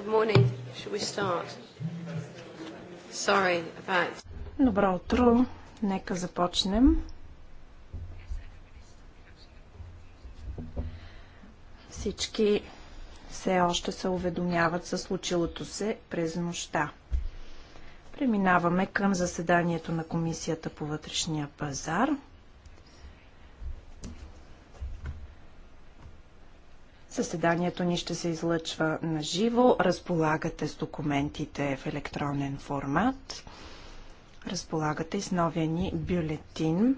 Good morning. Should we start? Sorry about... Добро утро. Нека започнем. Всички все още се уведомяват за случилото се през нощта. Преминаваме към заседанието на Комисията по вътрешния пазар – Съседанието ни ще се излъчва на живо. Разполагате с документите в електронен формат. Разполагате и с новия ни бюлетин.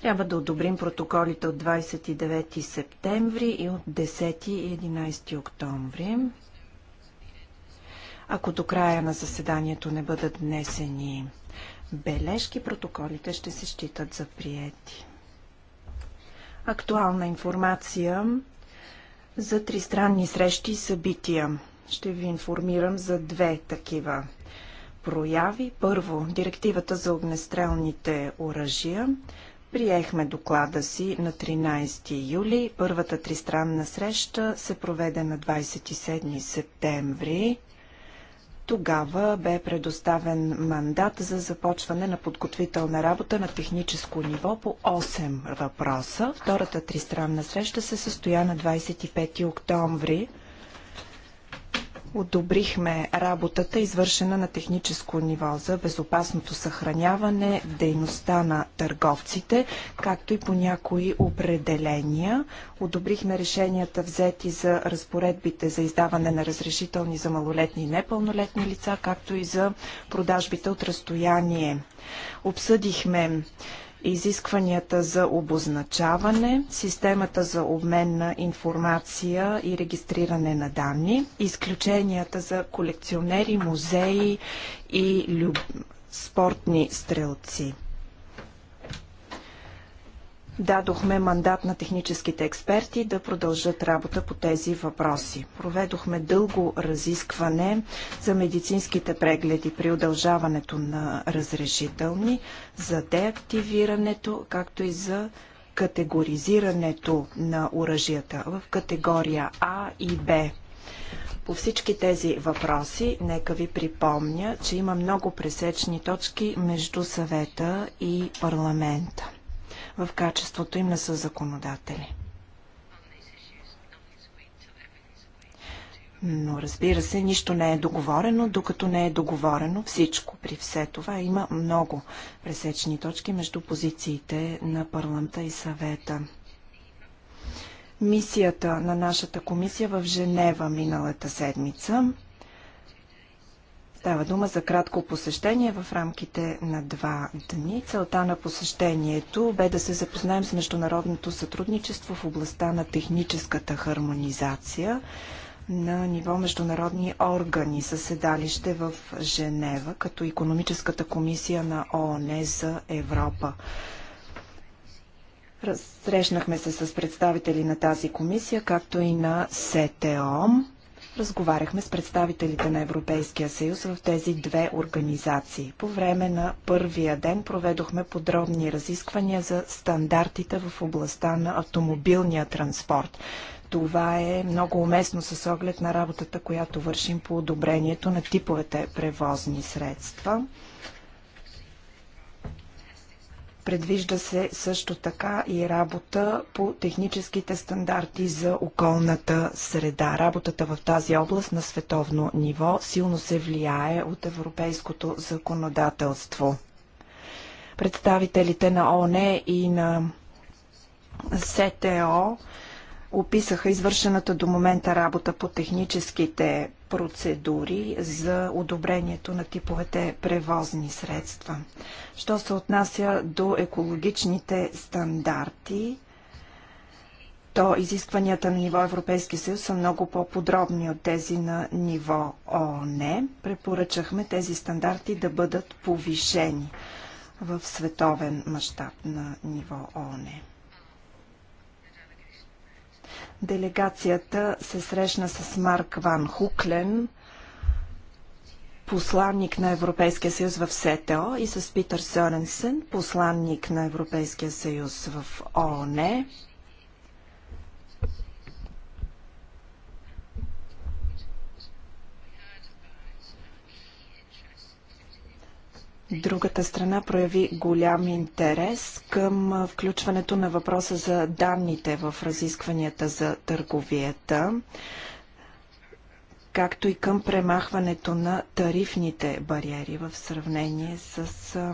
Трябва да одобрим протоколите от 29 септември и от 10 и 11 октомври. Ако до края на заседанието не бъдат внесени бележки, протоколите ще се считат за приети. Актуална информация за тристранни срещи и събития. Ще ви информирам за две такива прояви. Първо, директивата за огнестрелните оръжия. Приехме доклада си на 13 юли. Първата тристранна среща се проведе на 27 септември. Тогава бе предоставен мандат за започване на подготвителна работа на техническо ниво по 8 въпроса. Втората тристранна среща се състоя на 25 октомври одобрихме работата, извършена на техническо ниво за безопасното съхраняване, дейността на търговците, както и по някои определения. Одобрихме решенията взети за разпоредбите за издаване на разрешителни за малолетни и непълнолетни лица, както и за продажбите от разстояние. Обсъдихме изискванията за обозначаване, системата за обмен на информация и регистриране на данни, изключенията за колекционери, музеи и люб... спортни стрелци дадохме мандат на техническите експерти да продължат работа по тези въпроси. Проведохме дълго разискване за медицинските прегледи при удължаването на разрешителни, за деактивирането, както и за категоризирането на оръжията в категория А и Б. По всички тези въпроси, нека ви припомня, че има много пресечни точки между съвета и парламента в качеството им на съзаконодатели. Но разбира се, нищо не е договорено, докато не е договорено всичко. При все това има много пресечни точки между позициите на парламента и съвета. Мисията на нашата комисия в Женева миналата седмица Става дума за кратко посещение в рамките на два дни. Целта на посещението бе да се запознаем с международното сътрудничество в областта на техническата хармонизация на ниво международни органи със седалище в Женева, като економическата комисия на ООН за Европа. Срещнахме се с представители на тази комисия, както и на СТОМ. Разговаряхме с представителите на Европейския съюз в тези две организации. По време на първия ден проведохме подробни разисквания за стандартите в областта на автомобилния транспорт. Това е много уместно с оглед на работата, която вършим по одобрението на типовете превозни средства. Предвижда се също така и работа по техническите стандарти за околната среда. Работата в тази област на световно ниво силно се влияе от европейското законодателство. Представителите на ОНЕ и на СТО описаха извършената до момента работа по техническите процедури за одобрението на типовете превозни средства. Що се отнася до екологичните стандарти, то изискванията на ниво Европейски съюз са много по-подробни от тези на ниво ООН. Препоръчахме тези стандарти да бъдат повишени в световен мащаб на ниво ООН. Делегацията се срещна с Марк Ван Хуклен, посланник на Европейския съюз в СТО и с Питър Соренсен, посланник на Европейския съюз в ООН. Е. Другата страна прояви голям интерес към включването на въпроса за данните в разискванията за търговията, както и към премахването на тарифните бариери в сравнение с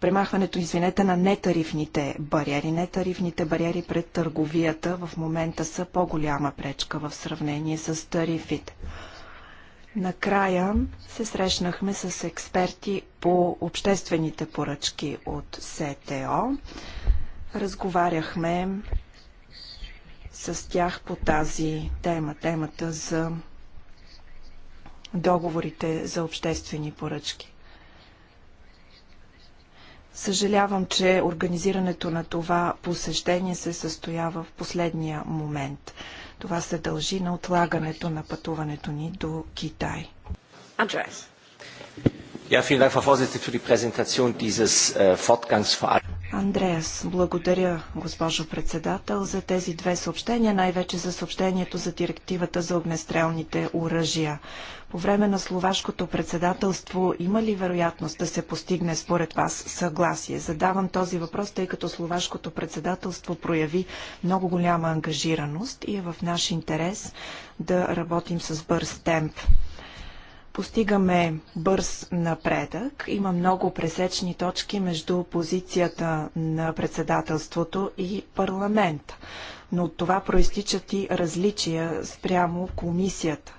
премахването, извинете, на нетарифните бариери. Нетарифните бариери пред търговията в момента са по-голяма пречка в сравнение с тарифите. Накрая се срещнахме с експерти по обществените поръчки от СТО. Разговаряхме с тях по тази тема, темата за договорите за обществени поръчки. Съжалявам, че организирането на това посещение се състоява в последния момент – това се дължи на отлагането на пътуването ни до Китай. Андреас. Ja, vielen Dank, Frau Vorsitzende, für die Präsentation dieses äh, Fortgangs vor allem. Андреас, благодаря, госпожо председател, за тези две съобщения, най-вече за съобщението за директивата за огнестрелните оръжия. По време на словашкото председателство има ли вероятност да се постигне според вас съгласие? Задавам този въпрос, тъй като словашкото председателство прояви много голяма ангажираност и е в наш интерес да работим с бърз темп. Постигаме бърз напредък. Има много пресечни точки между позицията на председателството и парламента. Но от това проистичат и различия спрямо комисията.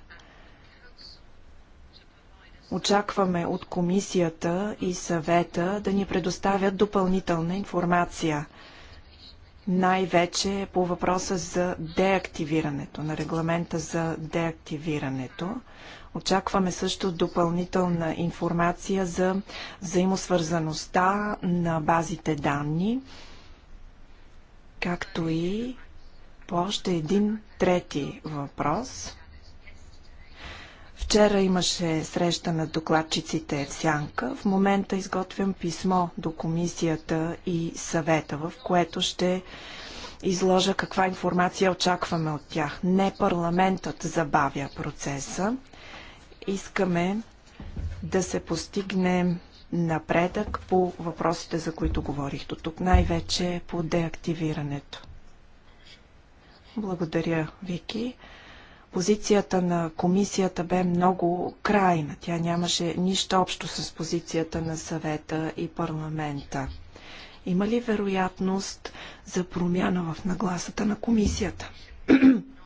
Очакваме от комисията и съвета да ни предоставят допълнителна информация най-вече по въпроса за деактивирането, на регламента за деактивирането. Очакваме също допълнителна информация за взаимосвързаността на базите данни, както и по още един трети въпрос. Вчера имаше среща на докладчиците в Сянка. В момента изготвям писмо до комисията и съвета, в което ще изложа каква информация очакваме от тях. Не парламентът забавя процеса. Искаме да се постигне напредък по въпросите, за които говорих до тук, най-вече по деактивирането. Благодаря, Вики. Позицията на комисията бе много крайна. Тя нямаше нищо общо с позицията на съвета и парламента. Има ли вероятност за промяна в нагласата на комисията?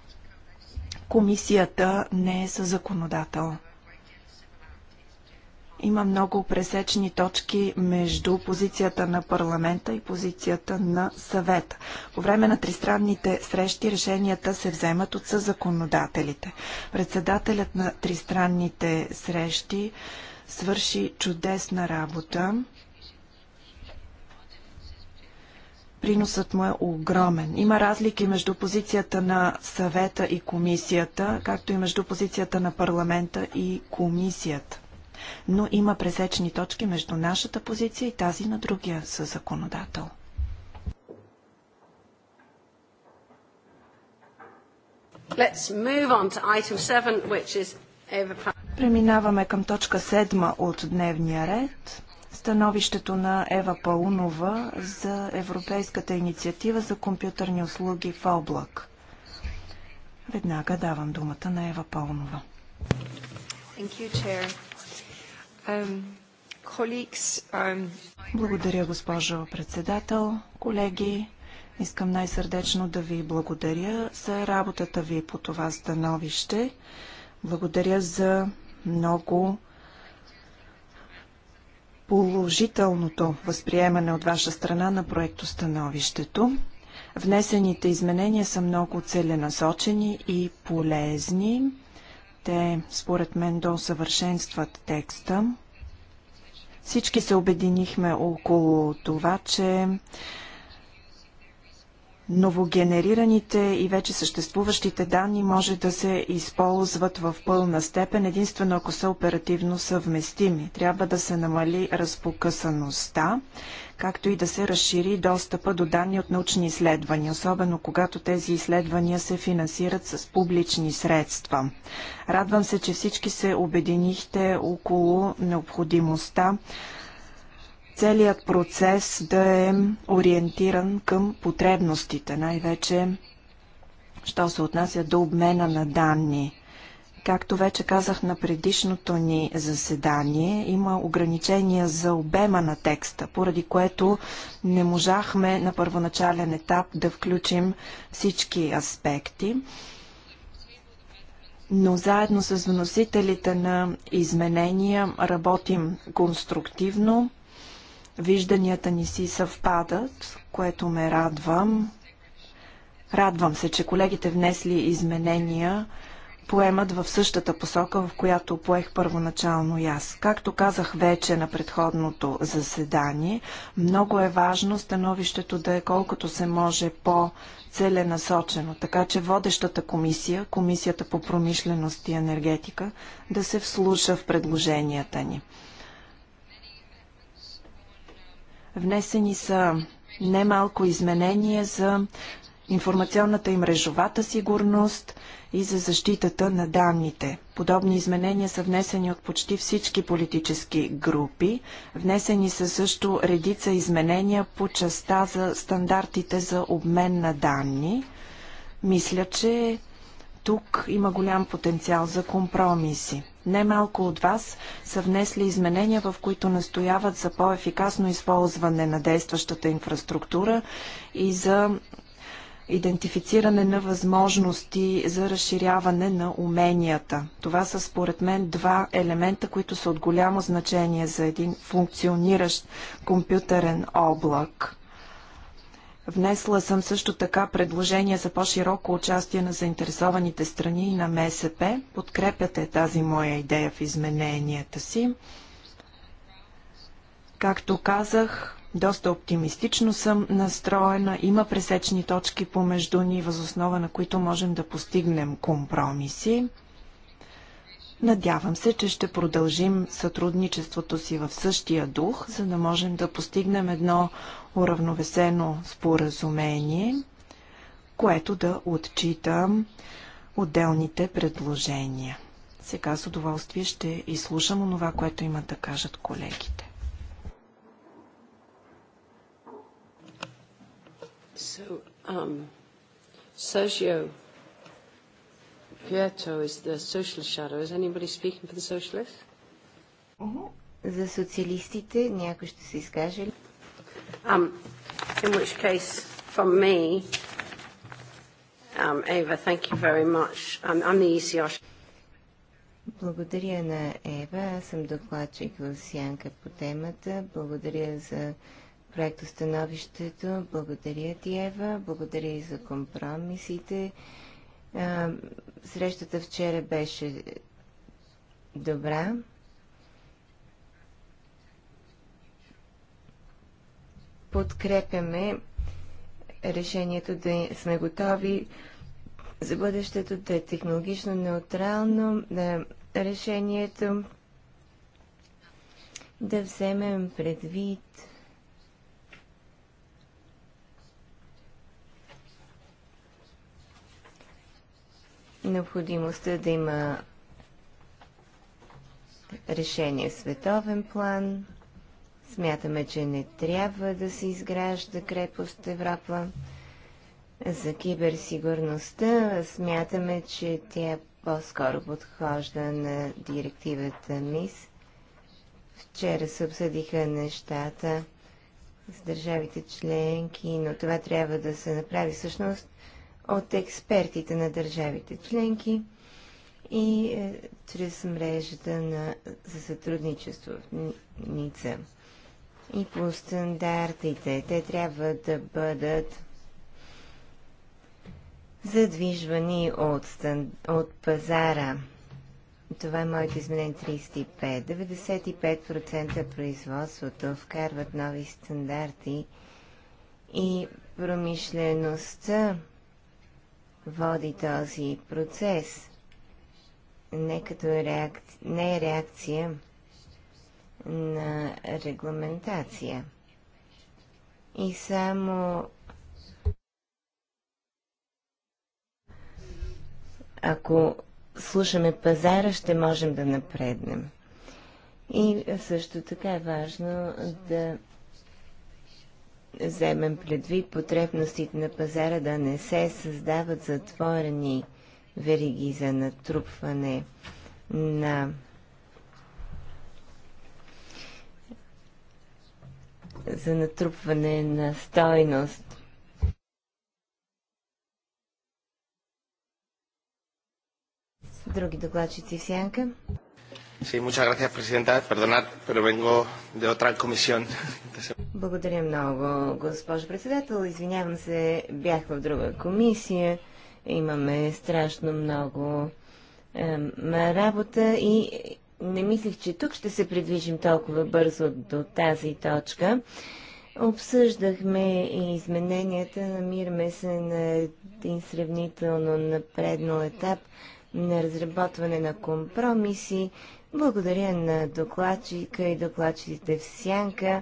комисията не е със законодател. Има много пресечни точки между позицията на парламента и позицията на съвета. По време на тристранните срещи решенията се вземат от съзаконодателите. Председателят на тристранните срещи свърши чудесна работа. Приносът му е огромен. Има разлики между позицията на съвета и комисията, както и между позицията на парламента и комисията но има пресечни точки между нашата позиция и тази на другия със законодател. is... Преминаваме към точка 7 от дневния ред. Становището на Ева Паунова за Европейската инициатива за компютърни услуги в облак. Веднага давам думата на Ева Паунова. Thank you, Chair. Благодаря, госпожо председател. Колеги, искам най-сърдечно да ви благодаря за работата ви по това становище. Благодаря за много положителното възприемане от ваша страна на становището. Внесените изменения са много целенасочени и полезни те, според мен, досъвършенстват текста. Всички се обединихме около това, че новогенерираните и вече съществуващите данни може да се използват в пълна степен, единствено ако са оперативно съвместими. Трябва да се намали разпокъсаността, както и да се разшири достъпа до данни от научни изследвания, особено когато тези изследвания се финансират с публични средства. Радвам се, че всички се обединихте около необходимостта целият процес да е ориентиран към потребностите, най-вече, що се отнася до обмена на данни. Както вече казах на предишното ни заседание, има ограничения за обема на текста, поради което не можахме на първоначален етап да включим всички аспекти но заедно с вносителите на изменения работим конструктивно. Вижданията ни си съвпадат, което ме радвам. Радвам се, че колегите внесли изменения поемат в същата посока, в която поех първоначално и аз. Както казах вече на предходното заседание, много е важно становището да е колкото се може по-целенасочено, така че водещата комисия, Комисията по промишленост и енергетика, да се вслуша в предложенията ни. Внесени са немалко изменения за информационната и мрежовата сигурност и за защитата на данните. Подобни изменения са внесени от почти всички политически групи. Внесени са също редица изменения по частта за стандартите за обмен на данни. Мисля, че тук има голям потенциал за компромиси. Немалко от вас са внесли изменения, в които настояват за по-ефикасно използване на действащата инфраструктура и за идентифициране на възможности за разширяване на уменията. Това са според мен два елемента, които са от голямо значение за един функциониращ компютърен облак. Внесла съм също така предложение за по-широко участие на заинтересованите страни и на МСП. Подкрепяте тази моя идея в измененията си. Както казах, доста оптимистично съм настроена. Има пресечни точки помежду ни, възоснова на които можем да постигнем компромиси. Надявам се, че ще продължим сътрудничеството си в същия дух, за да можем да постигнем едно уравновесено споразумение, което да отчита отделните предложения. Сега с удоволствие ще изслушам онова, което имат да кажат колегите. So, um, Sergio Pieto is the socialist shadow. Is anybody speaking for the socialists? За социалистите някой ще се изкаже ли? Um, in which case, from me, um, Ava, thank you very much. I'm the ECR. Благодаря на Ева. Аз съм докладчик в Сянка по темата. Благодаря за проектостановището. Благодаря ти, Ева. Благодаря и за компромисите. Срещата вчера беше добра. подкрепяме решението да сме готови за бъдещето да е технологично неутрално, да решението да вземем предвид необходимостта да има решение в световен план, Смятаме, че не трябва да се изгражда крепост Европа. За киберсигурността смятаме, че тя по-скоро подхожда на директивата МИС. Вчера се обсъдиха нещата с държавите членки, но това трябва да се направи всъщност от експертите на държавите членки и е, чрез мрежата на, за сътрудничество в Ница и по стандартите. Те трябва да бъдат задвижвани от, стан... от пазара. Това е моят изменение 35. 95% производството вкарват нови стандарти и промишлеността води този процес. Не, като е реакция, не е реакция на регламентация. И само ако слушаме пазара, ще можем да напреднем. И също така е важно да вземем предвид потребностите на пазара да не се създават затворени вериги за натрупване на за натрупване на стойност. Други докладчици в сянка. Sí, muchas gracias, presidenta. Perdonad, pero vengo de otra comisión. Благодаря много, госпожо председател. Извинявам се, бях в друга комисия. Имаме страшно много е, работа и не мислех, че тук ще се придвижим толкова бързо до тази точка. Обсъждахме и измененията, намираме се на един сравнително напреднал етап на разработване на компромиси. Благодаря на докладчика и докладчиците в Сянка.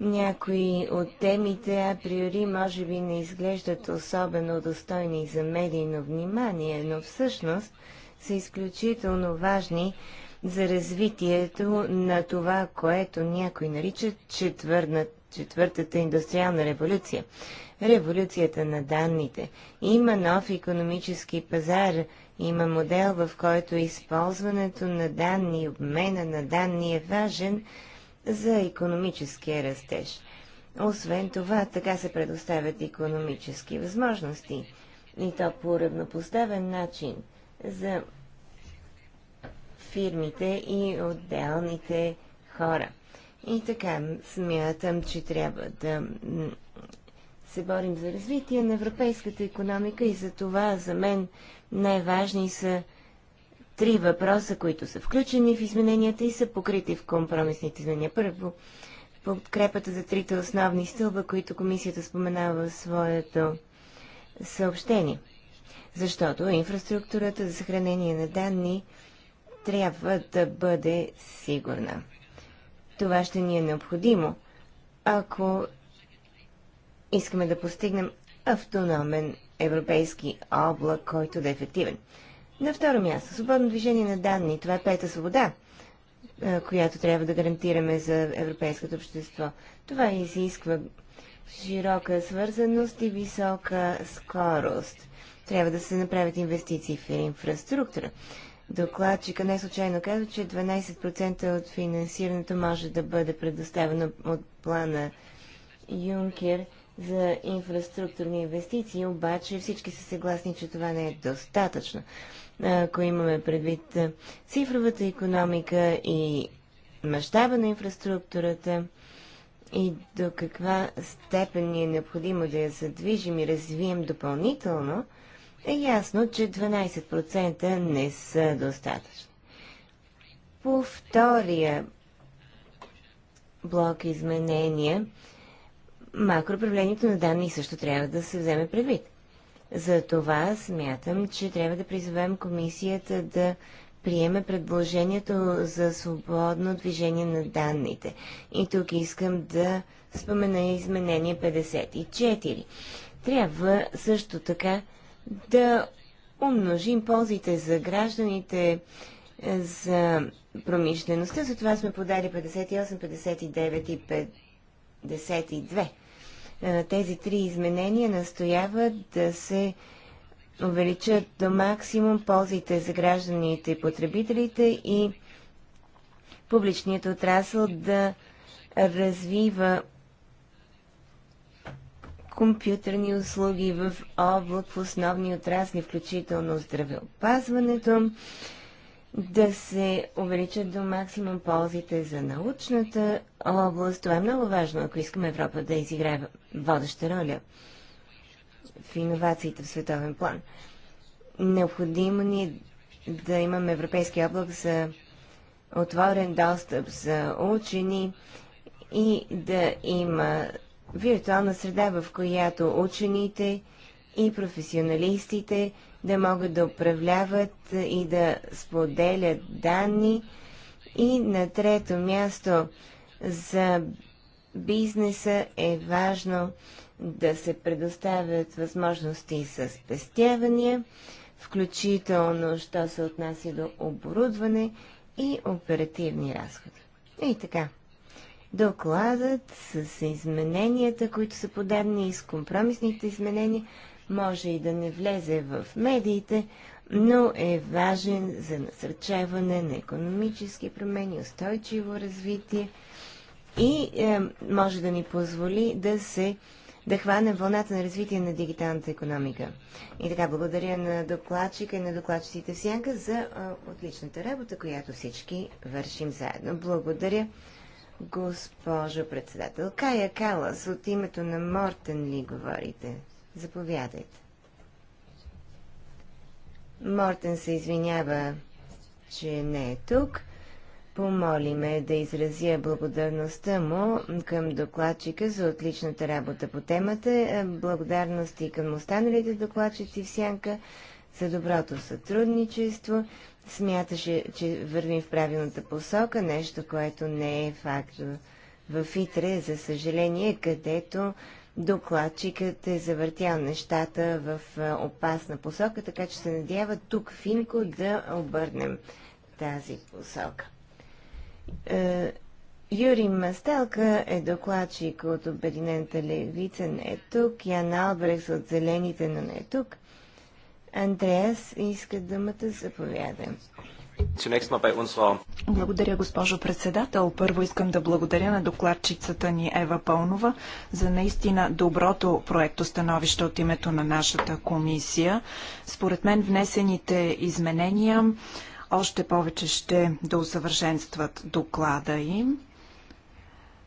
Някои от темите априори може би не изглеждат особено достойни за медийно внимание, но всъщност са изключително важни за развитието на това, което някои наричат четвърна, четвъртата индустриална революция. Революцията на данните. Има нов економически пазар, има модел, в който използването на данни, обмена на данни е важен за економическия растеж. Освен това, така се предоставят економически възможности и то по равнопоставен начин за фирмите и отделните хора. И така, смятам, че трябва да се борим за развитие на европейската економика и за това за мен най-важни са три въпроса, които са включени в измененията и са покрити в компромисните изменения. Първо, подкрепата за трите основни стълба, които комисията споменава в своето съобщение. Защото инфраструктурата за съхранение на данни трябва да бъде сигурна. Това ще ни е необходимо, ако искаме да постигнем автономен европейски облак, който да е ефективен. На второ място, свободно движение на данни. Това е пета свобода, която трябва да гарантираме за европейското общество. Това изисква широка свързаност и висока скорост. Трябва да се направят инвестиции в инфраструктура докладчика не случайно казва, че 12% от финансирането може да бъде предоставено от плана Юнкер за инфраструктурни инвестиции, обаче всички са съгласни, че това не е достатъчно. Ако имаме предвид цифровата економика и мащаба на инфраструктурата и до каква степен ни е необходимо да я задвижим и развием допълнително – е ясно, че 12% не са достатъчни. По втория блок изменения, макроправлението на данни също трябва да се вземе предвид. За това смятам, че трябва да призовем комисията да приеме предложението за свободно движение на данните. И тук искам да спомена изменение 54. Трябва също така да умножим ползите за гражданите, е, за промишлеността. Затова сме подали 58, 59 и 52. Е, тези три изменения настояват да се увеличат до максимум ползите за гражданите и потребителите и публичният отрасъл да развива компютърни услуги в облак в основни отрасли, включително здравеопазването, да се увеличат до максимум ползите за научната област. Това е много важно, ако искаме Европа да изиграе водеща роля в иновациите в световен план. Необходимо ни е да имаме европейски облак за отворен достъп за учени и да има виртуална среда, в която учените и професионалистите да могат да управляват и да споделят данни. И на трето място за бизнеса е важно да се предоставят възможности за спестявания, включително, що се отнася до оборудване и оперативни разходи. И така докладът с измененията, които са подадени и с компромисните изменения, може и да не влезе в медиите, но е важен за насърчаване на економически промени, устойчиво развитие и е, може да ни позволи да се да хване вълната на развитие на дигиталната економика. И така, благодаря на докладчика и на докладчиците в Сянка за а, е, отличната работа, която всички вършим заедно. Благодаря госпожо председател. Кая Калас, от името на Мортен ли говорите? Заповядайте. Мортен се извинява, че не е тук. Помоли ме да изразя благодарността му към докладчика за отличната работа по темата, е, благодарности към останалите докладчици в Сянка за доброто сътрудничество смяташе, че вървим в правилната посока, нещо, което не е факт в ИТРЕ, за съжаление, където докладчикът е завъртял нещата в опасна посока, така че се надява тук Финко да обърнем тази посока. Е, Юрий Мастелка е докладчик от Обединената левица, не е тук. Ян Албрехс от Зелените, но не е тук. Андреас иска думата, заповяда. Благодаря, госпожо председател. Първо искам да благодаря на докладчицата ни Ева Пълнова за наистина доброто проекто становище от името на нашата комисия. Според мен внесените изменения още повече ще доусъвършенстват доклада им.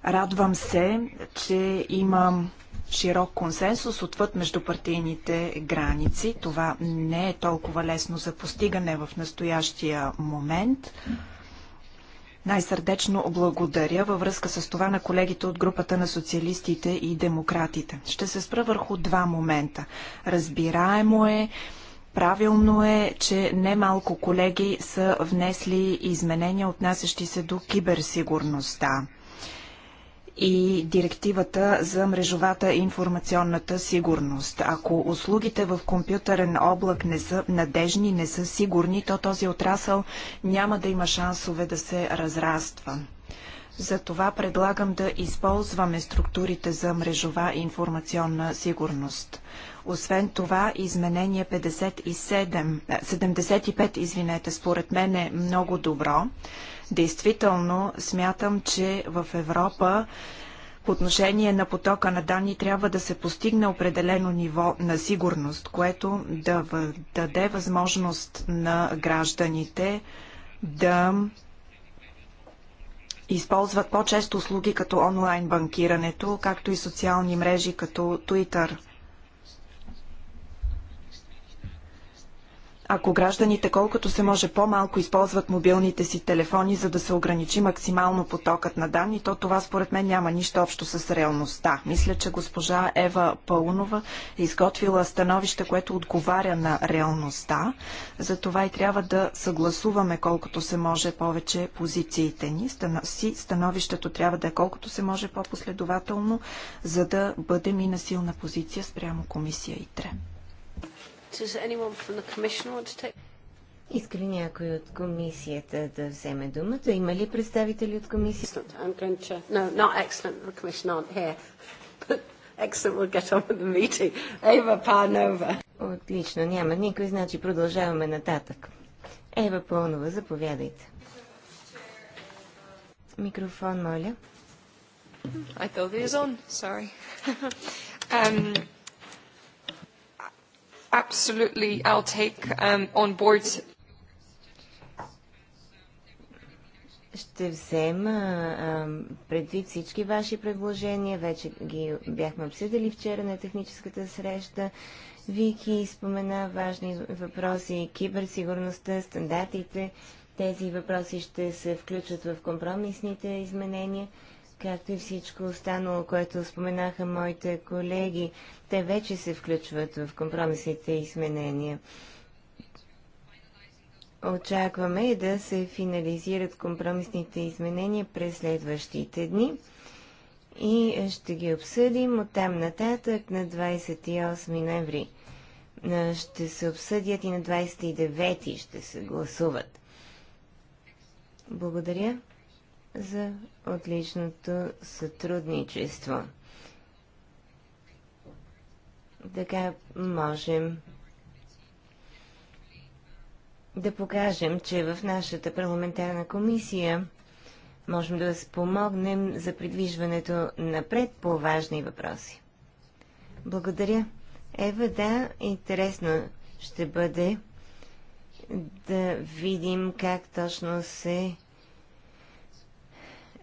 Радвам се, че има широк консенсус отвъд междупартийните граници. Това не е толкова лесно за постигане в настоящия момент. Най-сърдечно благодаря във връзка с това на колегите от групата на социалистите и демократите. Ще се спра върху два момента. Разбираемо е, правилно е, че немалко колеги са внесли изменения, отнасящи се до киберсигурността и директивата за мрежовата и информационната сигурност. Ако услугите в компютърен облак не са надежни, не са сигурни, то този отрасъл няма да има шансове да се разраства. Затова предлагам да използваме структурите за мрежова и информационна сигурност. Освен това, изменение 57, 75, извинете, според мен е много добро. Действително смятам, че в Европа по отношение на потока на данни трябва да се постигне определено ниво на сигурност, което да даде възможност на гражданите да използват по-често услуги като онлайн банкирането, както и социални мрежи като Twitter – Ако гражданите колкото се може по-малко използват мобилните си телефони, за да се ограничи максимално потокът на данни, то това според мен няма нищо общо с реалността. Мисля, че госпожа Ева Пълнова е изготвила становище, което отговаря на реалността. Затова и трябва да съгласуваме колкото се може повече позициите ни. становището трябва да е колкото се може по-последователно, за да бъдем и на силна позиция спрямо комисия ИТРЕ. Take... Иска ли някой от комисията да вземе думата? Има ли представители от комисията? To... No, not excellent. The commission aren't here. But excellent, we'll get on with the meeting. Eva Parnova. Отлично, няма никой, значи продължаваме нататък. Ева Пълнова, заповядайте. Микрофон, моля. I thought it was on, sorry. um, absolutely, I'll take um, on board. Ще взема предвид всички ваши предложения. Вече ги бяхме обсъдили вчера на техническата среща. Вики спомена важни въпроси, киберсигурността, стандартите. Тези въпроси ще се включат в компромисните изменения както и всичко останало, което споменаха моите колеги. Те вече се включват в компромисните изменения. Очакваме да се финализират компромисните изменения през следващите дни и ще ги обсъдим от там нататък на 28 ноември. Ще се обсъдят и на 29 ще се гласуват. Благодаря за отличното сътрудничество. Така можем да покажем, че в нашата парламентарна комисия можем да спомогнем за придвижването напред по важни въпроси. Благодаря. Ева, да, интересно ще бъде да видим как точно се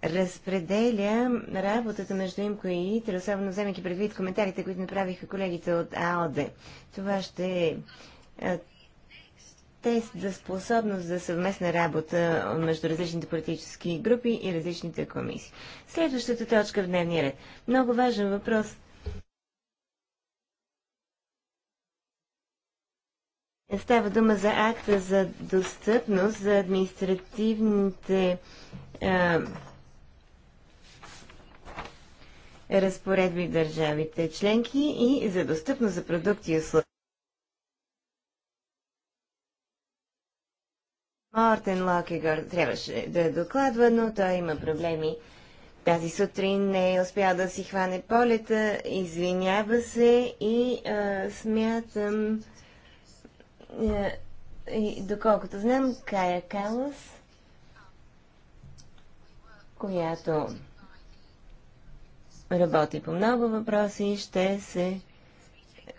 разпределя работата между Имко и ИТР, особено вземайки предвид коментарите, които направиха колегите от АОД. Това ще е тест за способност за съвместна работа между различните политически групи и различните комисии. Следващата точка в дневния ред. Много важен въпрос. Става дума за акта за достъпност за административните а, разпоредби държавите членки и за достъпност за продукти и услуги. Мортен Локегор трябваше да е докладва, но той има проблеми. Тази сутрин не е успял да си хване полета, извинява се и а, смятам, а, и, доколкото знам, Кая Калас, която работи по много въпроси и ще се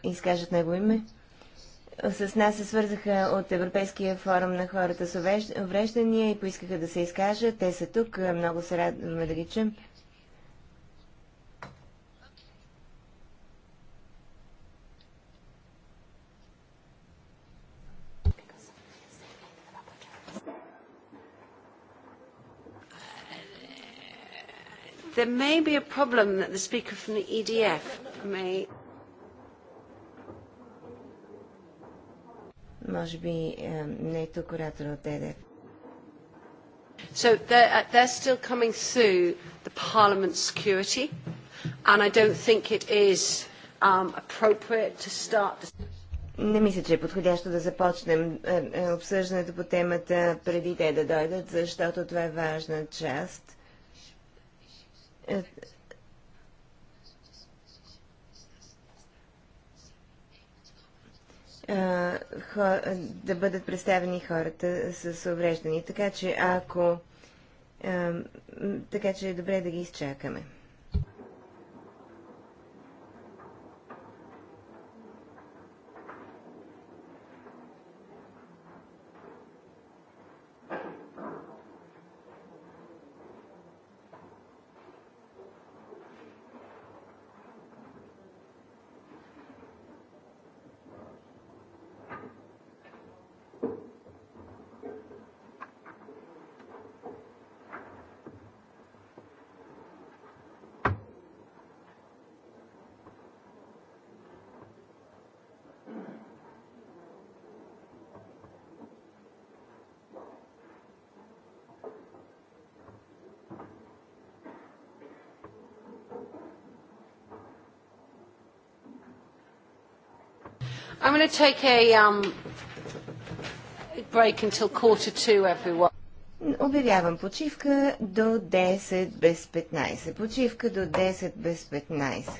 изкажат него име. С нас се свързаха от Европейския форум на хората с увреждания и поискаха да се изкажат. Те са тук. Много се радваме да ги чуем. There may be a problem that the speaker from the EDF may... Може би не е тук оратор от ЕДФ. So they're, they're still coming through the Parliament security, and I don't think it is um, appropriate to start. The... Не мисля, че е подходящо да започнем обсъждането по темата преди те да дойдат, защото това е важна част е, е, да бъдат представени хората с увреждани. Така че ако. Е, така че е добре да ги изчакаме. going to take a um, break until quarter two, everyone. Обявявам почивка до 10 без 15. Почивка до 10 без 15.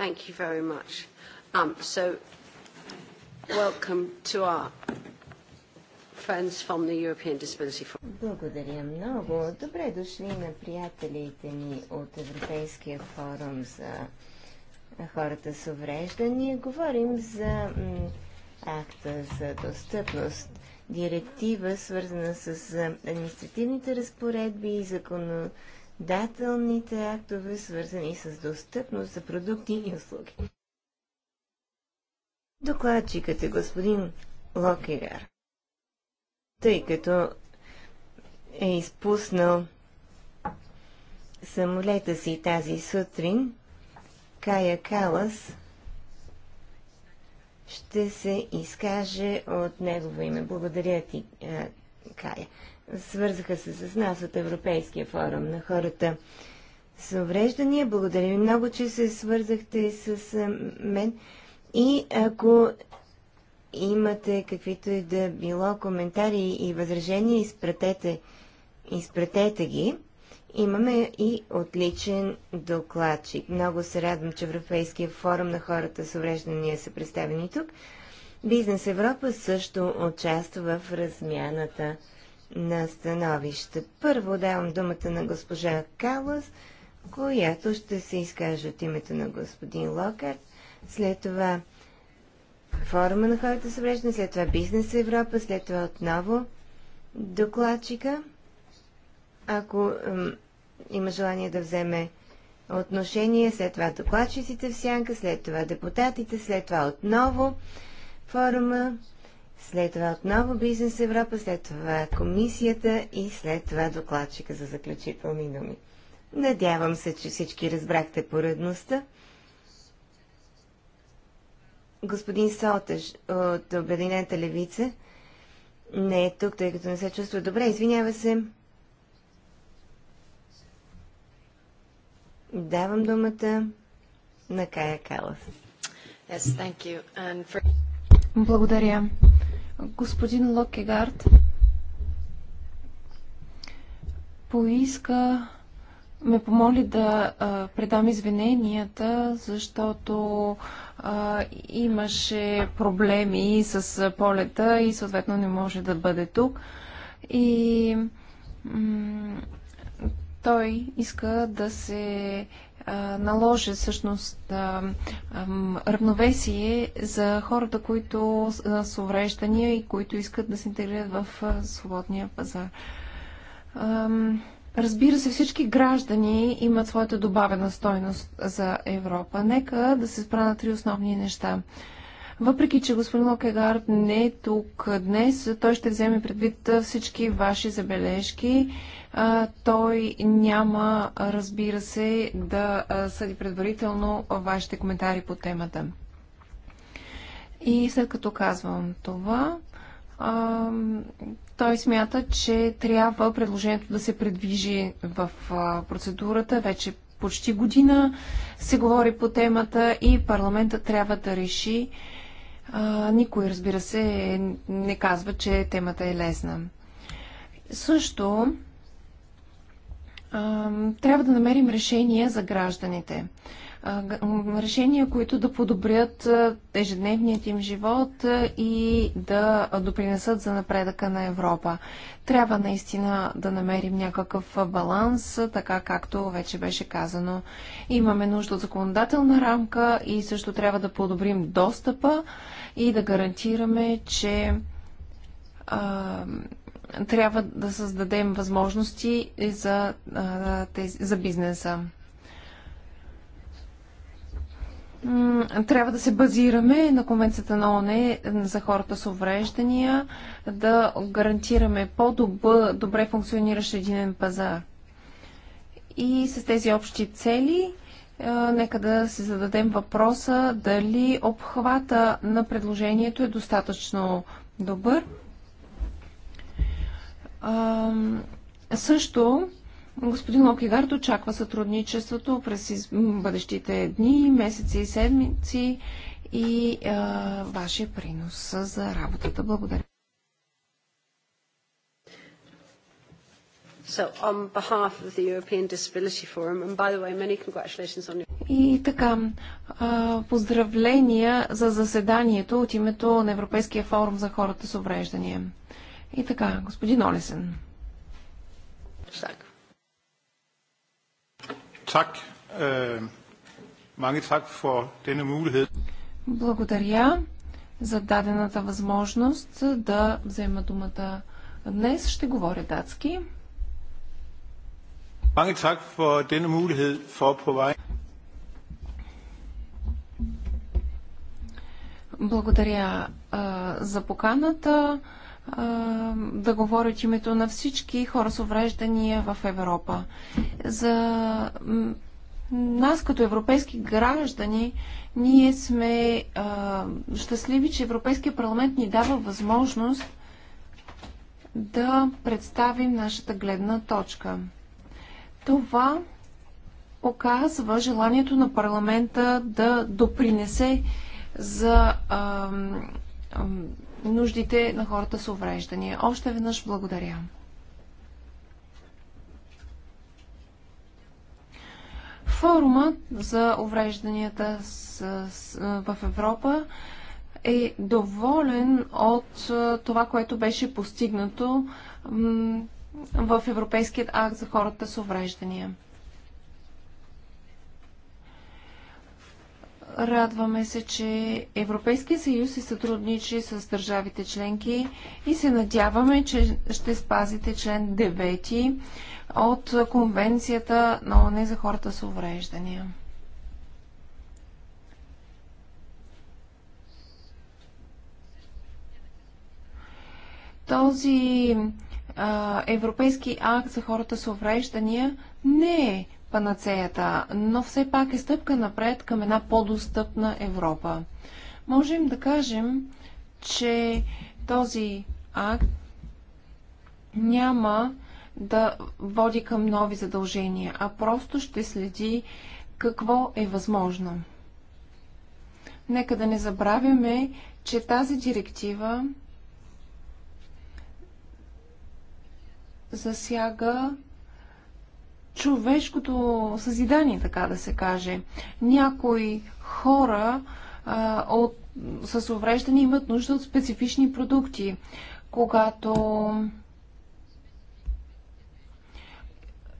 Thank you very much. Um, so, welcome to our friends from the European Disability Forum. Благодаря много. Добре дошли на приятелите ни от Европейския форум за хората с увреждания. Говорим за акта за достъпност, директива, свързана с административните разпоредби и законодателството Дателните актове, свързани с достъпност за продукти и услуги. Докладчикът е господин Локигар. Тъй като е изпуснал самолета си тази сутрин, Кая Калас ще се изкаже от негово име. Благодаря ти, Кая свързаха се с нас от Европейския форум на хората с увреждания. Благодаря ви много, че се свързахте с мен. И ако имате каквито и да било коментари и възражения, изпратете, изпратете ги. Имаме и отличен докладчик. Много се радвам, че Европейския форум на хората с увреждания са представени тук. Бизнес Европа също участва в размяната на становища. Първо давам думата на госпожа Калас, която ще се изкаже от името на господин Локарт. След това форума на хората с след това Бизнес Европа, след това отново докладчика. Ако има желание да вземе отношение, след това докладчиците в сянка, след това депутатите, след това отново форума след това отново Бизнес Европа, след това комисията и след това докладчика за заключителни думи. Надявам се, че всички разбрахте поредността. Господин Солтеж от Обединената левица не е тук, тъй като не се чувства добре. Извинява се. Давам думата на Кая Калас. Yes, for... Благодаря господин Локегард поиска, ме помоли да а, предам извиненията, защото а, имаше проблеми с полета и съответно не може да бъде тук. И той иска да се наложи всъщност равновесие за хората, които са увреждания и които искат да се интегрират в свободния пазар. Разбира се, всички граждани имат своята добавена стойност за Европа. Нека да се спра на три основни неща. Въпреки, че господин Локегард не е тук днес, той ще вземе предвид всички ваши забележки той няма, разбира се, да съди предварително вашите коментари по темата. И след като казвам това, той смята, че трябва предложението да се предвижи в процедурата вече почти година. Се говори по темата и парламента трябва да реши. Никой, разбира се, не казва, че темата е лесна. Също трябва да намерим решения за гражданите. Решения, които да подобрят ежедневният им живот и да допринесат за напредъка на Европа. Трябва наистина да намерим някакъв баланс, така както вече беше казано. Имаме нужда от законодателна рамка и също трябва да подобрим достъпа и да гарантираме, че трябва да създадем възможности за, тези, за бизнеса. Трябва да се базираме на Конвенцията на ОНЕ за хората с увреждания, да гарантираме по-добре функциониращ единен пазар. И с тези общи цели нека да се зададем въпроса дали обхвата на предложението е достатъчно добър също господин Локигард очаква сътрудничеството през бъдещите дни, месеци и седмици и а, вашия принос за работата. Благодаря. И така, поздравления за заседанието от името на Европейския форум за хората с увреждания. И така, господин Олесен. Так. Øh, for denne mulighed. Благодаря за дадената възможност да взема думата днес. Ще говоря датски. for denne mulighed for på vej. Благодаря а, за поканата да говоря от името на всички хора с увреждания в Европа. За нас като европейски граждани, ние сме а, щастливи, че Европейския парламент ни дава възможност да представим нашата гледна точка. Това показва желанието на парламента да допринесе за а, а, нуждите на хората с увреждания. Още веднъж благодаря. Форумът за уврежданията с, с, в Европа е доволен от това, което беше постигнато в Европейският акт за хората с увреждания. Радваме се, че Европейския съюз се сътрудничи с държавите членки и се надяваме, че ще спазите член 9 от Конвенцията на ОНЕ за хората с увреждания. Този а, европейски акт за хората с увреждания не е панацеята, но все пак е стъпка напред към една по-достъпна Европа. Можем да кажем, че този акт няма да води към нови задължения, а просто ще следи какво е възможно. Нека да не забравяме, че тази директива засяга човешкото съзидание, така да се каже. Някои хора а, от, с увреждане имат нужда от специфични продукти. Когато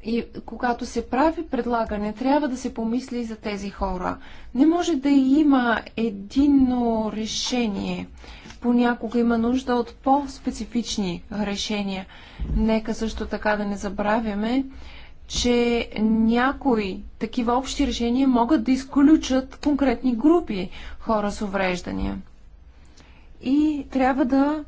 И когато се прави предлагане, трябва да се помисли и за тези хора. Не може да има единно решение. Понякога има нужда от по-специфични решения. Нека също така да не забравяме, че някои такива общи решения могат да изключат конкретни групи хора с увреждания. И трябва да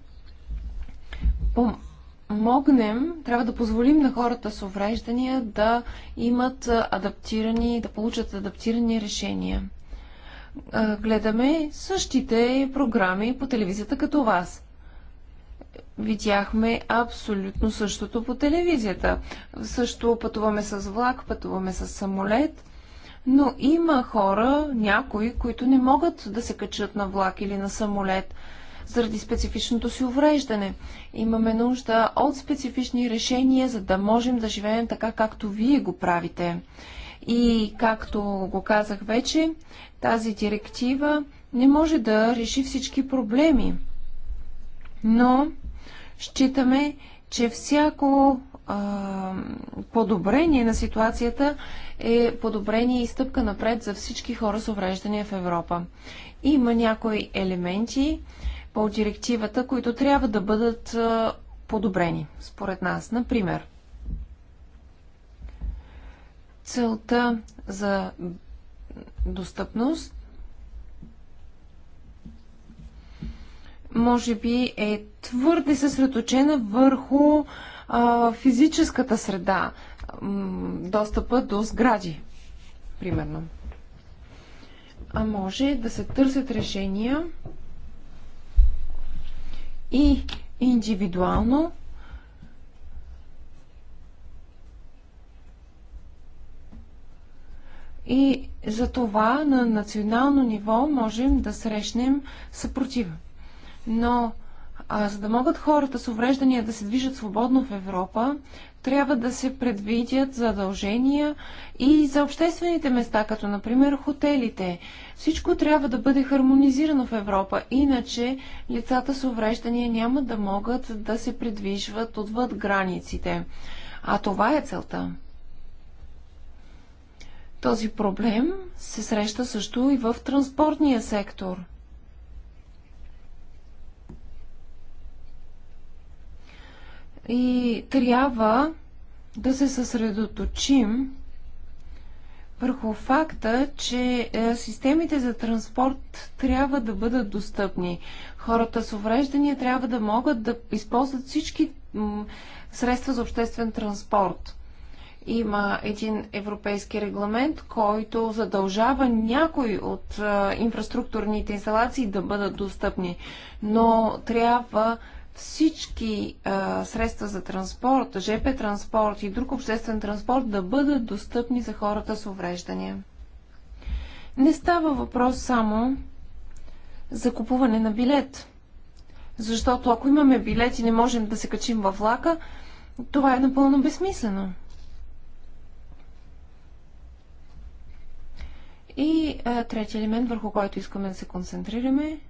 помогнем, трябва да позволим на хората с увреждания да имат адаптирани, да получат адаптирани решения. Е, гледаме същите програми по телевизията като вас видяхме абсолютно същото по телевизията. Също пътуваме с влак, пътуваме с самолет, но има хора, някои, които не могат да се качат на влак или на самолет заради специфичното си увреждане. Имаме нужда от специфични решения, за да можем да живеем така, както вие го правите. И както го казах вече, тази директива не може да реши всички проблеми. Но считаме, че всяко а, подобрение на ситуацията е подобрение и стъпка напред за всички хора с увреждания в Европа. Има някои елементи по директивата, които трябва да бъдат а, подобрени, според нас. Например, целта за достъпност може би е твърде съсредоточена върху а, физическата среда, достъпа до сгради, примерно. А може да се търсят решения и индивидуално И за това на национално ниво можем да срещнем съпротива. Но а, за да могат хората с увреждания да се движат свободно в Европа, трябва да се предвидят задължения и за обществените места, като например хотелите. Всичко трябва да бъде хармонизирано в Европа, иначе лицата с увреждания няма да могат да се придвижват отвъд границите. А това е целта. Този проблем се среща също и в транспортния сектор – И трябва да се съсредоточим върху факта, че е, системите за транспорт трябва да бъдат достъпни. Хората с увреждания трябва да могат да използват всички средства за обществен транспорт. Има един европейски регламент, който задължава някои от е, инфраструктурните инсталации да бъдат достъпни, но трябва всички а, средства за транспорт, ЖП транспорт и друг обществен транспорт да бъдат достъпни за хората с увреждания. Не става въпрос само за купуване на билет. Защото ако имаме билет и не можем да се качим във влака, това е напълно безсмислено. И а, третия елемент, върху който искаме да се концентрираме,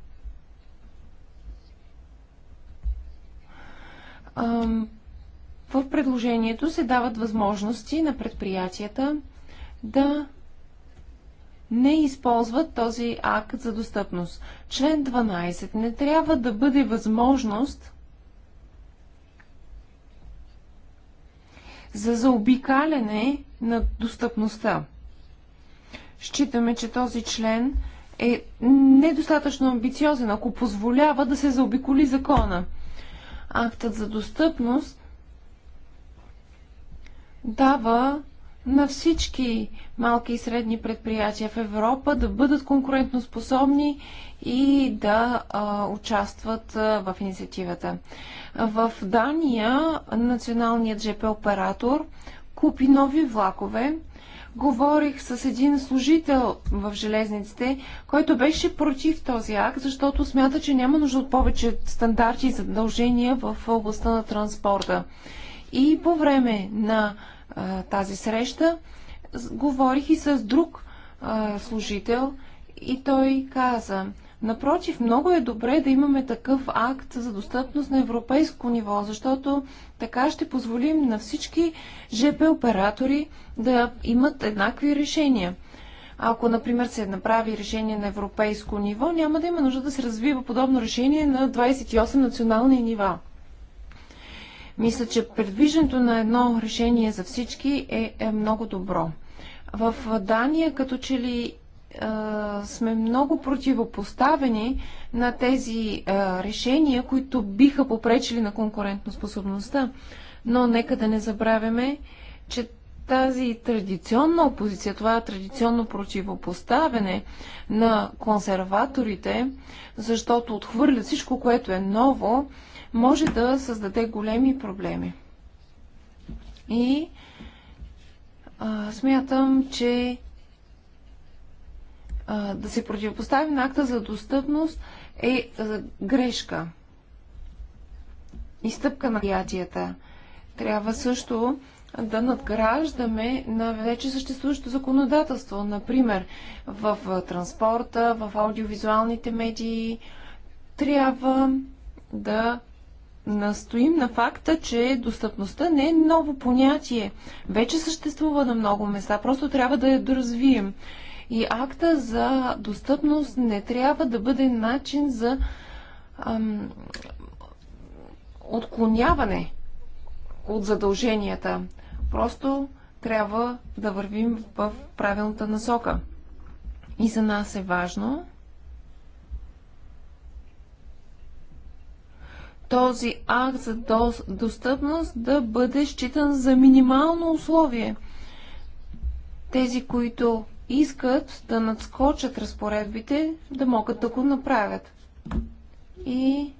в предложението се дават възможности на предприятията да не използват този акт за достъпност. Член 12 не трябва да бъде възможност за заобикаляне на достъпността. Считаме, че този член е недостатъчно амбициозен, ако позволява да се заобиколи закона. Актът за достъпност дава на всички малки и средни предприятия в Европа да бъдат конкурентоспособни и да а, участват а, в инициативата. В Дания националният ЖП оператор купи нови влакове говорих с един служител в железниците, който беше против този акт, защото смята, че няма нужда от повече стандарти и задължения в областта на транспорта. И по време на а, тази среща говорих и с друг а, служител и той каза, Напротив, много е добре да имаме такъв акт за достъпност на европейско ниво, защото така ще позволим на всички ЖП оператори да имат еднакви решения. Ако, например, се направи решение на европейско ниво, няма да има нужда да се развива подобно решение на 28 национални нива. Мисля, че предвиждането на едно решение за всички е, е много добро. В Дания като че ли а, сме много противопоставени на тези а, решения, които биха попречили на конкурентоспособността. Но нека да не забравяме, че тази традиционна опозиция, това традиционно противопоставяне на консерваторите, защото отхвърлят всичко, което е ново, може да създаде големи проблеми. И а, смятам, че да се противопостави на акта за достъпност е а, е грешка. Изтъпка на приятията. Трябва също да надграждаме на вече съществуващото законодателство. Например, в е, транспорта, в аудиовизуалните медии трябва да настоим на факта, че достъпността не е ново понятие. Вече съществува на много места, просто трябва да я доразвием. И акта за достъпност не трябва да бъде начин за ам, отклоняване от задълженията. Просто трябва да вървим в правилната насока. И за нас е важно този акт за достъпност да бъде считан за минимално условие. Тези, които искат да надскочат разпоредбите, да могат да го направят. И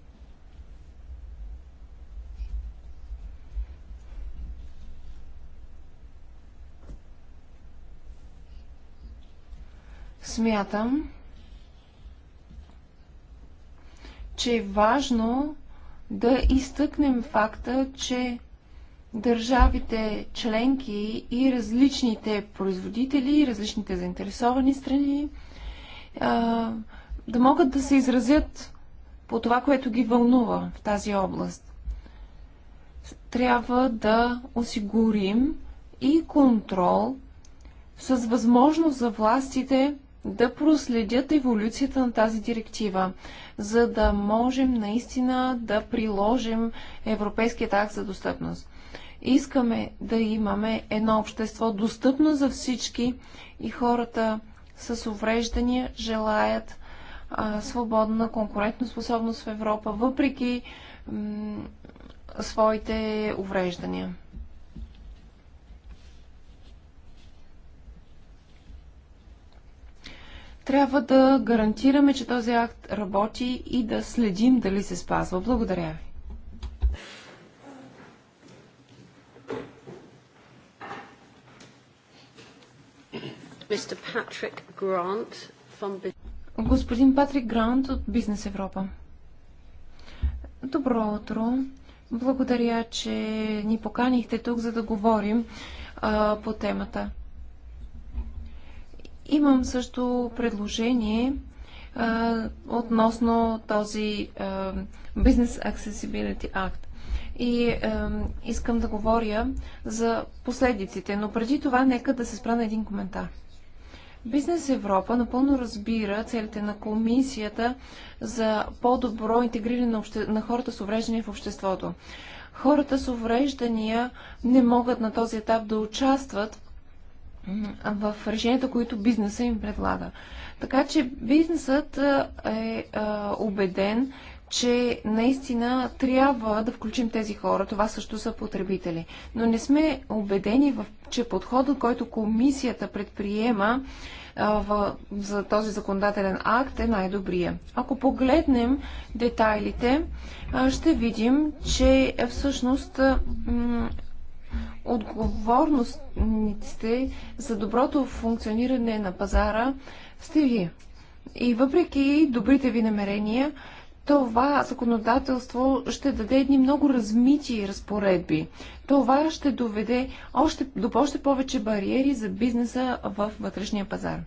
смятам, че е важно да изтъкнем факта, че държавите членки и различните производители, различните заинтересовани страни да могат да се изразят по това, което ги вълнува в тази област. Трябва да осигурим и контрол с възможност за властите да проследят еволюцията на тази директива, за да можем наистина да приложим Европейския акт за достъпност. Искаме да имаме едно общество достъпно за всички и хората с увреждания желаят а, свободна конкурентоспособност в Европа, въпреки своите увреждания. Трябва да гарантираме, че този акт работи и да следим дали се спазва. Благодаря ви. Mr. Patrick Grant from... Господин Патрик Грант от Бизнес Европа. Добро утро! Благодаря, че ни поканихте тук, за да говорим а, по темата. Имам също предложение а, относно този а, Business Accessibility Act. И а, искам да говоря за последиците, но преди това нека да се спра на един коментар. Бизнес Европа напълно разбира целите на комисията за по-добро интегриране на, обще... на хората с увреждания в обществото. Хората с увреждания не могат на този етап да участват в решенията, които бизнеса им предлага. Така че бизнесът е убеден, че наистина трябва да включим тези хора. Това също са потребители. Но не сме убедени, в, че подходът, който комисията предприема а, в, за този законодателен акт е най-добрия. Ако погледнем детайлите, а, ще видим, че всъщност отговорностите за доброто функциониране на пазара сте вие. И въпреки добрите ви намерения, това законодателство ще даде едни много размити разпоредби. Това ще доведе още, до още повече бариери за бизнеса в вътрешния пазар.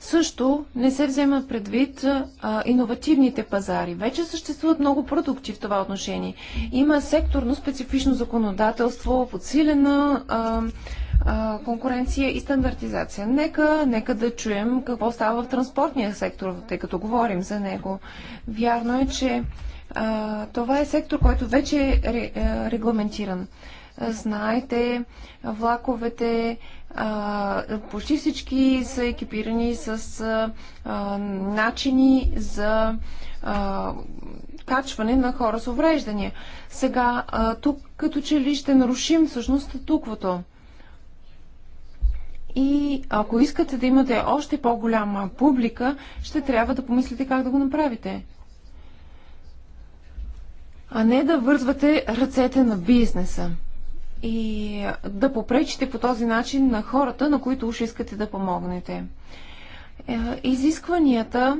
Също не се взема предвид а, иновативните пазари. Вече съществуват много продукти в това отношение. Има секторно специфично законодателство, подсилена а, конкуренция и стандартизация. Нека, нека да чуем какво става в транспортния сектор, тъй като говорим за него. Вярно е, че а, това е сектор, който вече е регламентиран. Знаете, влаковете а, почти всички са екипирани с а, начини за а, качване на хора с увреждания. Сега, а, тук като че ли ще нарушим всъщност туквото. И ако искате да имате още по-голяма публика, ще трябва да помислите как да го направите. А не да вързвате ръцете на бизнеса и да попречите по този начин на хората, на които уж искате да помогнете. Е, изискванията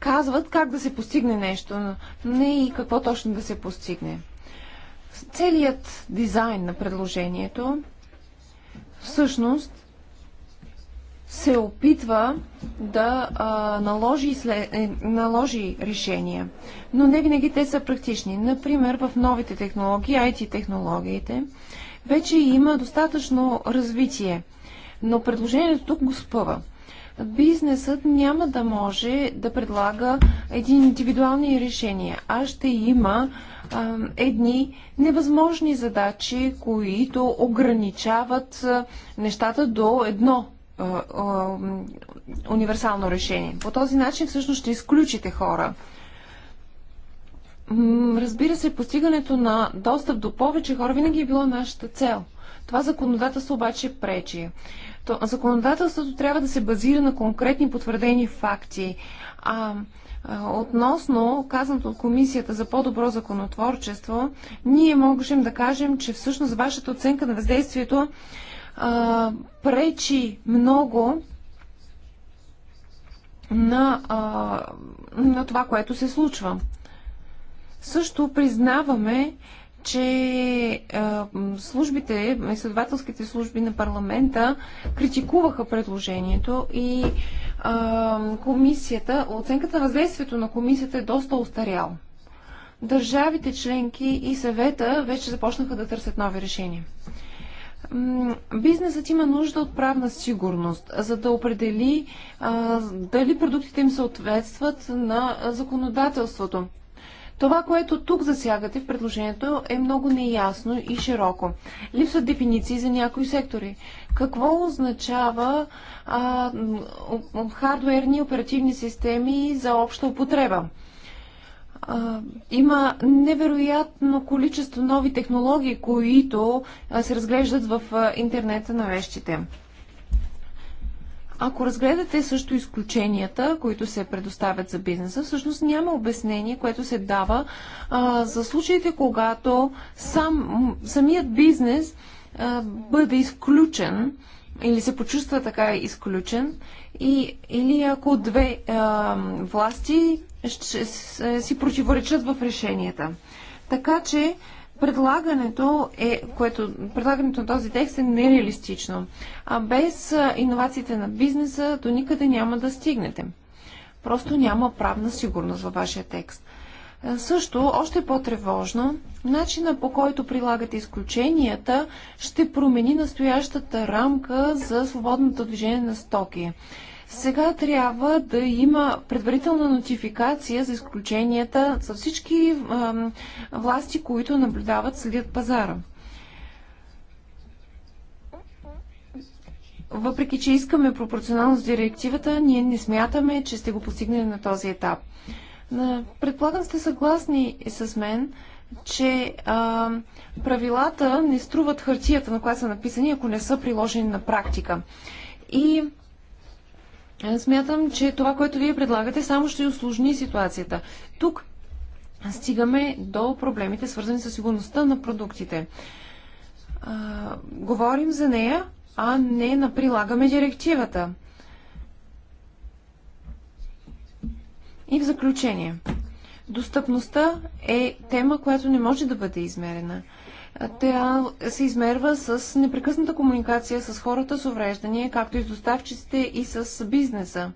казват как да се постигне нещо, не и какво точно да се постигне. Целият дизайн на предложението всъщност се опитва да а, наложи, след, е, наложи решения. Но не винаги те са практични. Например, в новите технологии, IT-технологиите, вече има достатъчно развитие. Но предложението тук го спъва. Бизнесът няма да може да предлага един индивидуални решения, а ще има едни невъзможни задачи, които ограничават нещата до едно универсално решение. По този начин всъщност ще изключите хора. Разбира се, постигането на достъп до повече хора винаги е било нашата цел. Това законодателство обаче пречи. То, законодателството трябва да се базира на конкретни потвърдени факти. А, Относно казаното от Комисията за по-добро законотворчество, ние можем да кажем, че всъщност вашата оценка на въздействието а, пречи много на, а, на това, което се случва. Също признаваме, че а, службите, изследователските служби на парламента критикуваха предложението и а, комисията, оценката на въздействието на комисията е доста устарял. Държавите членки и съвета вече започнаха да търсят нови решения. Бизнесът има нужда от правна сигурност, за да определи а, дали продуктите им съответстват на законодателството. Това, което тук засягате в предложението е много неясно и широко. Липсват дефиниции за някои сектори. Какво означава а, хардуерни оперативни системи за обща употреба? А, има невероятно количество нови технологии, които а, се разглеждат в а, интернета на вещите. Ако разгледате също изключенията, които се предоставят за бизнеса, всъщност няма обяснение, което се дава а, за случаите, когато сам, самият бизнес бъде изключен или се почувства така изключен, и, или ако две а, власти ще си противоречат в решенията. Така че предлагането, е, което, предлагането на този текст е нереалистично. А без иновациите на бизнеса до никъде няма да стигнете. Просто няма правна сигурност във вашия текст. Също, още по-тревожно, начина по който прилагате изключенията ще промени настоящата рамка за свободното движение на стоки. Сега трябва да има предварителна нотификация за изключенията за всички власти, които наблюдават, следят пазара. Въпреки, че искаме пропорционалност директивата, ние не смятаме, че сте го постигнали на този етап. Предполагам сте съгласни с мен, че а, правилата не струват хартията, на която са написани, ако не са приложени на практика. И смятам, че това, което вие предлагате, само ще усложни ситуацията. Тук стигаме до проблемите, свързани с сигурността на продуктите. А, говорим за нея, а не на прилагаме директивата. И в заключение, достъпността е тема, която не може да бъде измерена. Тя се измерва с непрекъсната комуникация с хората с увреждания, както и с доставчиците и с бизнеса.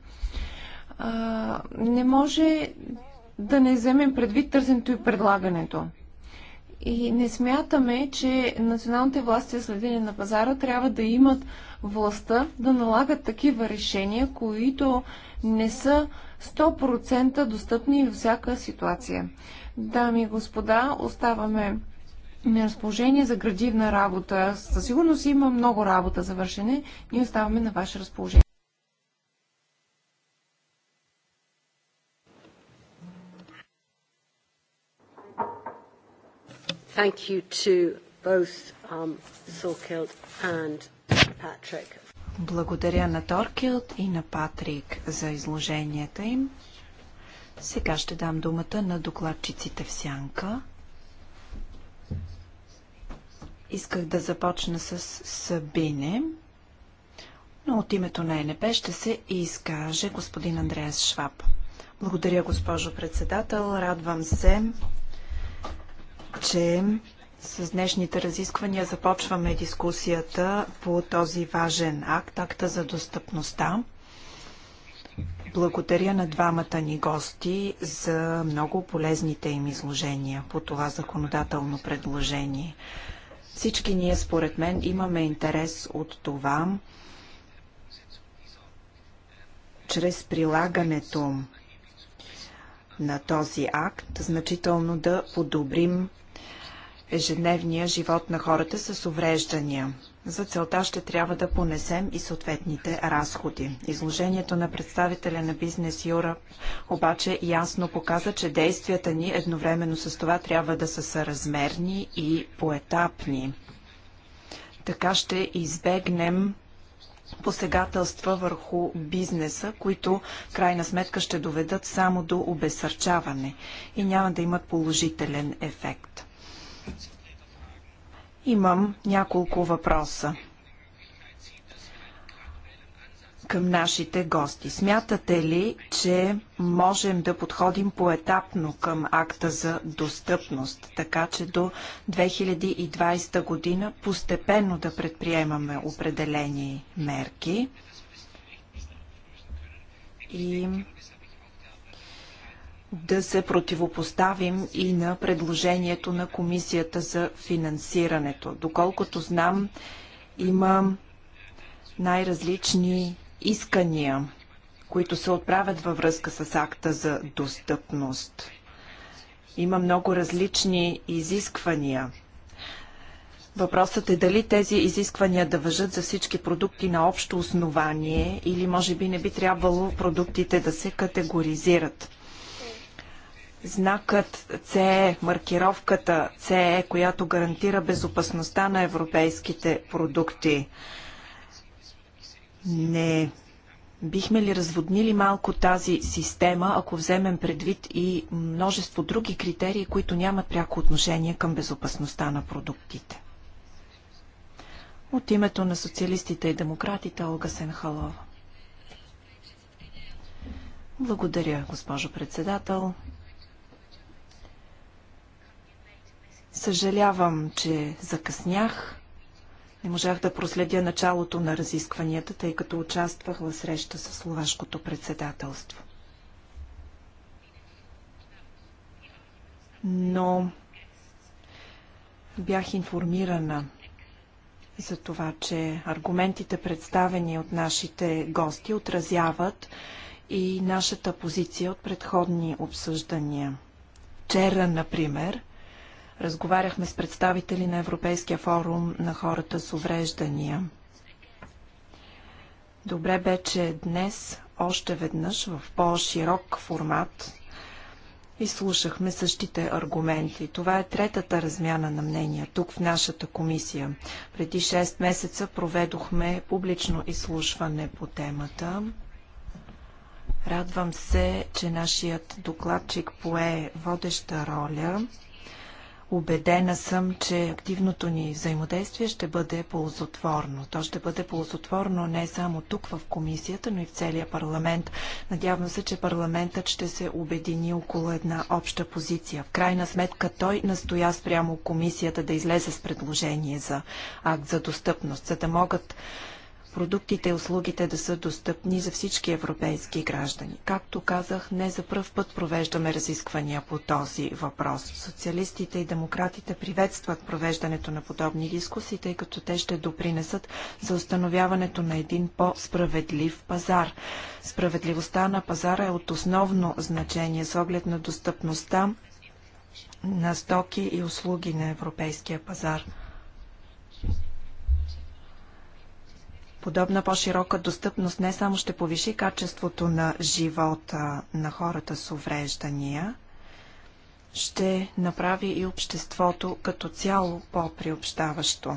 А, не може да не вземем предвид търсенето и предлагането. И не смятаме, че националните власти за следение на пазара трябва да имат властта да налагат такива решения, които не са 100% достъпни във всяка ситуация. Дами и господа, оставаме на разположение за градивна работа. Със сигурност има много работа за вършене. Ние оставаме на ваше разположение. Thank you to both um, Sorkild and Patrick благодаря на Торкилд и на Патрик за изложенията им. Сега ще дам думата на докладчиците в сянка. Исках да започна с Сабине, но от името на ЕНП ще се изкаже господин Андреас Шваб. Благодаря, госпожо председател. Радвам се, че с днешните разисквания започваме дискусията по този важен акт, акта за достъпността. Благодаря на двамата ни гости за много полезните им изложения по това законодателно предложение. Всички ние, според мен, имаме интерес от това, чрез прилагането на този акт, значително да подобрим ежедневния живот на хората с увреждания. За целта ще трябва да понесем и съответните разходи. Изложението на представителя на Бизнес Юра обаче ясно показа, че действията ни едновременно с това трябва да са съразмерни и поетапни. Така ще избегнем посегателства върху бизнеса, които в крайна сметка ще доведат само до обесърчаване и няма да имат положителен ефект. Имам няколко въпроса към нашите гости. Смятате ли, че можем да подходим поетапно към акта за достъпност, така че до 2020 година постепенно да предприемаме определени мерки? И да се противопоставим и на предложението на Комисията за финансирането. Доколкото знам, има най-различни искания, които се отправят във връзка с акта за достъпност. Има много различни изисквания. Въпросът е дали тези изисквания да въжат за всички продукти на общо основание или може би не би трябвало продуктите да се категоризират. Знакът CE, маркировката CE, която гарантира безопасността на европейските продукти. Не бихме ли разводнили малко тази система, ако вземем предвид и множество други критерии, които нямат пряко отношение към безопасността на продуктите? От името на социалистите и демократите Олга Сенхалова. Благодаря, госпожо председател. Съжалявам, че закъснях. Не можах да проследя началото на разискванията, тъй като участвах в среща с словашкото председателство. Но бях информирана за това, че аргументите представени от нашите гости отразяват и нашата позиция от предходни обсъждания. Вчера, например, Разговаряхме с представители на Европейския форум на хората с увреждания. Добре бе, че днес още веднъж в по-широк формат и слушахме същите аргументи. Това е третата размяна на мнения тук в нашата комисия. Преди 6 месеца проведохме публично изслушване по темата. Радвам се, че нашият докладчик пое водеща роля. Убедена съм, че активното ни взаимодействие ще бъде ползотворно. То ще бъде ползотворно не само тук в комисията, но и в целия парламент. Надявам се, че парламентът ще се обедини около една обща позиция. В крайна сметка той настоя спрямо комисията да излезе с предложение за акт за достъпност, за да могат продуктите и услугите да са достъпни за всички европейски граждани. Както казах, не за пръв път провеждаме разисквания по този въпрос. Социалистите и демократите приветстват провеждането на подобни дискусии, тъй като те ще допринесат за установяването на един по-справедлив пазар. Справедливостта на пазара е от основно значение с оглед на достъпността на стоки и услуги на европейския пазар. Подобна по-широка достъпност не само ще повиши качеството на живота на хората с увреждания, ще направи и обществото като цяло по-приобщаващо.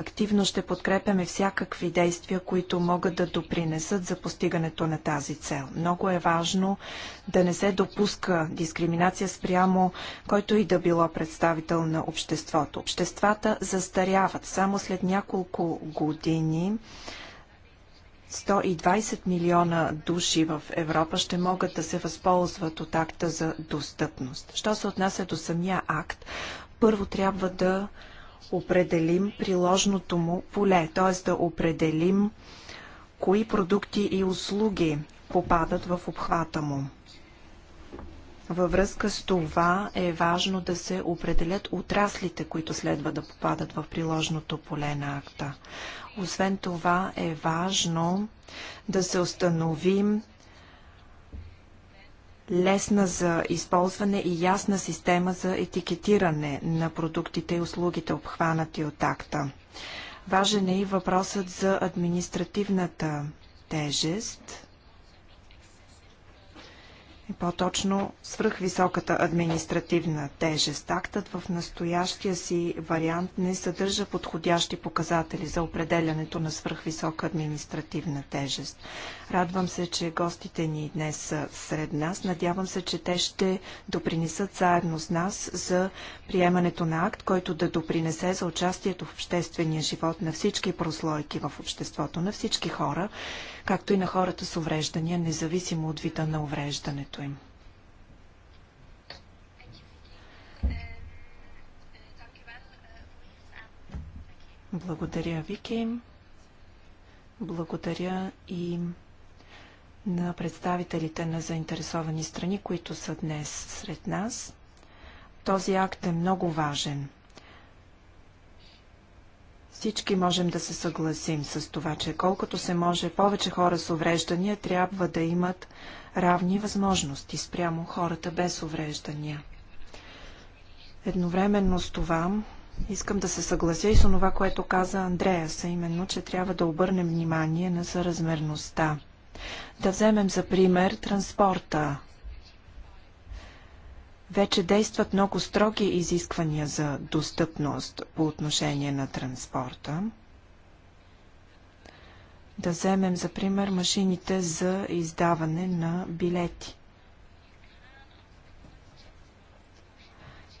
Активно ще подкрепяме всякакви действия, които могат да допринесат за постигането на тази цел. Много е важно да не се допуска дискриминация спрямо който и да било представител на обществото. Обществата застаряват. Само след няколко години 120 милиона души в Европа ще могат да се възползват от акта за достъпност. Що се отнася до самия акт, първо трябва да определим приложното му поле, т.е. да определим кои продукти и услуги попадат в обхвата му. Във връзка с това е важно да се определят отраслите, които следва да попадат в приложното поле на акта. Освен това е важно да се установим лесна за използване и ясна система за етикетиране на продуктите и услугите, обхванати от акта. Важен е и въпросът за административната тежест и е по-точно свръхвисоката административна тежест. Актът в настоящия си вариант не съдържа подходящи показатели за определянето на свръхвисока административна тежест. Радвам се, че гостите ни днес са сред нас. Надявам се, че те ще допринесат заедно с нас за приемането на акт, който да допринесе за участието в обществения живот на всички прослойки в обществото, на всички хора както и на хората с увреждания, независимо от вида на увреждането им. Благодаря, Вики. Благодаря и на представителите на заинтересовани страни, които са днес сред нас. Този акт е много важен. Всички можем да се съгласим с това, че колкото се може повече хора с увреждания трябва да имат равни възможности спрямо хората без увреждания. Едновременно с това искам да се съглася и с това, което каза Андреас, именно, че трябва да обърнем внимание на съразмерността. Да вземем за пример транспорта. Вече действат много строги изисквания за достъпност по отношение на транспорта. Да вземем за пример машините за издаване на билети.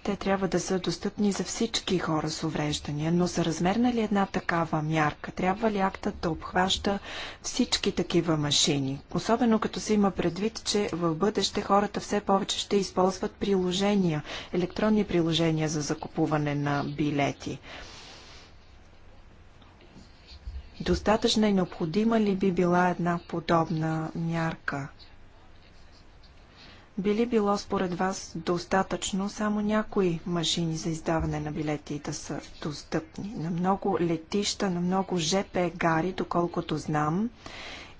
Те трябва да са достъпни за всички хора с увреждания, но размерна ли една такава мярка? Трябва ли актът да обхваща всички такива машини? Особено като се има предвид, че в бъдеще хората все повече ще използват приложения, електронни приложения за закупуване на билети. Достатъчна и необходима ли би била една подобна мярка? би ли било според вас достатъчно само някои машини за издаване на билети да са достъпни? На много летища, на много ЖП гари, доколкото знам,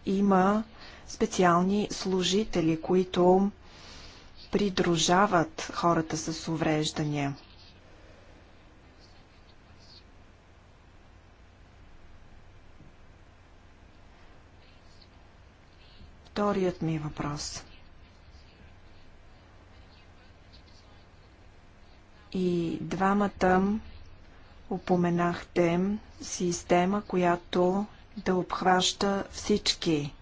има специални служители, които придружават хората с увреждания. Вторият ми въпрос – И двамата упоменахте система, която да обхваща всички.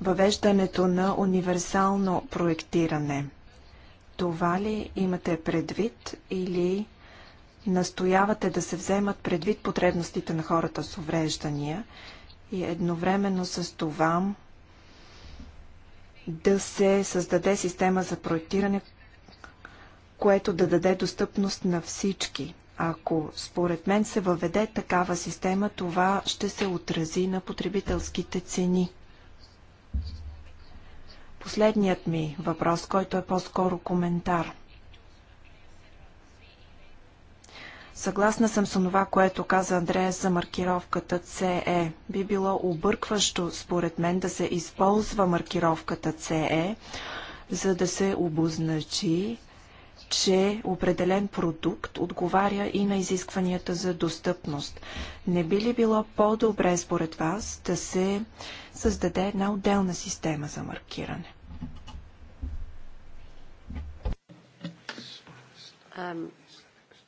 Въвеждането на универсално проектиране. Това ли имате предвид или настоявате да се вземат предвид потребностите на хората с увреждания и едновременно с това да се създаде система за проектиране, което да даде достъпност на всички. Ако според мен се въведе такава система, това ще се отрази на потребителските цени. Последният ми въпрос, който е по-скоро коментар. Съгласна съм с това, което каза Андрея за маркировката CE. Би било объркващо, според мен, да се използва маркировката CE, за да се обозначи че определен продукт отговаря и на изискванията за достъпност. Не би ли било по-добре според вас да се създаде една отделна система за маркиране? Um,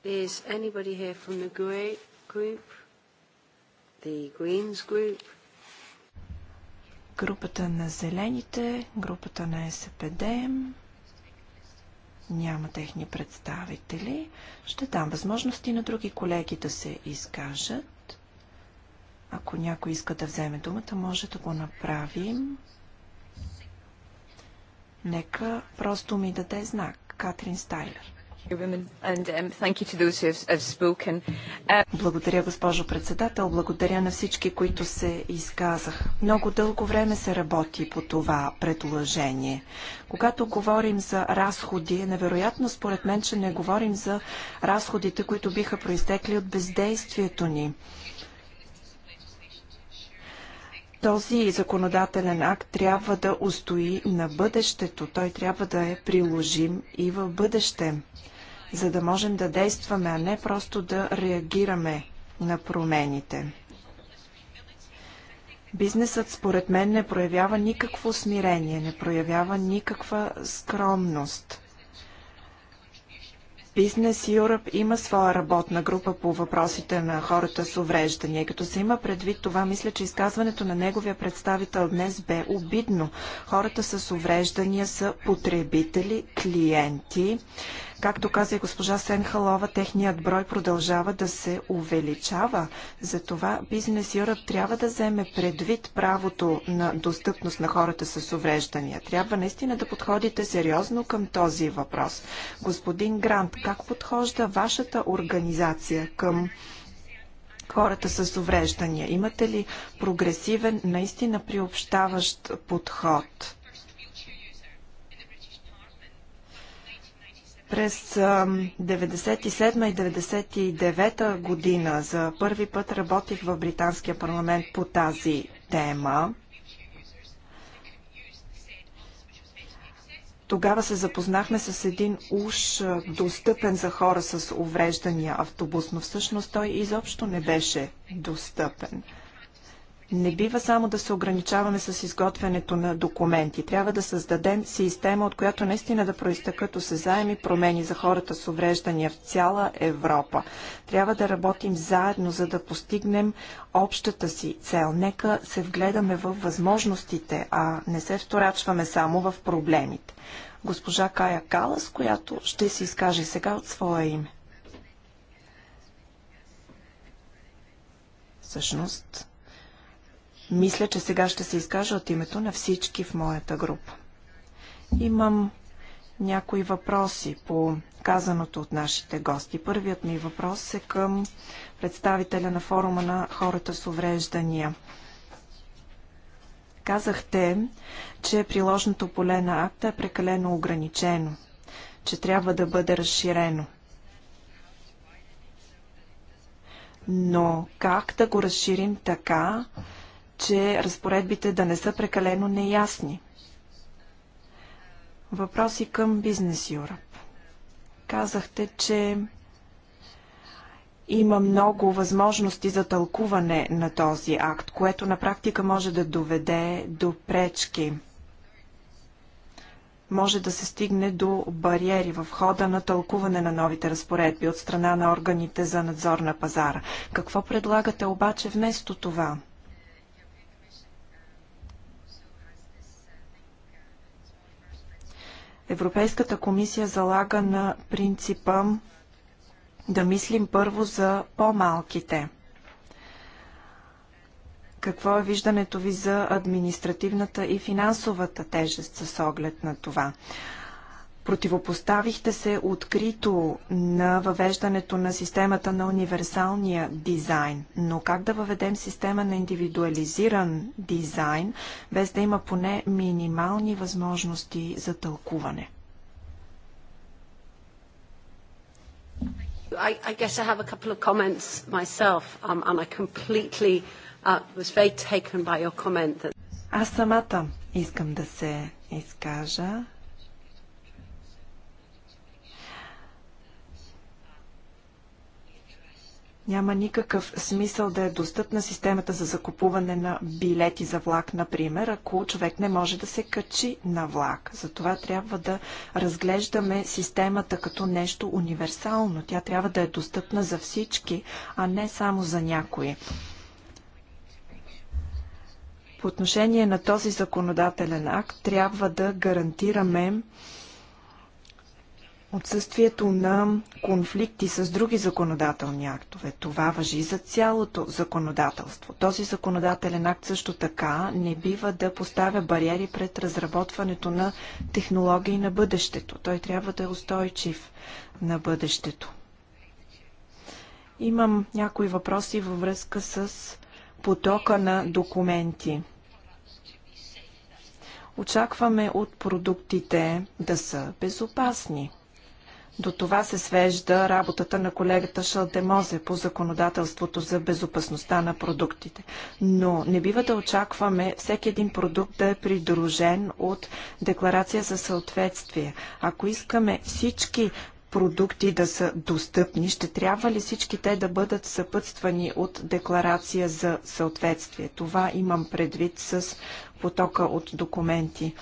is anybody here from the group? The Greens group? Групата на зелените, групата на СПД, няма техни представители. Ще дам възможности на други колеги да се изкажат. Ако някой иска да вземе думата, може да го направим. Нека просто ми даде знак. Катрин Стайлер. Um, uh, Благодаря, госпожо председател. Благодаря на всички, които се изказах. Много дълго време се работи по това предложение. Когато говорим за разходи, е невероятно според мен, че не говорим за разходите, които биха произтекли от бездействието ни. Този законодателен акт трябва да устои на бъдещето. Той трябва да е приложим и в бъдеще за да можем да действаме, а не просто да реагираме на промените. Бизнесът според мен не проявява никакво смирение, не проявява никаква скромност. Бизнес Юръп има своя работна група по въпросите на хората с увреждания. Като се има предвид това, мисля, че изказването на неговия представител днес бе обидно. Хората с увреждания са потребители, клиенти. Както каза и госпожа Сенхалова, техният брой продължава да се увеличава. Затова Бизнес Юръп трябва да вземе предвид правото на достъпност на хората с увреждания. Трябва наистина да подходите сериозно към този въпрос. Господин Грант, как подхожда вашата организация към хората с увреждания? Имате ли прогресивен, наистина приобщаващ подход? През 1997 и 1999 година за първи път работих в Британския парламент по тази тема. Тогава се запознахме с един уж достъпен за хора с увреждания автобус, но всъщност той изобщо не беше достъпен. Не бива само да се ограничаваме с изготвянето на документи. Трябва да създадем система, от която наистина да проистъкат осезаеми промени за хората с увреждания в цяла Европа. Трябва да работим заедно, за да постигнем общата си цел. Нека се вгледаме в възможностите, а не се вторачваме само в проблемите. Госпожа Кая Калас, която ще се изкаже сега от своя име. Всъщност, мисля, че сега ще се изкажа от името на всички в моята група. Имам някои въпроси по казаното от нашите гости. Първият ми въпрос е към представителя на форума на хората с увреждания. Казахте, че приложното поле на акта е прекалено ограничено, че трябва да бъде разширено. Но как да го разширим така, че разпоредбите да не са прекалено неясни. Въпроси към Бизнес Юрап. Казахте, че има много възможности за тълкуване на този акт, което на практика може да доведе до пречки. Може да се стигне до бариери в хода на тълкуване на новите разпоредби от страна на органите за надзор на пазара. Какво предлагате обаче вместо това? Европейската комисия залага на принципа да мислим първо за по-малките. Какво е виждането ви за административната и финансовата тежест с оглед на това? Противопоставихте се открито на въвеждането на системата на универсалния дизайн, но как да въведем система на индивидуализиран дизайн, без да има поне минимални възможности за тълкуване? I, I guess I have a couple of comments myself, um, and I completely uh, was very taken by your comment that. Аз самата искам да се изкажа. Няма никакъв смисъл да е достъпна системата за закупуване на билети за влак, например, ако човек не може да се качи на влак. Затова трябва да разглеждаме системата като нещо универсално. Тя трябва да е достъпна за всички, а не само за някои. По отношение на този законодателен акт трябва да гарантираме отсъствието на конфликти с други законодателни актове. Това въжи за цялото законодателство. Този законодателен акт също така не бива да поставя бариери пред разработването на технологии на бъдещето. Той трябва да е устойчив на бъдещето. Имам някои въпроси във връзка с потока на документи. Очакваме от продуктите да са безопасни. До това се свежда работата на колегата Шалтемозе по законодателството за безопасността на продуктите. Но не бива да очакваме всеки един продукт да е придружен от декларация за съответствие. Ако искаме всички продукти да са достъпни, ще трябва ли всички те да бъдат съпътствани от декларация за съответствие? Това имам предвид с потока от документи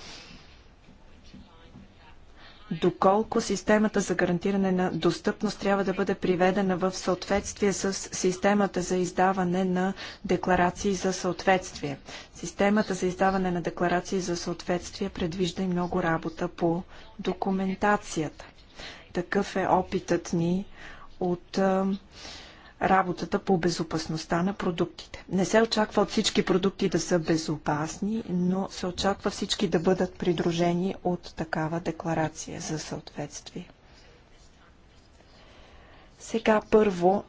доколко системата за гарантиране на достъпност трябва да бъде приведена в съответствие с системата за издаване на декларации за съответствие. Системата за издаване на декларации за съответствие предвижда и много работа по документацията. Такъв е опитът ни от работата по безопасността на продуктите. Не се очаква от всички продукти да са безопасни, но се очаква всички да бъдат придружени от такава декларация за съответствие. Сега първо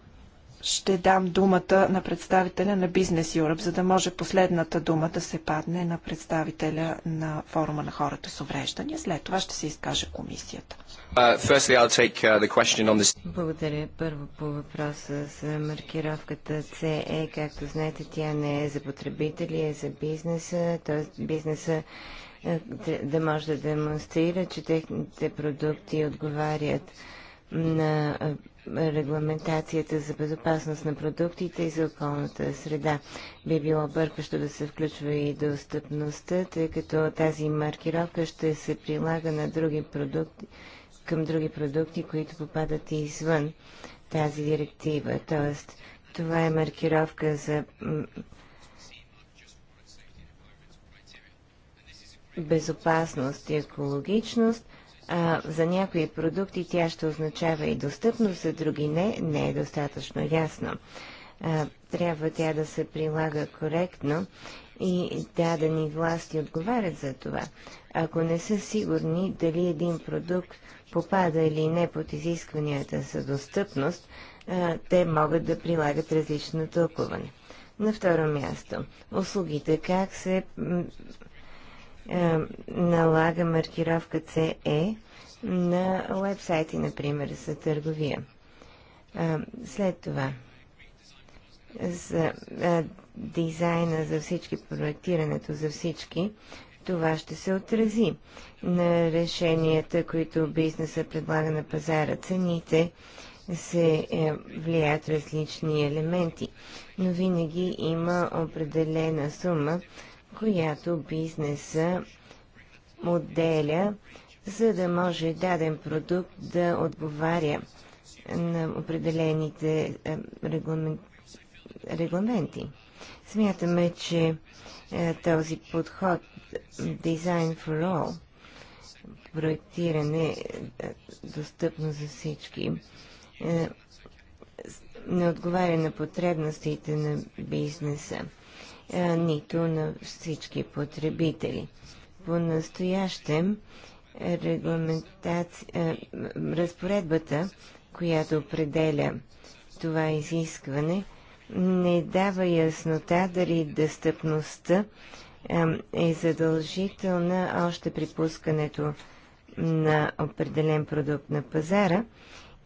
ще дам думата на представителя на Бизнес Юръп, за да може последната дума да се падне на представителя на форума на хората с увреждания. След това ще се изкаже комисията. Uh, firstly, I'll take uh, the question on this. Благодаря. Първо по въпроса за маркировката CE. Както знаете, тя не е за потребители, е за бизнеса. Т.е. бизнеса е, да може да демонстрира, че техните продукти отговарят на е, регламентацията за безопасност на продуктите и за околната среда. Би било бъркащо да се включва и достъпността, тъй като тази маркировка ще се прилага на други продукти, към други продукти, които попадат извън тази директива. Тоест, това е маркировка за безопасност и екологичност, а за някои продукти тя ще означава и достъпност, за други не, не е достатъчно ясно. А, трябва тя да се прилага коректно и дадени власти отговарят за това. Ако не са сигурни дали един продукт попада или не под изискванията за достъпност, те могат да прилагат различно тълкуване. На второ място, услугите. Как се налага маркировка CE на вебсайти, например, за търговия. След това, за дизайна за всички, проектирането за всички, това ще се отрази на решенията, които бизнеса предлага на пазара. Цените се е, влияят различни елементи, но винаги има определена сума, която бизнеса отделя, за да може даден продукт да отговаря на определените е, регламенти. Смятаме, че е, този подход Design for All, проектиране е, достъпно за всички, е, не отговаря на потребностите на бизнеса, е, нито на всички потребители. По-настоящем разпоредбата, която определя това изискване, не дава яснота дали достъпността е задължителна още при пускането на определен продукт на пазара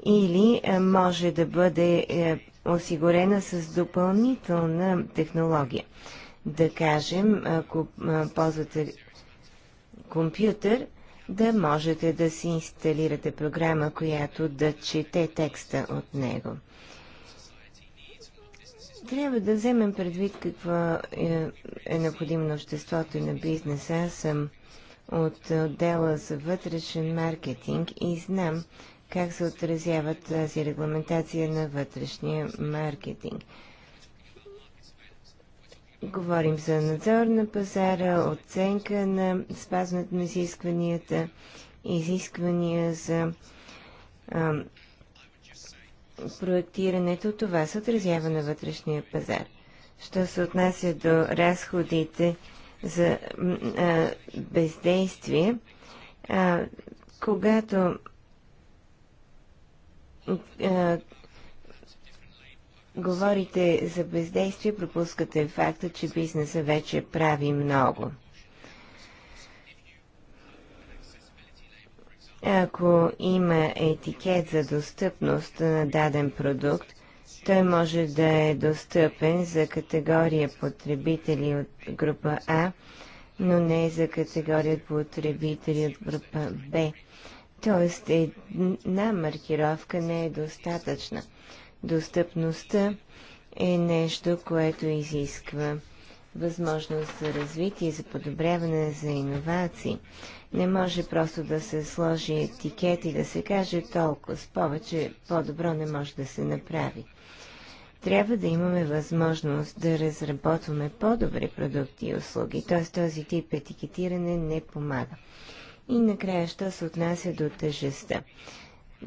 или е, може да бъде е, осигурена с допълнителна технология. Да кажем, ако е, ползвате компютър, да можете да си инсталирате програма, която да чете текста от него трябва да вземем предвид какво е, е необходимо на обществото и на бизнеса. Аз съм от отдела за вътрешен маркетинг и знам как се отразява тази регламентация на вътрешния маркетинг. Говорим за надзор на пазара, оценка на спазването на изискванията, изисквания за проектирането, това се отразява на вътрешния пазар. Що се отнася до разходите за а, бездействие, а, когато а, говорите за бездействие, пропускате факта, че бизнеса вече прави много. Ако има етикет за достъпност на даден продукт, той може да е достъпен за категория потребители от група А, но не за категория потребители от група Б. Тоест една маркировка не е достатъчна. Достъпността е нещо, което изисква възможност за развитие, за подобряване, за иновации. Не може просто да се сложи етикет и да се каже толкова. С повече по-добро не може да се направи. Трябва да имаме възможност да разработваме по-добри продукти и услуги, т.е. този тип етикетиране не помага. И накрая, що се отнася до тежестта.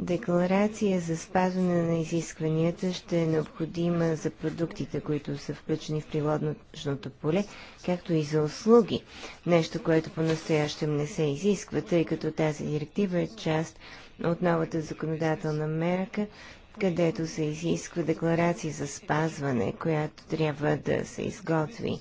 Декларация за спазване на изискванията ще е необходима за продуктите, които са включени в природното поле, както и за услуги. Нещо, което по-настоящем не се изисква, тъй като тази директива е част от новата законодателна мерка, където се изисква декларация за спазване, която трябва да се изготви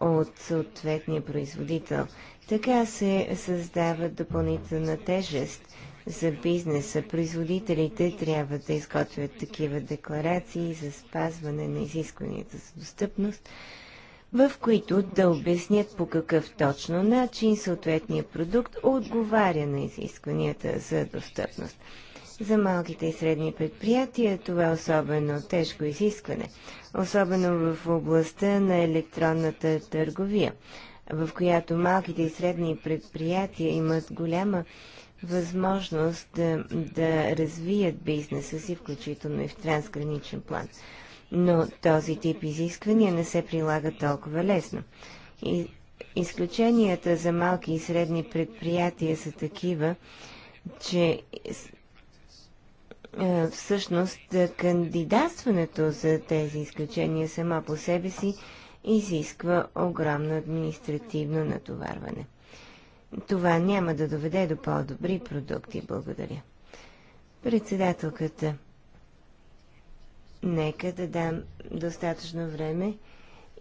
от съответния производител. Така се създава допълнителна тежест за бизнеса. Производителите трябва да изготвят такива декларации за спазване на изискванията за достъпност, в които да обяснят по какъв точно начин съответният продукт отговаря на изискванията за достъпност. За малките и средни предприятия това е особено тежко изискване, особено в областта на електронната търговия, в която малките и средни предприятия имат голяма възможност да, да развият бизнеса си, включително и в трансграничен план. Но този тип изисквания не се прилага толкова лесно. И изключенията за малки и средни предприятия са такива, че е, всъщност е, кандидатстването за тези изключения само по себе си изисква огромно административно натоварване това няма да доведе до по-добри продукти. Благодаря. Председателката, нека да дам достатъчно време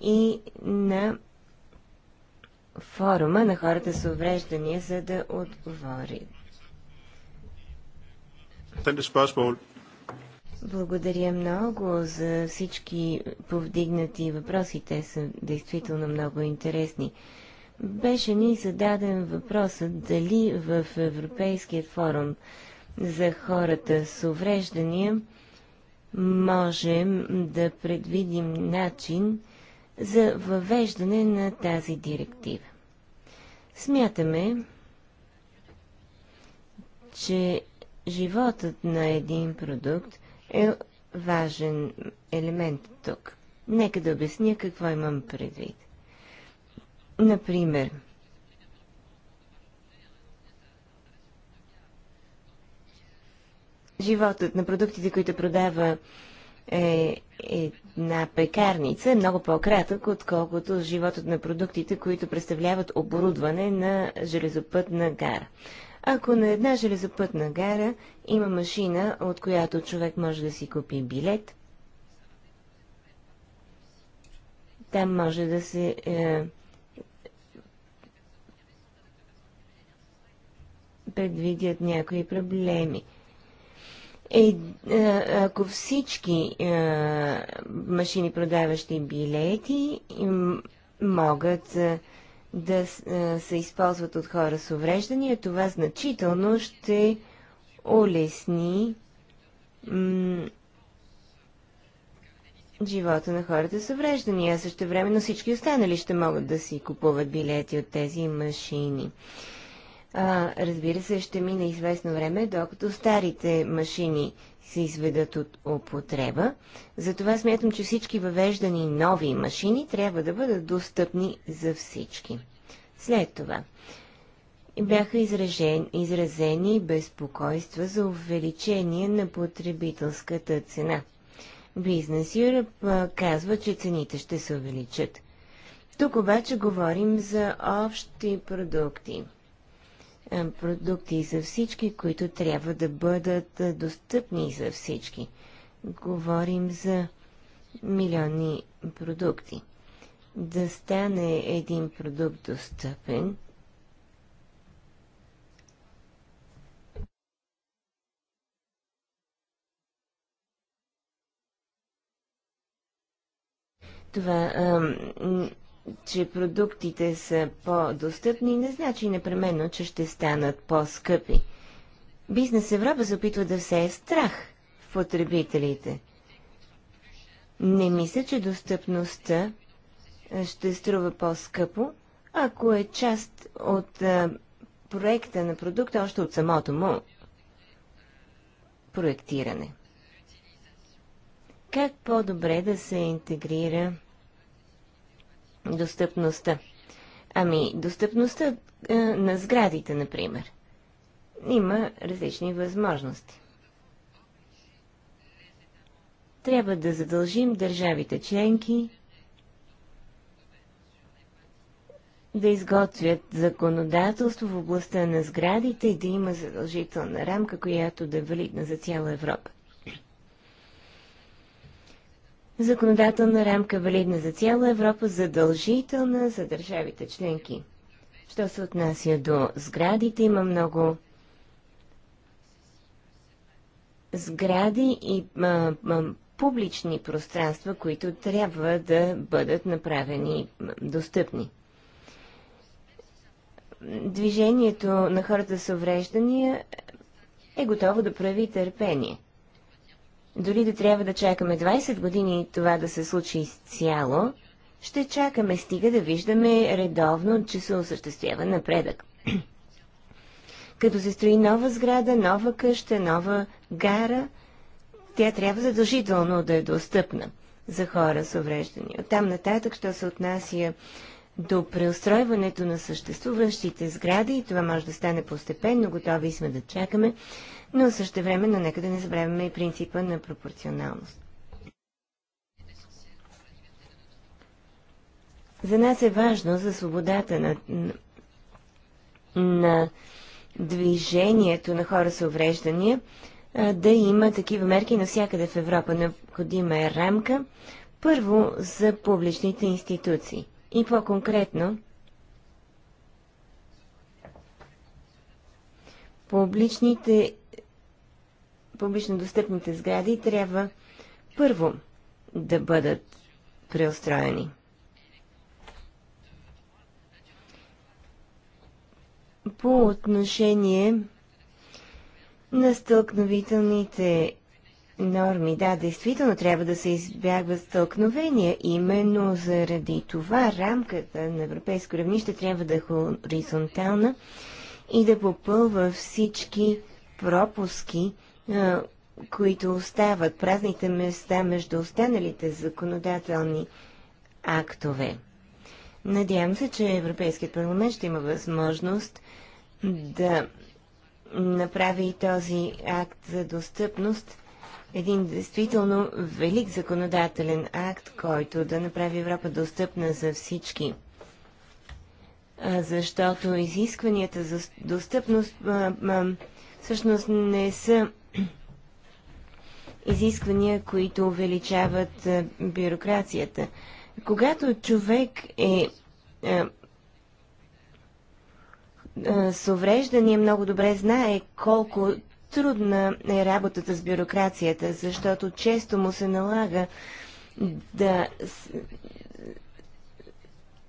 и на форума на хората с увреждания, за да отговори. Благодаря много за всички повдигнати въпроси. Те са действително много интересни. Беше ни зададен въпросът дали в Европейският форум за хората с увреждания можем да предвидим начин за въвеждане на тази директива. Смятаме, че животът на един продукт е важен елемент тук. Нека да обясня какво имам предвид. Например, животът на продуктите, които продава е една пекарница, е много по-кратък, отколкото животът на продуктите, които представляват оборудване на железопътна гара. Ако на една железопътна гара има машина, от която човек може да си купи билет, там може да се е, предвидят някои проблеми. Е, ако всички е, машини, продаващи билети, им, могат е, да е, се използват от хора с увреждания, това значително ще улесни живота на хората с увреждания, а също времено всички останали ще могат да си купуват билети от тези машини. А, разбира се, ще мине известно време, докато старите машини се изведат от употреба. Затова смятам, че всички въвеждани нови машини трябва да бъдат достъпни за всички. След това бяха изражен, изразени безпокойства за увеличение на потребителската цена. Бизнес Юръп казва, че цените ще се увеличат. Тук обаче говорим за общи продукти – е, продукти за всички, които трябва да бъдат е, достъпни за всички. Говорим за милиони продукти. Да стане един продукт достъпен, това а, че продуктите са по-достъпни, не значи непременно, че ще станат по-скъпи. Бизнес Европа се опитва да е страх в потребителите. Не мисля, че достъпността ще струва по-скъпо, ако е част от а, проекта на продукта, още от самото му проектиране. Как по-добре да се интегрира достъпността? Ами, достъпността е, на сградите, например. Има различни възможности. Трябва да задължим държавите членки да изготвят законодателство в областта на сградите и да има задължителна рамка, която да е валидна за цяла Европа законодателна рамка, валидна за цяла Европа, задължителна за държавите членки. Що се отнася до сградите, има много сгради и а, а, публични пространства, които трябва да бъдат направени достъпни. Движението на хората с увреждания е готово да прави търпение – дори да трябва да чакаме 20 години това да се случи изцяло, ще чакаме стига да виждаме редовно, че се осъществява напредък. Като се строи нова сграда, нова къща, нова гара, тя трябва задължително да е достъпна за хора с увреждания. Оттам нататък, що се отнася до преустройването на съществуващите сгради и това може да стане постепенно, готови сме да чакаме, но също времено нека да не забравяме и принципа на пропорционалност. За нас е важно за свободата на, на движението на хора с увреждания да има такива мерки навсякъде в Европа. Необходима е рамка, първо за публичните институции – и по-конкретно, публичните, публично достъпните сгради трябва първо да бъдат преустроени. По отношение на стълкновителните норми. Да, действително трябва да се избягват стълкновения. Именно заради това рамката на европейско равнище трябва да е хоризонтална и да попълва всички пропуски, които остават празните места между останалите законодателни актове. Надявам се, че Европейският парламент ще има възможност да направи този акт за достъпност един действително велик законодателен акт, който да направи Европа достъпна за всички. Защото изискванията за достъпност всъщност не са изисквания, които увеличават бюрокрацията. Когато човек е с увреждане, много добре знае колко трудна е работата с бюрокрацията, защото често му се налага да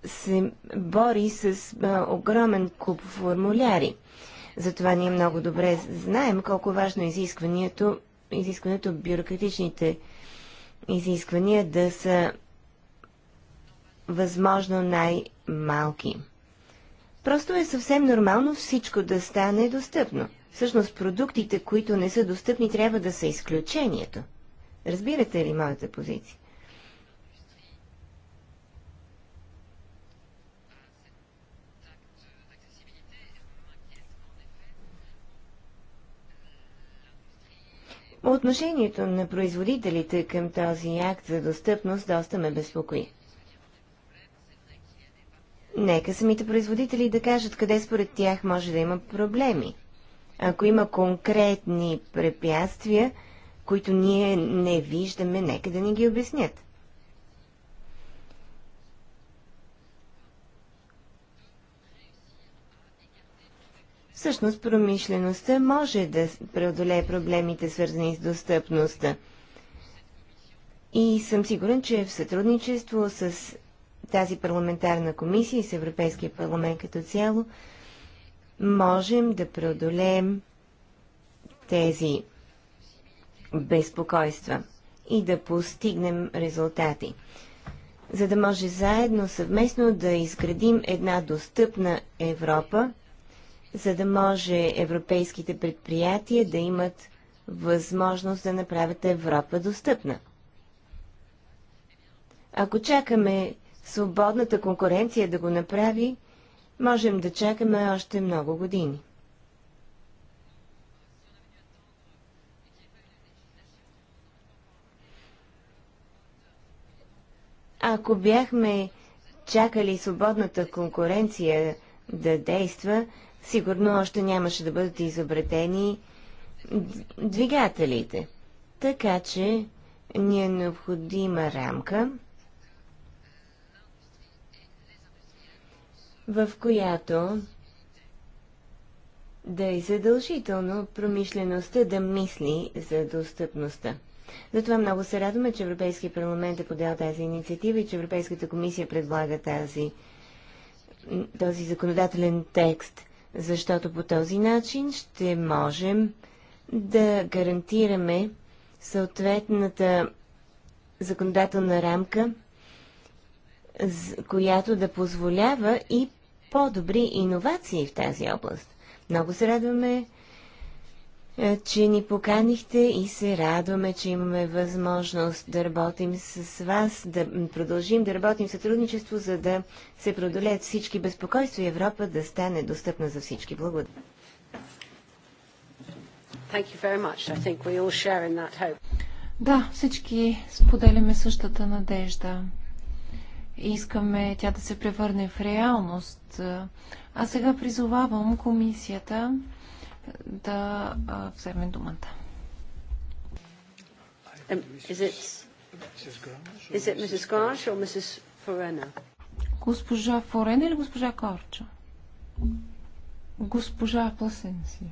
се бори с огромен куп формуляри. Затова ние много добре знаем колко важно е изискването, изискването бюрократичните изисквания да са възможно най-малки. Просто е съвсем нормално всичко да стане достъпно – Всъщност продуктите, които не са достъпни, трябва да са изключението. Разбирате ли моята позиция? Отношението на производителите към този акт за достъпност доста ме безпокои. Нека самите производители да кажат къде според тях може да има проблеми. Ако има конкретни препятствия, които ние не виждаме, нека да ни ги обяснят. Всъщност промишлеността може да преодолее проблемите, свързани с достъпността. И съм сигурен, че в сътрудничество с тази парламентарна комисия и с Европейския парламент като цяло можем да преодолеем тези безпокойства и да постигнем резултати, за да може заедно, съвместно да изградим една достъпна Европа, за да може европейските предприятия да имат възможност да направят Европа достъпна. Ако чакаме свободната конкуренция да го направи, можем да чакаме още много години. Ако бяхме чакали свободната конкуренция да действа, сигурно още нямаше да бъдат изобретени двигателите. Така че ни е необходима рамка, в която да е задължително промишлеността да мисли за достъпността. Затова много се радваме, че Европейския парламент е подал тази инициатива и че Европейската комисия предлага тази, този законодателен текст, защото по този начин ще можем да гарантираме съответната законодателна рамка която да позволява и по-добри иновации в тази област. Много се радваме, е, че ни поканихте и се радваме, че имаме възможност да работим с вас, да продължим да работим в сътрудничество, за да се продолеят всички безпокойства и Европа да стане достъпна за всички. Благодаря. Да, всички споделяме същата надежда. Искаме тя да се превърне в реалност. А сега призовавам комисията да вземе думата. Госпожа Форена или госпожа Корча? Госпожа Пласенси.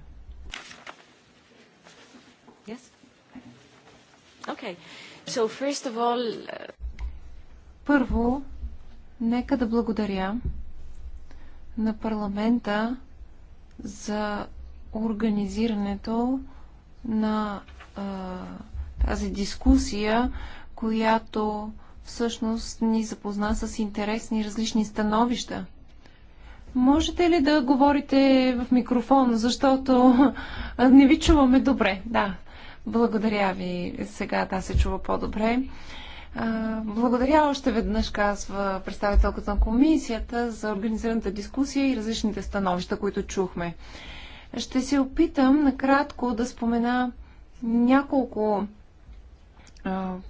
Yes? Okay. So first of all... Uh, Първо, Нека да благодаря на парламента за организирането на а, тази дискусия, която всъщност ни запозна с интересни различни становища. Можете ли да говорите в микрофон, защото не ви чуваме добре? Да, благодаря ви. Сега да се чува по-добре. Благодаря още веднъж, казва представителката на комисията, за организираната дискусия и различните становища, които чухме. Ще се опитам накратко да спомена няколко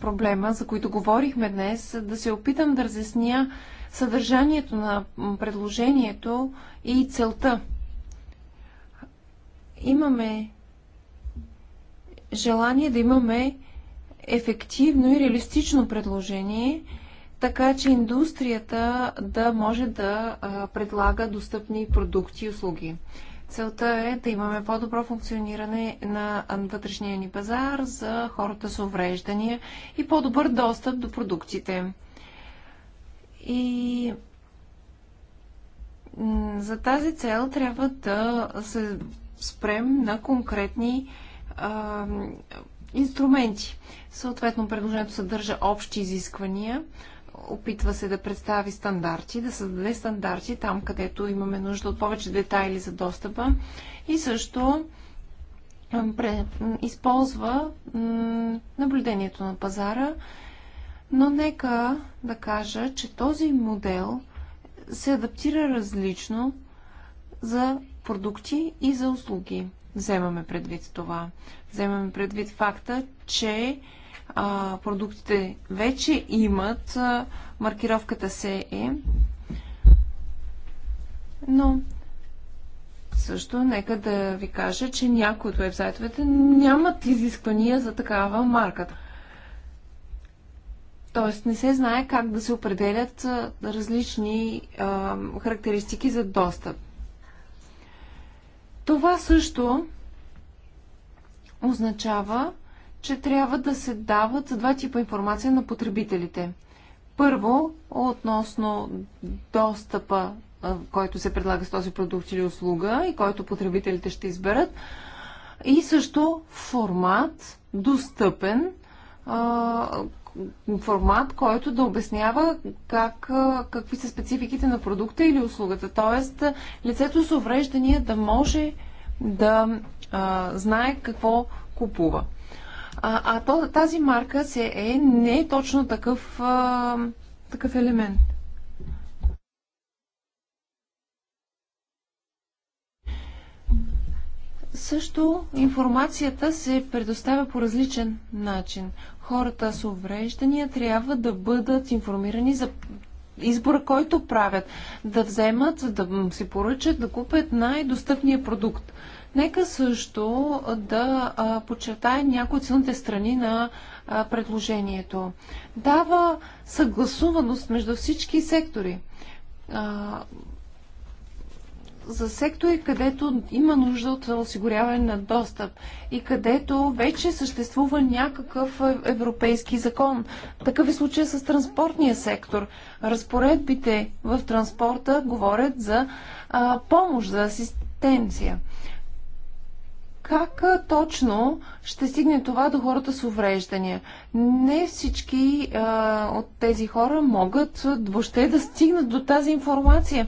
проблема, за които говорихме днес, да се опитам да разясня съдържанието на предложението и целта. Имаме желание да имаме ефективно и реалистично предложение, така че индустрията да може да предлага достъпни продукти и услуги. Целта е да имаме по-добро функциониране на вътрешния ни пазар за хората с увреждания и по-добър достъп до продуктите. И за тази цел трябва да се спрем на конкретни а, инструменти. Съответно, предложението съдържа общи изисквания, опитва се да представи стандарти, да създаде стандарти там, където имаме нужда от повече детайли за достъпа и също използва наблюдението на пазара, но нека да кажа, че този модел се адаптира различно за продукти и за услуги вземаме предвид това. Вземаме предвид факта, че а, продуктите вече имат, а, маркировката се е, но също нека да ви кажа, че някои от вебсайтовете нямат изисквания за такава марка. Тоест не се знае как да се определят различни а, характеристики за достъп. Това също означава, че трябва да се дават два типа информация на потребителите. Първо, относно достъпа, който се предлага с този продукт или услуга и който потребителите ще изберат. И също формат, достъпен, формат, който да обяснява как, какви са спецификите на продукта или услугата. Тоест, лицето с увреждания да може да а, знае какво купува. А, а тази марка се е не точно такъв, а, такъв елемент. също информацията се предоставя по различен начин. Хората с увреждания трябва да бъдат информирани за избора, който правят. Да вземат, да си поръчат, да купят най-достъпния продукт. Нека също да подчертая някои от силните страни на предложението. Дава съгласуваност между всички сектори за сектори, където има нужда от осигуряване на достъп и където вече съществува някакъв европейски закон. Такъв е случай с транспортния сектор. Разпоредбите в транспорта говорят за а, помощ, за асистенция. Как точно ще стигне това до хората с увреждания? Не всички а, от тези хора могат въобще да стигнат до тази информация.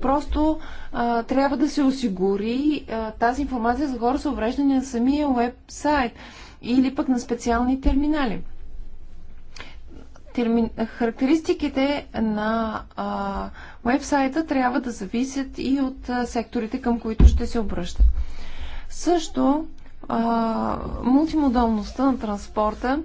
Просто а, трябва да се осигури а, тази информация за хора с увреждания на самия веб-сайт или пък на специални терминали. Терми... Характеристиките на уебсайта трябва да зависят и от а, секторите, към които ще се обръщат. Също а, мултимодалността на транспорта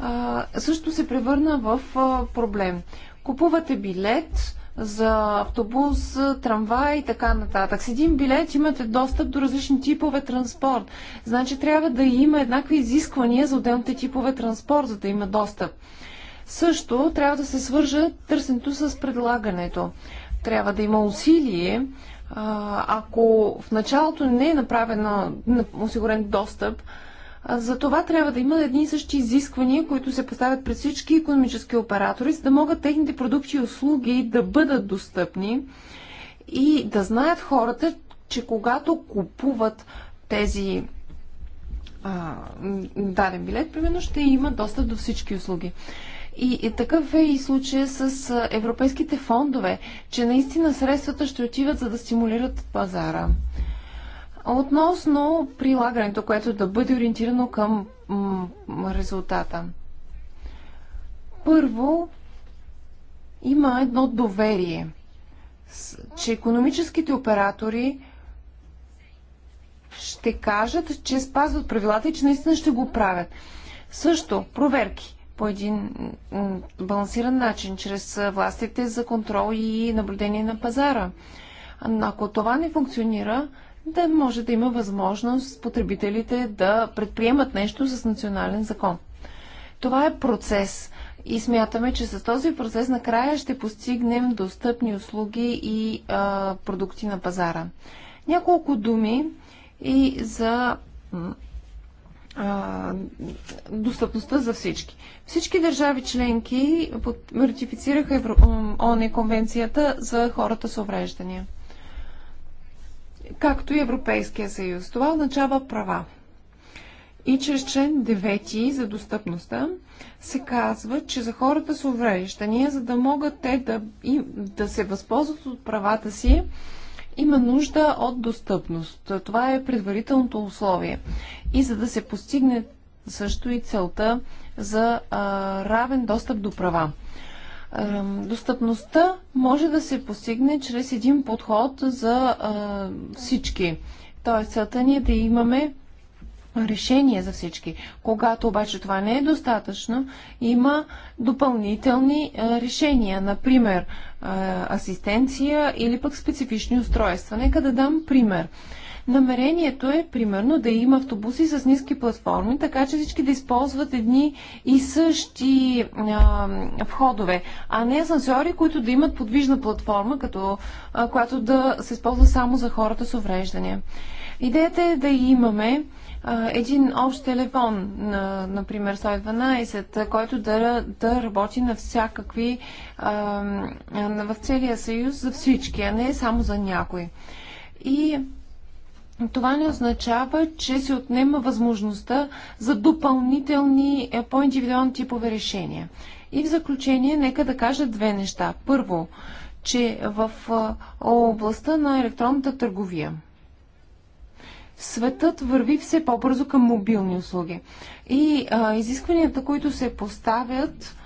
а, също се превърна в а, проблем. Купувате билет, за автобус, трамвай и така нататък. С един билет имате достъп до различни типове транспорт. Значи трябва да има еднакви изисквания за отделните типове транспорт, за да има достъп. Също трябва да се свържа търсенето с предлагането. Трябва да има усилие, ако в началото не е направено осигурен достъп, за това трябва да има едни и същи изисквания, които се поставят пред всички економически оператори, за да могат техните продукти и услуги да бъдат достъпни и да знаят хората, че когато купуват тези а, даден билет, примерно ще има достъп до всички услуги. И, и такъв е и случая с европейските фондове, че наистина средствата ще отиват за да стимулират пазара. Относно прилагането, което да бъде ориентирано към резултата. Първо, има едно доверие, че економическите оператори ще кажат, че спазват правилата и че наистина ще го правят. Също, проверки по един балансиран начин, чрез властите за контрол и наблюдение на пазара. ако това не функционира, да може да има възможност потребителите да предприемат нещо с национален закон. Това е процес и смятаме, че с този процес накрая ще постигнем достъпни услуги и а, продукти на пазара. Няколко думи и за а, достъпността за всички. Всички държави членки ратифицираха ОНЕ конвенцията за хората с увреждания както и Европейския съюз. Това означава права. И чрез член 9 за достъпността се казва, че за хората с увреждания, за да могат те да, и, да се възползват от правата си, има нужда от достъпност. Това е предварителното условие. И за да се постигне също и целта за а, равен достъп до права. Достъпността може да се постигне чрез един подход за всички. Тоест, целта ни е да имаме решение за всички. Когато обаче това не е достатъчно, има допълнителни решения, например асистенция или пък специфични устройства. Нека да дам пример. Намерението е, примерно, да има автобуси с ниски платформи, така че всички да използват едни и същи а, входове, а не асансьори, които да имат подвижна платформа, като, а, която да се използва само за хората с увреждания. Идеята е да имаме един общ телефон, например 112, който да, да работи на всякакви, в целия съюз за всички, а не само за някой. И това не означава, че се отнема възможността за допълнителни е, по-индивидуални типове решения. И в заключение, нека да кажа две неща. Първо, че в е, областта на електронната търговия светът върви все по-бързо към мобилни услуги. И а, е, изискванията, които се поставят,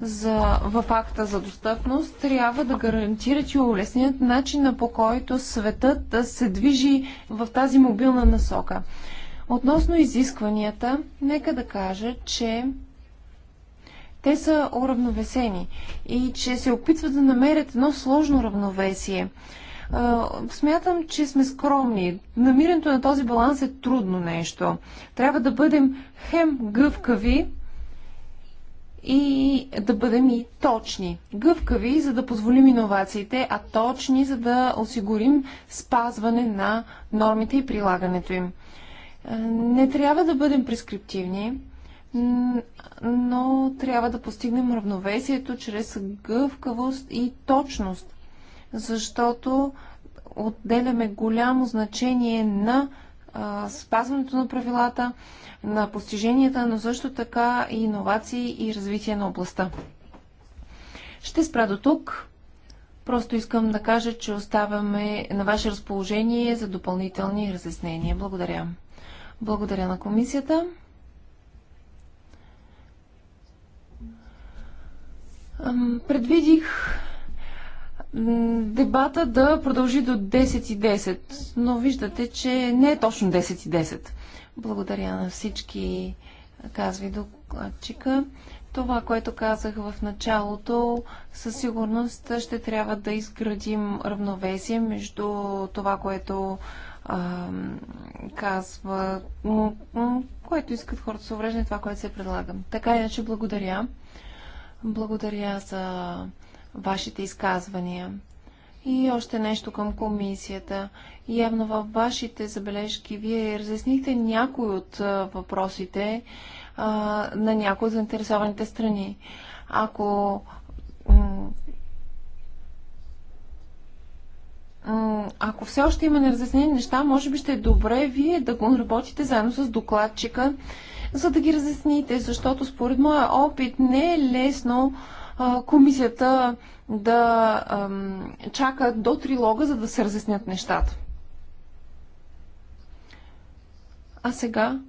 за, в акта за достъпност трябва да гарантира, и е улеснят начина по който светът да се движи в тази мобилна насока. Относно изискванията, нека да кажа, че те са уравновесени и че се опитват да намерят едно сложно равновесие. Смятам, че сме скромни. Намирането на този баланс е трудно нещо. Трябва да бъдем хем гъвкави, и да бъдем и точни. Гъвкави, за да позволим иновациите, а точни, за да осигурим спазване на нормите и прилагането им. Е, не трябва да бъдем прескриптивни, но трябва да постигнем равновесието чрез гъвкавост и точност, защото отделяме голямо значение на спазването на правилата, на постиженията, но също така и иновации и развитие на областта. Ще спра до тук. Просто искам да кажа, че оставяме на ваше разположение за допълнителни разяснения. Благодаря. Благодаря на комисията. Предвидих дебата да продължи до 10 и 10, но виждате, че не е точно 10 и 10. Благодаря на всички, казви докладчика. Това, което казах в началото, със сигурност ще трябва да изградим равновесие между това, което а, казва, което искат хората с увреждане, това, което се предлагам. Така иначе благодаря. Благодаря за вашите изказвания. И още нещо към комисията. Явно във вашите забележки вие разяснихте някои от въпросите а, на някои от заинтересованите страни. Ако ако все още има неразяснени неща, може би ще е добре вие да го работите заедно с докладчика, за да ги разясните, защото според моя опит не е лесно комисията да чака до трилога, за да се разяснят нещата. А сега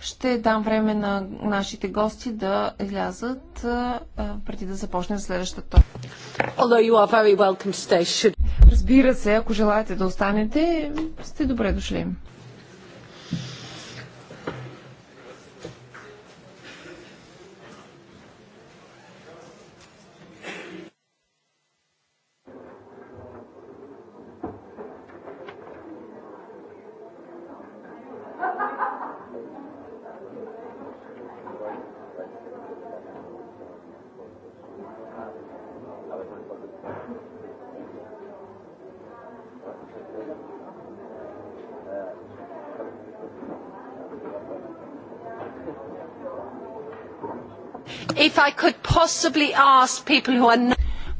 ще дам време на нашите гости да излязат преди да започне следващата точка. Разбира се, ако желаете да останете, сте добре дошли.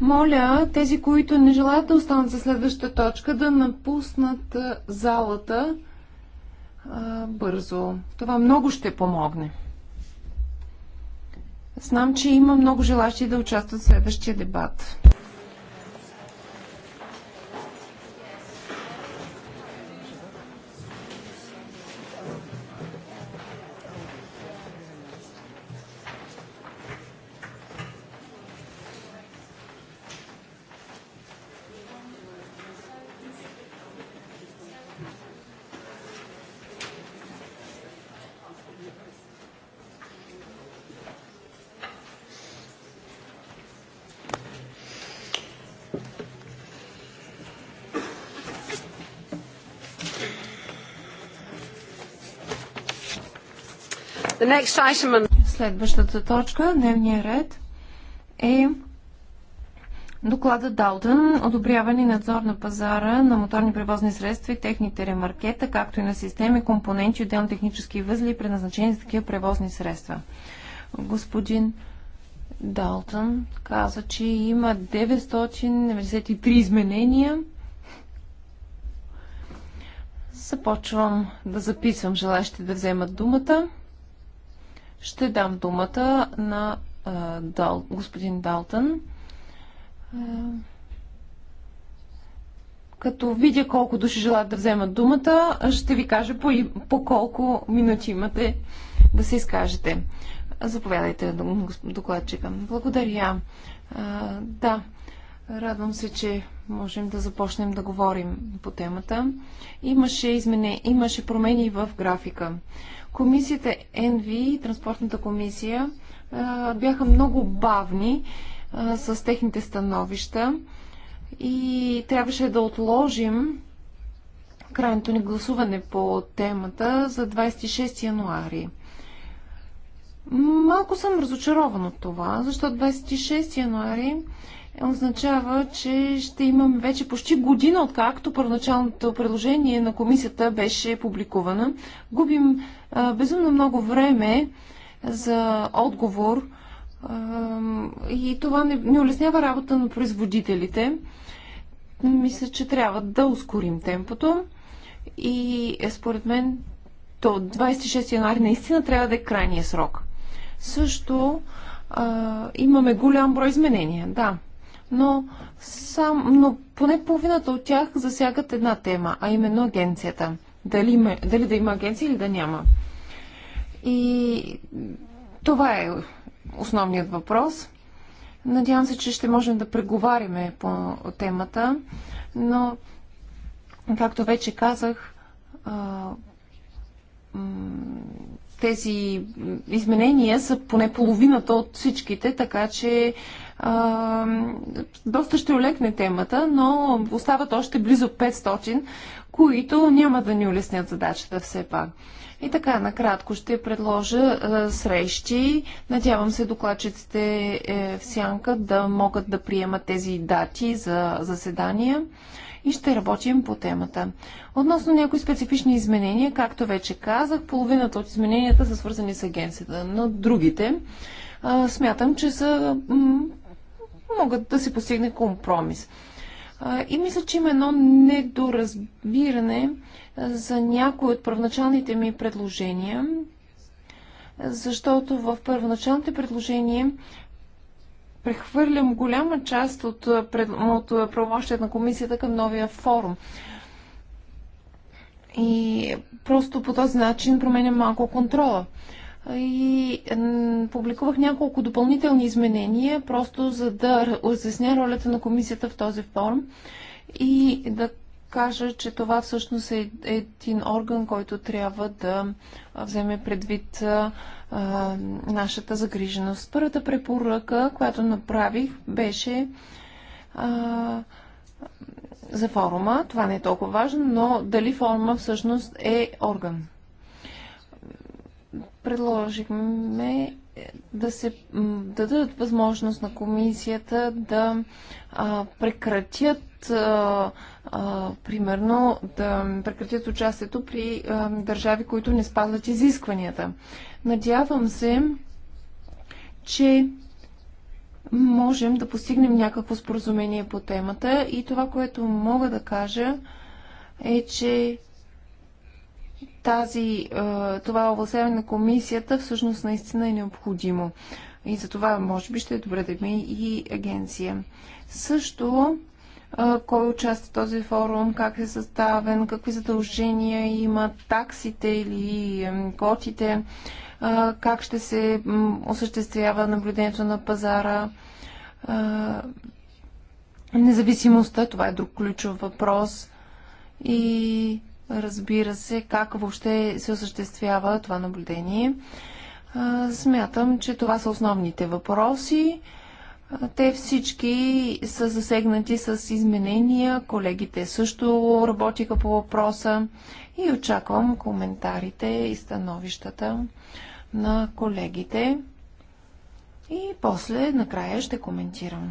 Моля, тези, които не желаят да останат за следващата точка, да напуснат залата а, бързо. Това много ще помогне. Знам, че има много желащи да участват в следващия дебат. Следващата точка, дневния ред, е доклада Далтън, одобряване и надзор на пазара на моторни превозни средства и техните ремаркета, както и на системи, компоненти, отделно технически възли, предназначени за такива превозни средства. Господин Далтън каза, че има 993 изменения. Започвам да записвам желащите да вземат думата ще дам думата на а, Дал, господин Далтън. като видя колко души желаят да вземат думата, ще ви кажа по, по колко минути имате да се изкажете. Заповядайте, докладчика. Благодаря. А, да, Радвам се, че можем да започнем да говорим по темата. Имаше, измене, имаше промени в графика. Комисията НВ, Транспортната комисия, бяха много бавни с техните становища и трябваше да отложим крайното ни гласуване по темата за 26 януари. Малко съм разочарован от това, защото 26 януари означава, че ще имаме вече почти година, откакто първоначалното предложение на комисията беше публикувана. Губим а, безумно много време за отговор а, и това не, не улеснява работа на производителите. Мисля, че трябва да ускорим темпото и е, според мен то 26 януари наистина трябва да е крайния срок. Също а, имаме голям брой изменения, да но, сам, но поне половината от тях засягат една тема, а именно агенцията. Дали, има, дали да има агенция или да няма. И това е основният въпрос. Надявам се, че ще можем да преговариме по темата, но, както вече казах, тези изменения са поне половината от всичките, така че доста ще олекне темата, но остават още близо 500, които няма да ни улеснят задачата все пак. И така, накратко ще предложа е, срещи. Надявам се докладчиците е, в сянка да могат да приемат тези дати за заседания и ще работим по темата. Относно някои специфични изменения, както вече казах, половината от измененията са свързани с агенцията, но другите е, смятам, че са могат да се постигне компромис. И мисля, че има едно недоразбиране за някои от първоначалните ми предложения, защото в първоначалните предложения прехвърлям голяма част от, от правомощият на комисията към новия форум. И просто по този начин променям малко контрола и публикувах няколко допълнителни изменения, просто за да разясня ролята на комисията в този форум и да кажа, че това всъщност е един орган, който трябва да вземе предвид а, нашата загриженост. Първата препоръка, която направих, беше а, за форума. Това не е толкова важно, но дали форума всъщност е орган предложихме е, да се да дадат възможност на комисията да а, прекратят а, а, примерно да прекратят участието при а, държави, които не спазват изискванията. Надявам се, че можем да постигнем някакво споразумение по темата и това, което мога да кажа е, че тази, това овласяване на комисията всъщност наистина е необходимо. И за това, може би, ще е добре да има и агенция. Също, кой участва в този форум, как е съставен, какви задължения има, таксите или котите, как ще се осъществява наблюдението на пазара, независимостта, това е друг ключов въпрос. И разбира се, как въобще се осъществява това наблюдение. Смятам, че това са основните въпроси. Те всички са засегнати с изменения. Колегите също работиха по въпроса и очаквам коментарите и становищата на колегите. И после, накрая, ще коментирам.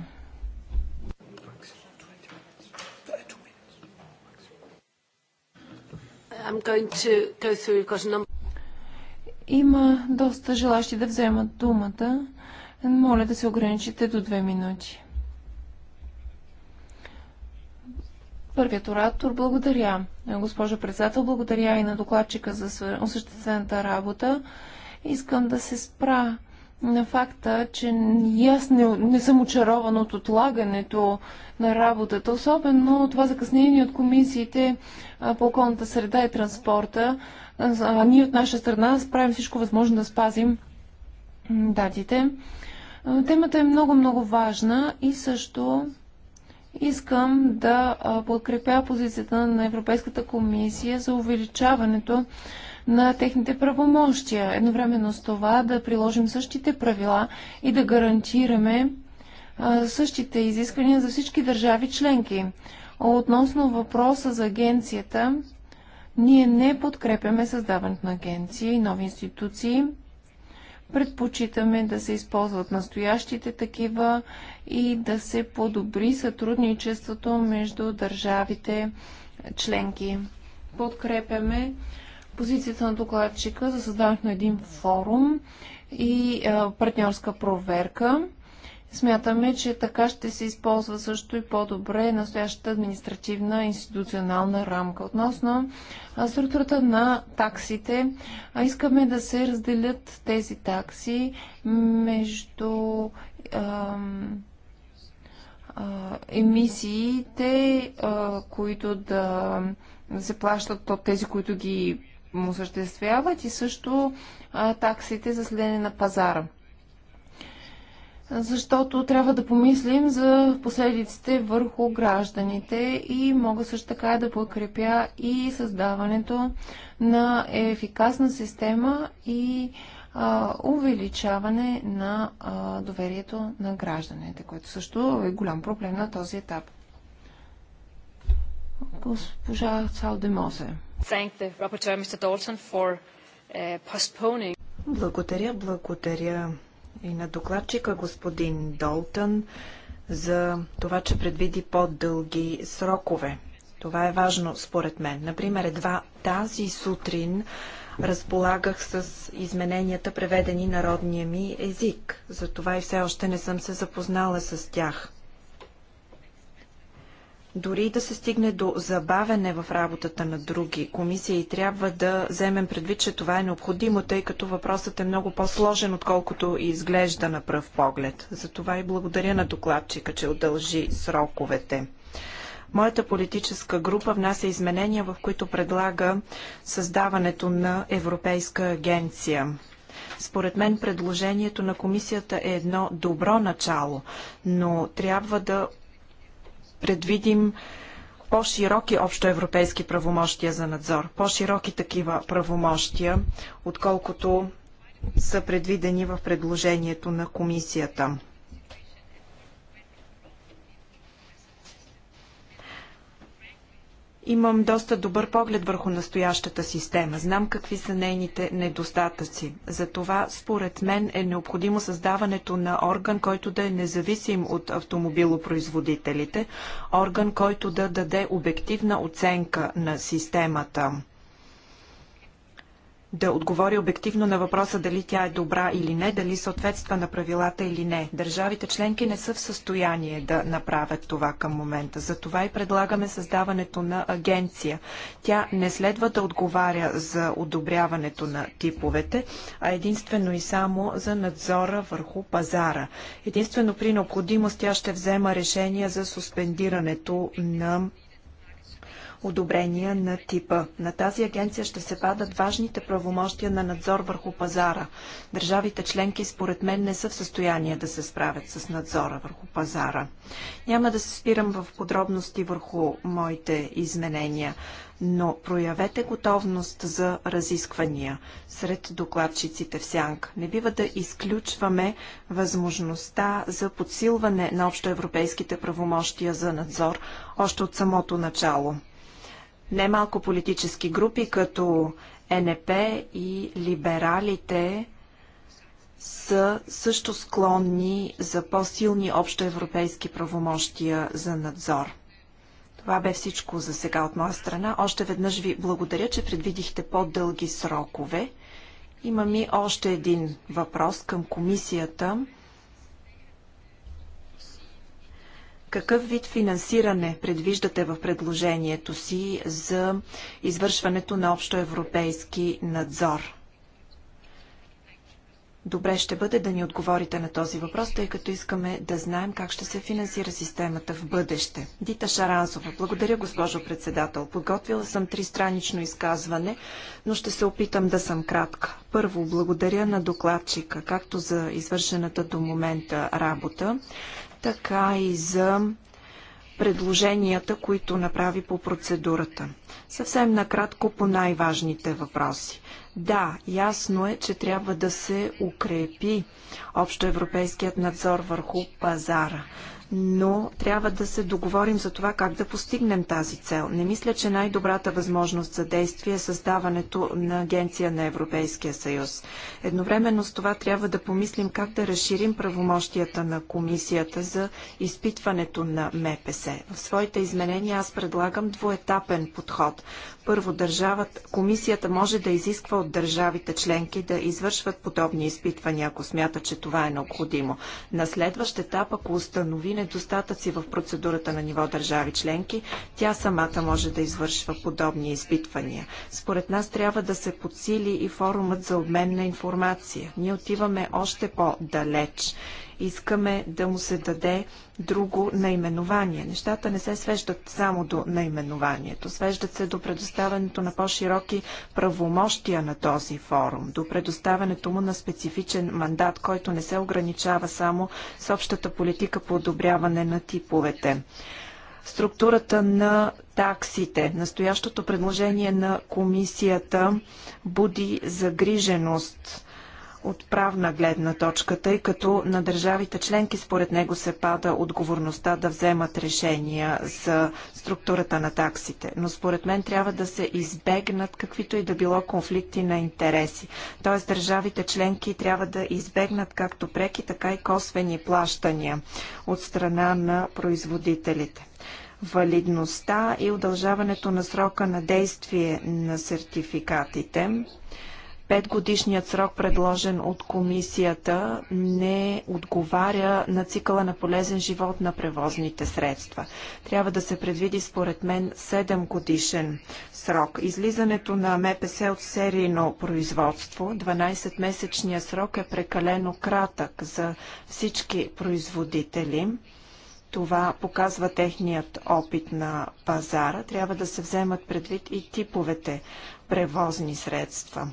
Има доста желащи да вземат думата. Моля да се ограничите до две минути. Първият оратор благодаря. Госпожо председател, благодаря и на докладчика за осъществената работа. Искам да се спра на факта, че аз не, не съм очарован от отлагането на работата, особено това закъснение от комисиите по околната среда и транспорта. А ние от наша страна правим всичко възможно да спазим датите. Темата е много-много важна и също Искам да подкрепя позицията на Европейската комисия за увеличаването на техните правомощия. Едновременно с това да приложим същите правила и да гарантираме същите изисквания за всички държави членки. Относно въпроса за агенцията, ние не подкрепяме създаването на агенция и нови институции. Предпочитаме да се използват настоящите такива и да се подобри сътрудничеството между държавите членки. Подкрепяме позицията на докладчика за създаването на един форум и партньорска проверка Смятаме, че така ще се използва също и по-добре настоящата административна институционална рамка. Относно структурата на таксите, искаме да се разделят тези такси между ам, а, емисиите, а, които да, се плащат от тези, които ги осъществяват, и също а, таксите за следене на пазара защото трябва да помислим за последиците върху гражданите и мога също така да подкрепя и създаването на ефикасна система и а, увеличаване на а, доверието на гражданите, което също е голям проблем на този етап. Госпожа Цалдемозе. Uh, благодаря, благодаря и на докладчика господин Долтън за това, че предвиди по-дълги срокове. Това е важно според мен. Например, едва тази сутрин разполагах с измененията, преведени народния ми език. Затова и все още не съм се запознала с тях. Дори да се стигне до забавене в работата на други комисии, трябва да вземем предвид, че това е необходимо, тъй като въпросът е много по-сложен, отколкото и изглежда на пръв поглед. Затова и благодаря на докладчика, че удължи сроковете. Моята политическа група внася изменения, в които предлага създаването на Европейска агенция. Според мен предложението на комисията е едно добро начало, но трябва да предвидим по-широки общоевропейски правомощия за надзор, по-широки такива правомощия, отколкото са предвидени в предложението на комисията. Имам доста добър поглед върху настоящата система. Знам какви са нейните недостатъци. Затова, според мен, е необходимо създаването на орган, който да е независим от автомобилопроизводителите, орган, който да даде обективна оценка на системата да отговори обективно на въпроса дали тя е добра или не, дали съответства на правилата или не. Държавите членки не са в състояние да направят това към момента. Затова и предлагаме създаването на агенция. Тя не следва да отговаря за одобряването на типовете, а единствено и само за надзора върху пазара. Единствено при необходимост тя ще взема решения за суспендирането на одобрения на типа. На тази агенция ще се падат важните правомощия на надзор върху пазара. Държавите членки според мен не са в състояние да се справят с надзора върху пазара. Няма да се спирам в подробности върху моите изменения, но проявете готовност за разисквания сред докладчиците в Сянк. Не бива да изключваме възможността за подсилване на общоевропейските правомощия за надзор още от самото начало. Немалко политически групи, като НП и либералите, са също склонни за по-силни общоевропейски правомощия за надзор. Това бе всичко за сега от моя страна. Още веднъж ви благодаря, че предвидихте по-дълги срокове. Имам и още един въпрос към комисията. Какъв вид финансиране предвиждате в предложението си за извършването на общоевропейски надзор? Добре ще бъде да ни отговорите на този въпрос, тъй като искаме да знаем как ще се финансира системата в бъдеще. Дита Шаранзова, благодаря госпожо председател. Подготвила съм тристранично изказване, но ще се опитам да съм кратка. Първо, благодаря на докладчика, както за извършената до момента работа, така и за предложенията, които направи по процедурата. Съвсем накратко по най-важните въпроси. Да, ясно е, че трябва да се укрепи общоевропейският надзор върху пазара но трябва да се договорим за това как да постигнем тази цел. Не мисля, че най-добрата възможност за действие е създаването на Агенция на Европейския съюз. Едновременно с това трябва да помислим как да разширим правомощията на комисията за изпитването на МПС. В своите изменения аз предлагам двоетапен подход. Първо, държавата, комисията може да изисква от държавите членки да извършват подобни изпитвания, ако смята, че това е необходимо. На следващ етап, ако установи недостатъци в процедурата на ниво държави членки, тя самата може да извършва подобни изпитвания. Според нас трябва да се подсили и форумът за обмен на информация. Ние отиваме още по-далеч искаме да му се даде друго наименование. Нещата не се свеждат само до наименованието, свеждат се до предоставянето на по-широки правомощия на този форум, до предоставянето му на специфичен мандат, който не се ограничава само с общата политика по одобряване на типовете структурата на таксите. Настоящото предложение на комисията буди загриженост от правна гледна точка, тъй като на държавите членки според него се пада отговорността да вземат решения за структурата на таксите. Но според мен трябва да се избегнат каквито и да било конфликти на интереси. Тоест държавите членки трябва да избегнат както преки, така и косвени плащания от страна на производителите валидността и удължаването на срока на действие на сертификатите. Петгодишният срок, предложен от комисията, не отговаря на цикъла на полезен живот на превозните средства. Трябва да се предвиди, според мен, 7 годишен срок. Излизането на МПС от серийно производство, 12-месечният срок е прекалено кратък за всички производители. Това показва техният опит на пазара. Трябва да се вземат предвид и типовете превозни средства.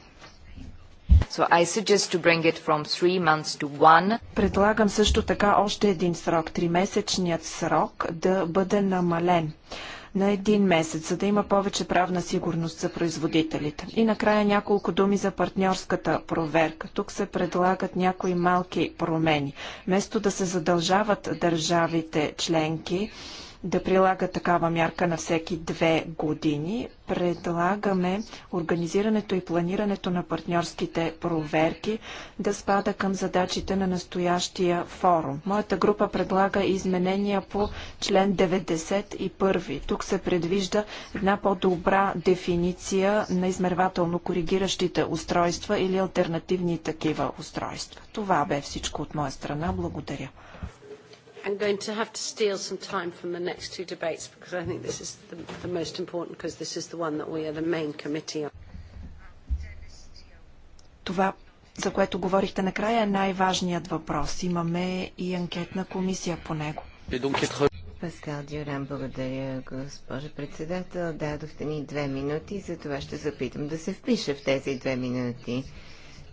Предлагам също така още един срок, тримесечният срок да бъде намален на един месец, за да има повече правна сигурност за производителите. И накрая няколко думи за партньорската проверка. Тук се предлагат някои малки промени. Вместо да се задължават държавите членки, да прилага такава мярка на всеки две години. Предлагаме организирането и планирането на партньорските проверки да спада към задачите на настоящия форум. Моята група предлага изменения по член 91. Тук се предвижда една по-добра дефиниция на измервателно коригиращите устройства или альтернативни такива устройства. Това бе всичко от моя страна. Благодаря. I'm going to have to steal some time from the next two debates because I think this is the, the most important because this is the one that we are the main committee on. Това, за което говорихте накрая, е най-важният въпрос. Имаме и анкетна комисия по него. Паскал Дюран, благодаря, госпожа председател. Дадохте ни две минути, за това ще запитам да се впиша в тези две минути.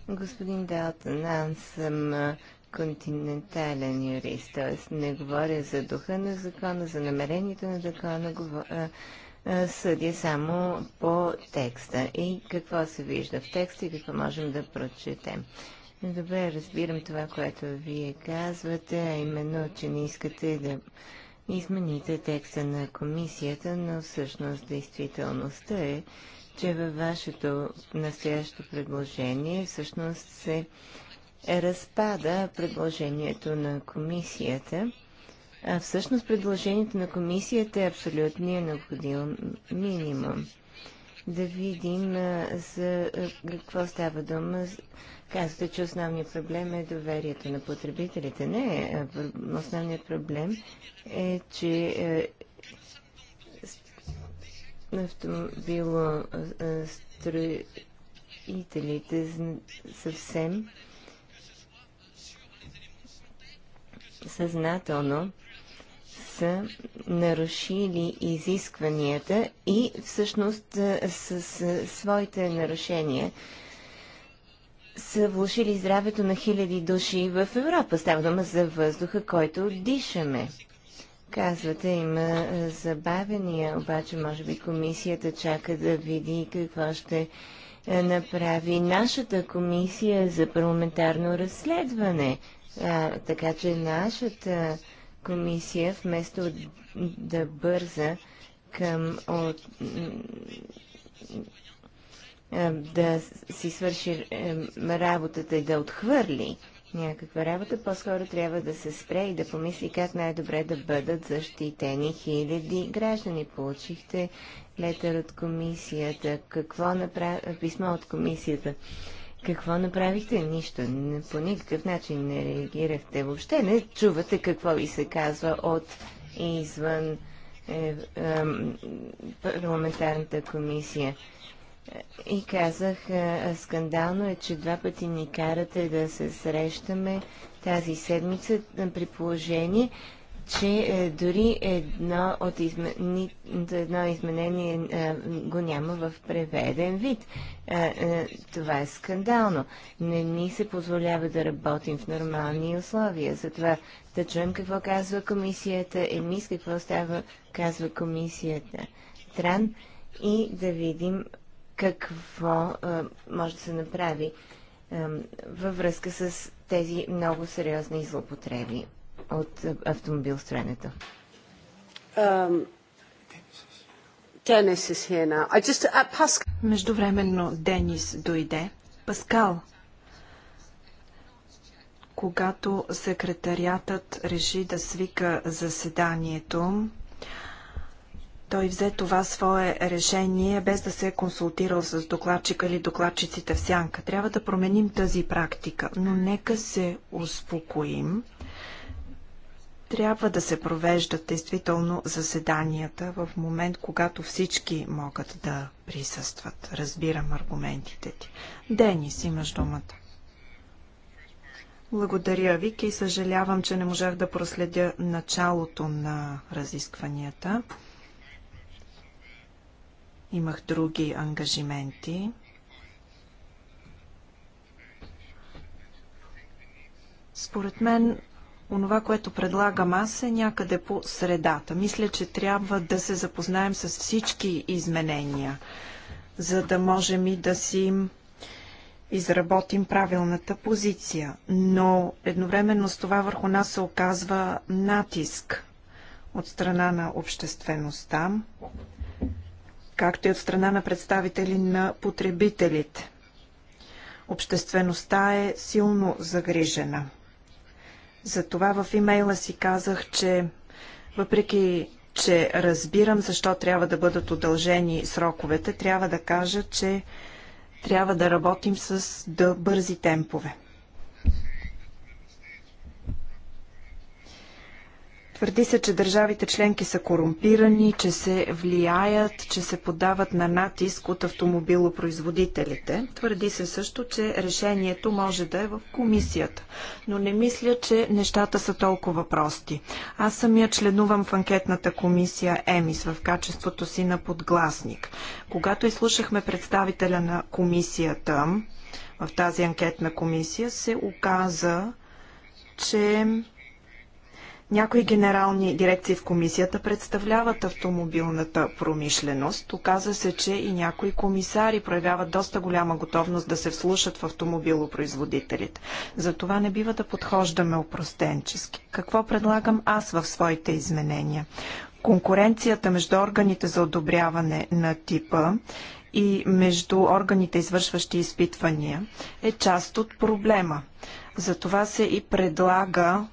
Господин Далтан, аз съм континентален юрист, т.е. не говоря за духа на закона, за намерението на закона, съдя само по текста и какво се вижда в текста и какво можем да прочетем. Добре, разбирам това, което вие казвате, а именно, че не искате да измените текста на комисията, но всъщност действителността е, че във вашето настоящо предложение всъщност се е разпада предложението на комисията. А всъщност предложението на комисията е абсолютния необходим минимум. Да видим а, за а, какво става дума. Казвате, че основният проблем е доверието на потребителите. Не, основният проблем е, че е, автомобилостроителите съвсем съзнателно са нарушили изискванията и всъщност с своите нарушения са влушили здравето на хиляди души в Европа. Става дума за въздуха, който дишаме. Казвате, има забавения, обаче може би комисията чака да види какво ще направи нашата комисия за парламентарно разследване а, така че нашата комисия, вместо да бърза към от, да си свърши работата и да отхвърли някаква работа, по-скоро трябва да се спре и да помисли как най-добре да бъдат защитени хиляди граждани. Получихте летър от комисията, какво направи, писмо от комисията. Какво направихте? Нищо. По никакъв начин не реагирахте. Въобще не чувате какво ви се казва от извън е, е, парламентарната комисия. И казах, е, скандално е, че два пъти ни карате да се срещаме тази седмица е, при положение, че е, дори едно, от измен... едно изменение е, го няма в преведен вид. Е, това е скандално. Не ни се позволява да работим в нормални условия. Затова да чуем какво казва комисията, ЕМИС, какво става, казва комисията Тран и да видим какво може да се направи във връзка с тези много сериозни злопотреби от автомобилстроенето? Um, uh, Междувременно Денис дойде. Паскал, когато секретариатът реши да свика заседанието, той взе това свое решение без да се е консултирал с докладчика или докладчиците в сянка. Трябва да променим тази практика, но нека се успокоим трябва да се провеждат действително заседанията в момент, когато всички могат да присъстват. Разбирам аргументите ти. Денис, имаш думата. Благодаря, Вики, и съжалявам, че не можах да проследя началото на разискванията. Имах други ангажименти. Според мен Онова, което предлагам аз е някъде по средата. Мисля, че трябва да се запознаем с всички изменения, за да можем и да си изработим правилната позиция. Но едновременно с това върху нас се оказва натиск от страна на обществеността, както и от страна на представители на потребителите. Обществеността е силно загрижена – затова в имейла си казах, че въпреки, че разбирам защо трябва да бъдат удължени сроковете, трябва да кажа, че трябва да работим с бързи темпове. Твърди се, че държавите членки са корумпирани, че се влияят, че се подават на натиск от автомобилопроизводителите. Твърди се също, че решението може да е в комисията. Но не мисля, че нещата са толкова прости. Аз самия членувам в анкетната комисия ЕМИС в качеството си на подгласник. Когато изслушахме представителя на комисията в тази анкетна комисия, се оказа, че някои генерални дирекции в комисията представляват автомобилната промишленост. Оказва се, че и някои комисари проявяват доста голяма готовност да се вслушат в автомобилопроизводителите. За това не бива да подхождаме опростенчески. Какво предлагам аз в своите изменения? Конкуренцията между органите за одобряване на типа и между органите, извършващи изпитвания, е част от проблема. Затова се и предлага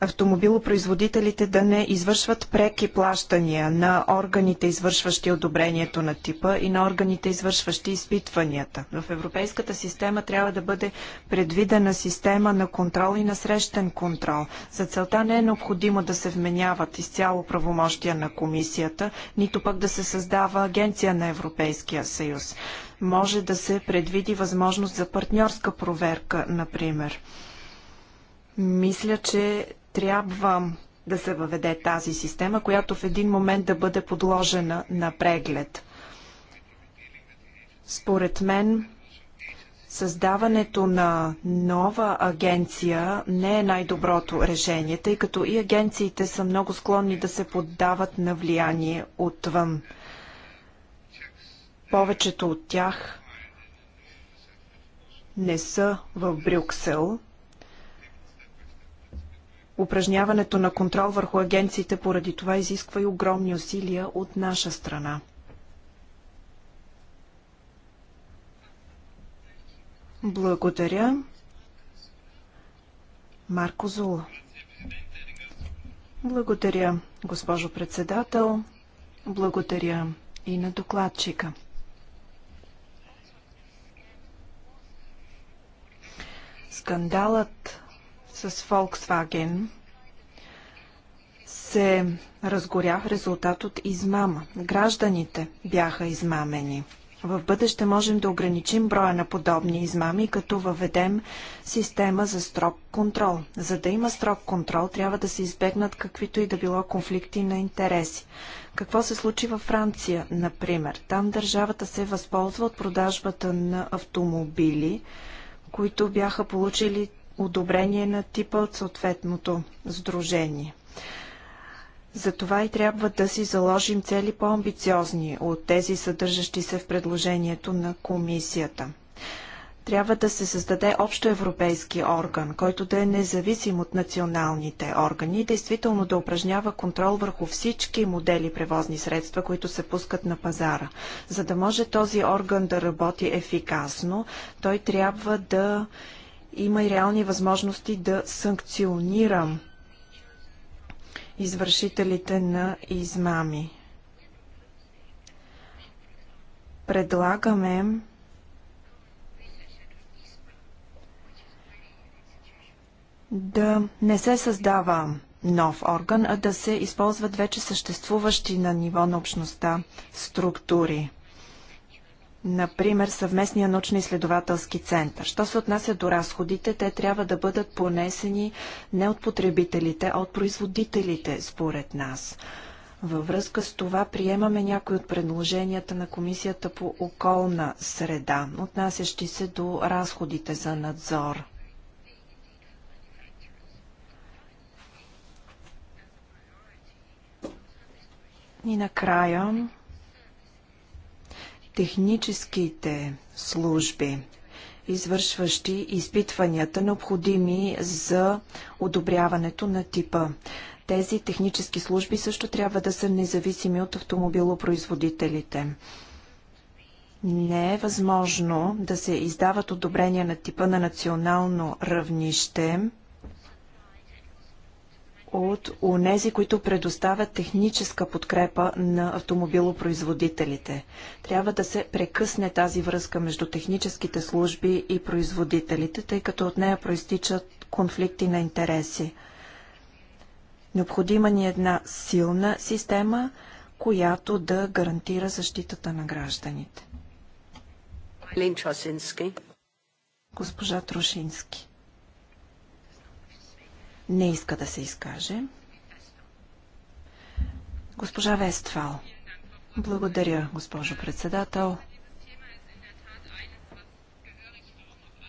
автомобилопроизводителите да не извършват преки плащания на органите, извършващи одобрението на типа и на органите, извършващи изпитванията. В европейската система трябва да бъде предвидена система на контрол и на срещен контрол. За целта не е необходимо да се вменяват изцяло правомощия на комисията, нито пък да се създава агенция на Европейския съюз. Може да се предвиди възможност за партньорска проверка, например. Мисля, че трябва да се въведе тази система, която в един момент да бъде подложена на преглед. Според мен, създаването на нова агенция не е най-доброто решение, тъй като и агенциите са много склонни да се поддават на влияние отвън. Повечето от тях не са в Брюксел, упражняването на контрол върху агенциите поради това изисква и огромни усилия от наша страна. Благодаря. Марко Зула. Благодаря, госпожо председател. Благодаря и на докладчика. Скандалът с Volkswagen се разгоря в резултат от измама. Гражданите бяха измамени. В бъдеще можем да ограничим броя на подобни измами, като въведем система за строг контрол. За да има строг контрол, трябва да се избегнат каквито и да било конфликти на интереси. Какво се случи във Франция, например? Там държавата се възползва от продажбата на автомобили, които бяха получили одобрение на типа от съответното сдружение. Затова и трябва да си заложим цели по-амбициозни от тези съдържащи се в предложението на комисията. Трябва да се създаде общо европейски орган, който да е независим от националните органи и действително да упражнява контрол върху всички модели превозни средства, които се пускат на пазара. За да може този орган да работи ефикасно, той трябва да има и реални възможности да санкционирам извършителите на измами. Предлагаме да не се създава нов орган, а да се използват вече съществуващи на ниво на общността структури. Например, съвместния научно-изследователски център. Що се отнася до разходите, те трябва да бъдат понесени не от потребителите, а от производителите, според нас. Във връзка с това приемаме някои от предложенията на Комисията по околна среда, отнасящи се до разходите за надзор. И накрая техническите служби, извършващи изпитванията, необходими за одобряването на типа. Тези технически служби също трябва да са независими от автомобилопроизводителите. Не е възможно да се издават одобрения на типа на национално равнище, от онези, които предоставят техническа подкрепа на автомобилопроизводителите. Трябва да се прекъсне тази връзка между техническите служби и производителите, тъй като от нея проистичат конфликти на интереси. Необходима ни е една силна система, която да гарантира защитата на гражданите. Госпожа Трошински не иска да се изкаже. Госпожа Вестфал. Благодаря, госпожо председател.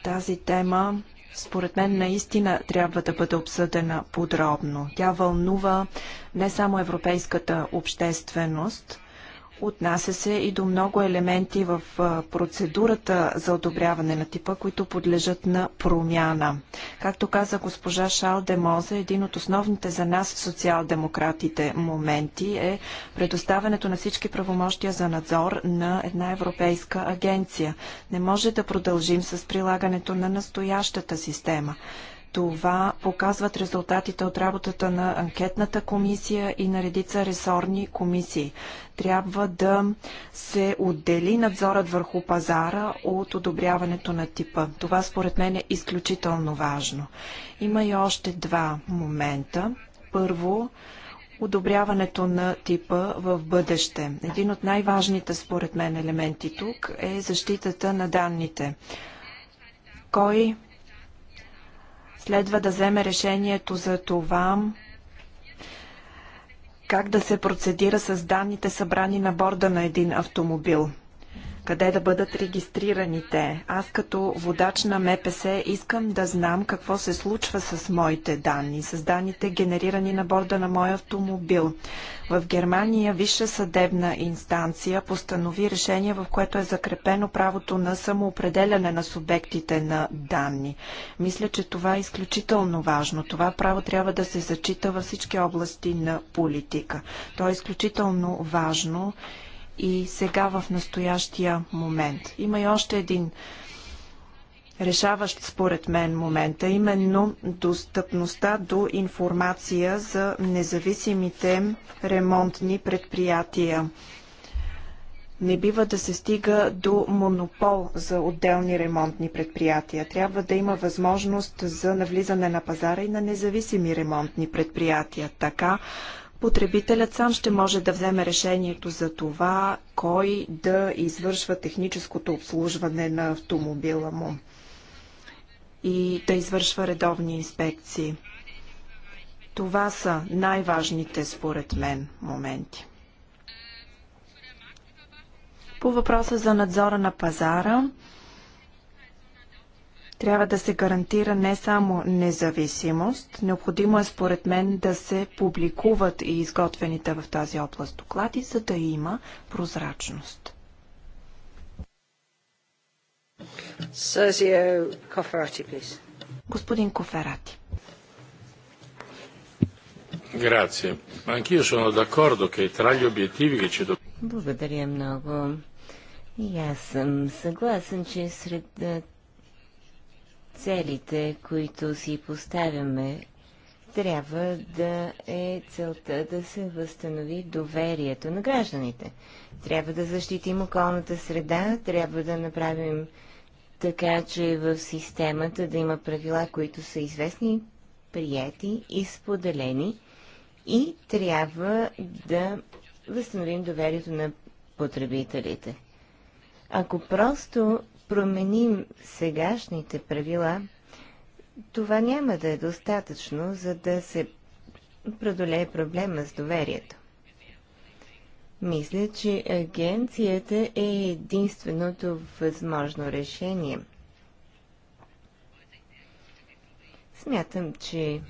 Тази тема, според мен, наистина трябва да бъде обсъдена подробно. Тя вълнува не само европейската общественост, Отнася се и до много елементи в процедурата за одобряване на типа, които подлежат на промяна. Както каза госпожа Шал Демоза, един от основните за нас социал-демократите моменти е предоставянето на всички правомощия за надзор на една европейска агенция. Не може да продължим с прилагането на настоящата система. Това показват резултатите от работата на анкетната комисия и на редица ресорни комисии. Трябва да се отдели надзорът върху пазара от одобряването на типа. Това според мен е изключително важно. Има и още два момента. Първо, одобряването на типа в бъдеще. Един от най-важните според мен елементи тук е защитата на данните. Кой следва да вземе решението за това как да се процедира с данните събрани на борда на един автомобил къде да бъдат регистрираните. Аз като водач на МПС искам да знам какво се случва с моите данни, с данните генерирани на борда на моя автомобил. В Германия висша съдебна инстанция постанови решение, в което е закрепено правото на самоопределяне на субектите на данни. Мисля, че това е изключително важно. Това право трябва да се зачита във всички области на политика. То е изключително важно и сега в настоящия момент. Има и още един решаващ според мен момента, именно достъпността до информация за независимите ремонтни предприятия. Не бива да се стига до монопол за отделни ремонтни предприятия. Трябва да има възможност за навлизане на пазара и на независими ремонтни предприятия. Така Потребителят сам ще може да вземе решението за това, кой да извършва техническото обслужване на автомобила му и да извършва редовни инспекции. Това са най-важните, според мен, моменти. По въпроса за надзора на пазара – трябва да се гарантира не само независимост, необходимо е според мен да се публикуват и изготвените в тази област доклади, за да има прозрачност. Sergio Коферати, Господин Коферати. Grazie. Anch'io sono d'accordo che tra gli obiettivi che ci dobbiamo... Благодаря много. И аз съм съгласен, че сред целите, които си поставяме, трябва да е целта да се възстанови доверието на гражданите. Трябва да защитим околната среда, трябва да направим така, че в системата да има правила, които са известни, прияти и споделени и трябва да възстановим доверието на потребителите. Ако просто променим сегашните правила, това няма да е достатъчно, за да се продолее проблема с доверието. Мисля, че агенцията е единственото възможно решение. Смятам, че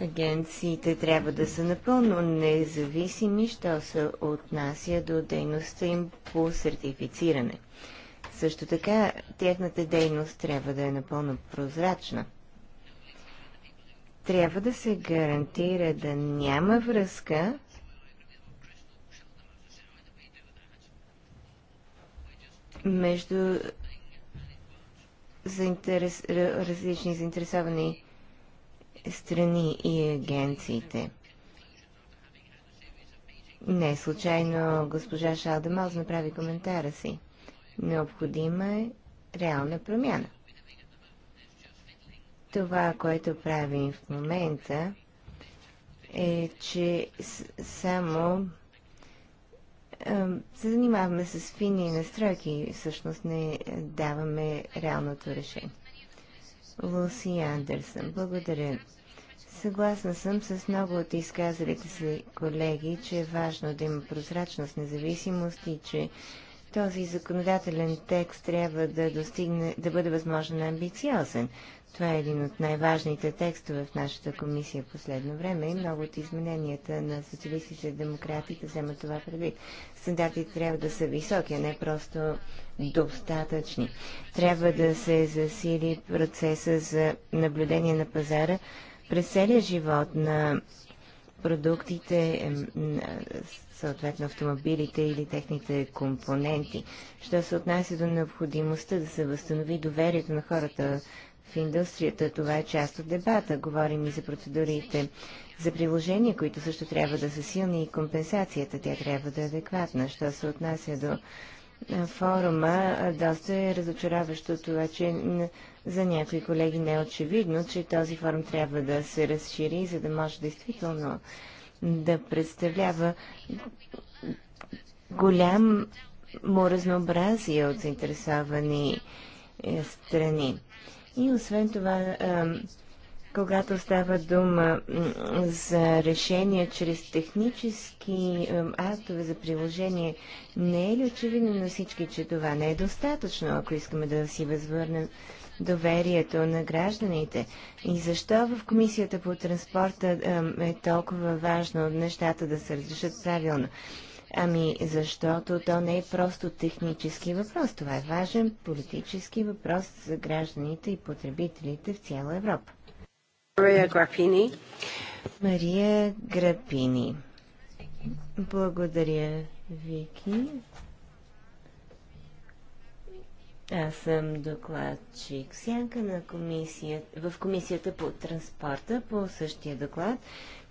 агенциите трябва да са напълно независими, що се отнася до дейността им по сертифициране. Също така, тяхната дейност трябва да е напълно прозрачна. Трябва да се гарантира да няма връзка между заинтерес... различни заинтересовани страни и агенциите. Не случайно госпожа Шалдемоз направи коментара си. Необходима е реална промяна. Това, което правим в момента, е, че само се занимаваме с фини настройки, всъщност не даваме реалното решение. Луси Андерсън, благодаря. Съгласна съм с много от изказалите си колеги, че е важно да има прозрачност, независимост и че този законодателен текст трябва да, достигне, да бъде възможно амбициозен. Това е един от най-важните текстове в нашата комисия в последно време и много от измененията на социалистите и демократите вземат това предвид. Стандартите трябва да са високи, а не просто достатъчни. Трябва да се засили процеса за наблюдение на пазара през целия живот на продуктите, съответно автомобилите или техните компоненти. Що се отнася до необходимостта да се възстанови доверието на хората в индустрията, това е част от дебата. Говорим и за процедурите за приложения, които също трябва да са силни и компенсацията тя трябва да е адекватна. Що се отнася до форума, доста е разочароващо това, че за някои колеги не е очевидно, че този форум трябва да се разшири, за да може действително да представлява голям му разнообразие от заинтересовани е, страни. И освен това, е, когато става дума за решения чрез технически е, актове за приложение, не е ли очевидно на всички, че това не е достатъчно, ако искаме да си възвърнем доверието на гражданите. И защо в Комисията по транспорта е толкова важно нещата да се разрешат правилно? Ами, защото то не е просто технически въпрос. Това е важен политически въпрос за гражданите и потребителите в цяла Европа. Мария Грапини. Мария Грапини. Благодаря, Вики. Аз съм докладчик сянка на комисията, в комисията по транспорта по същия доклад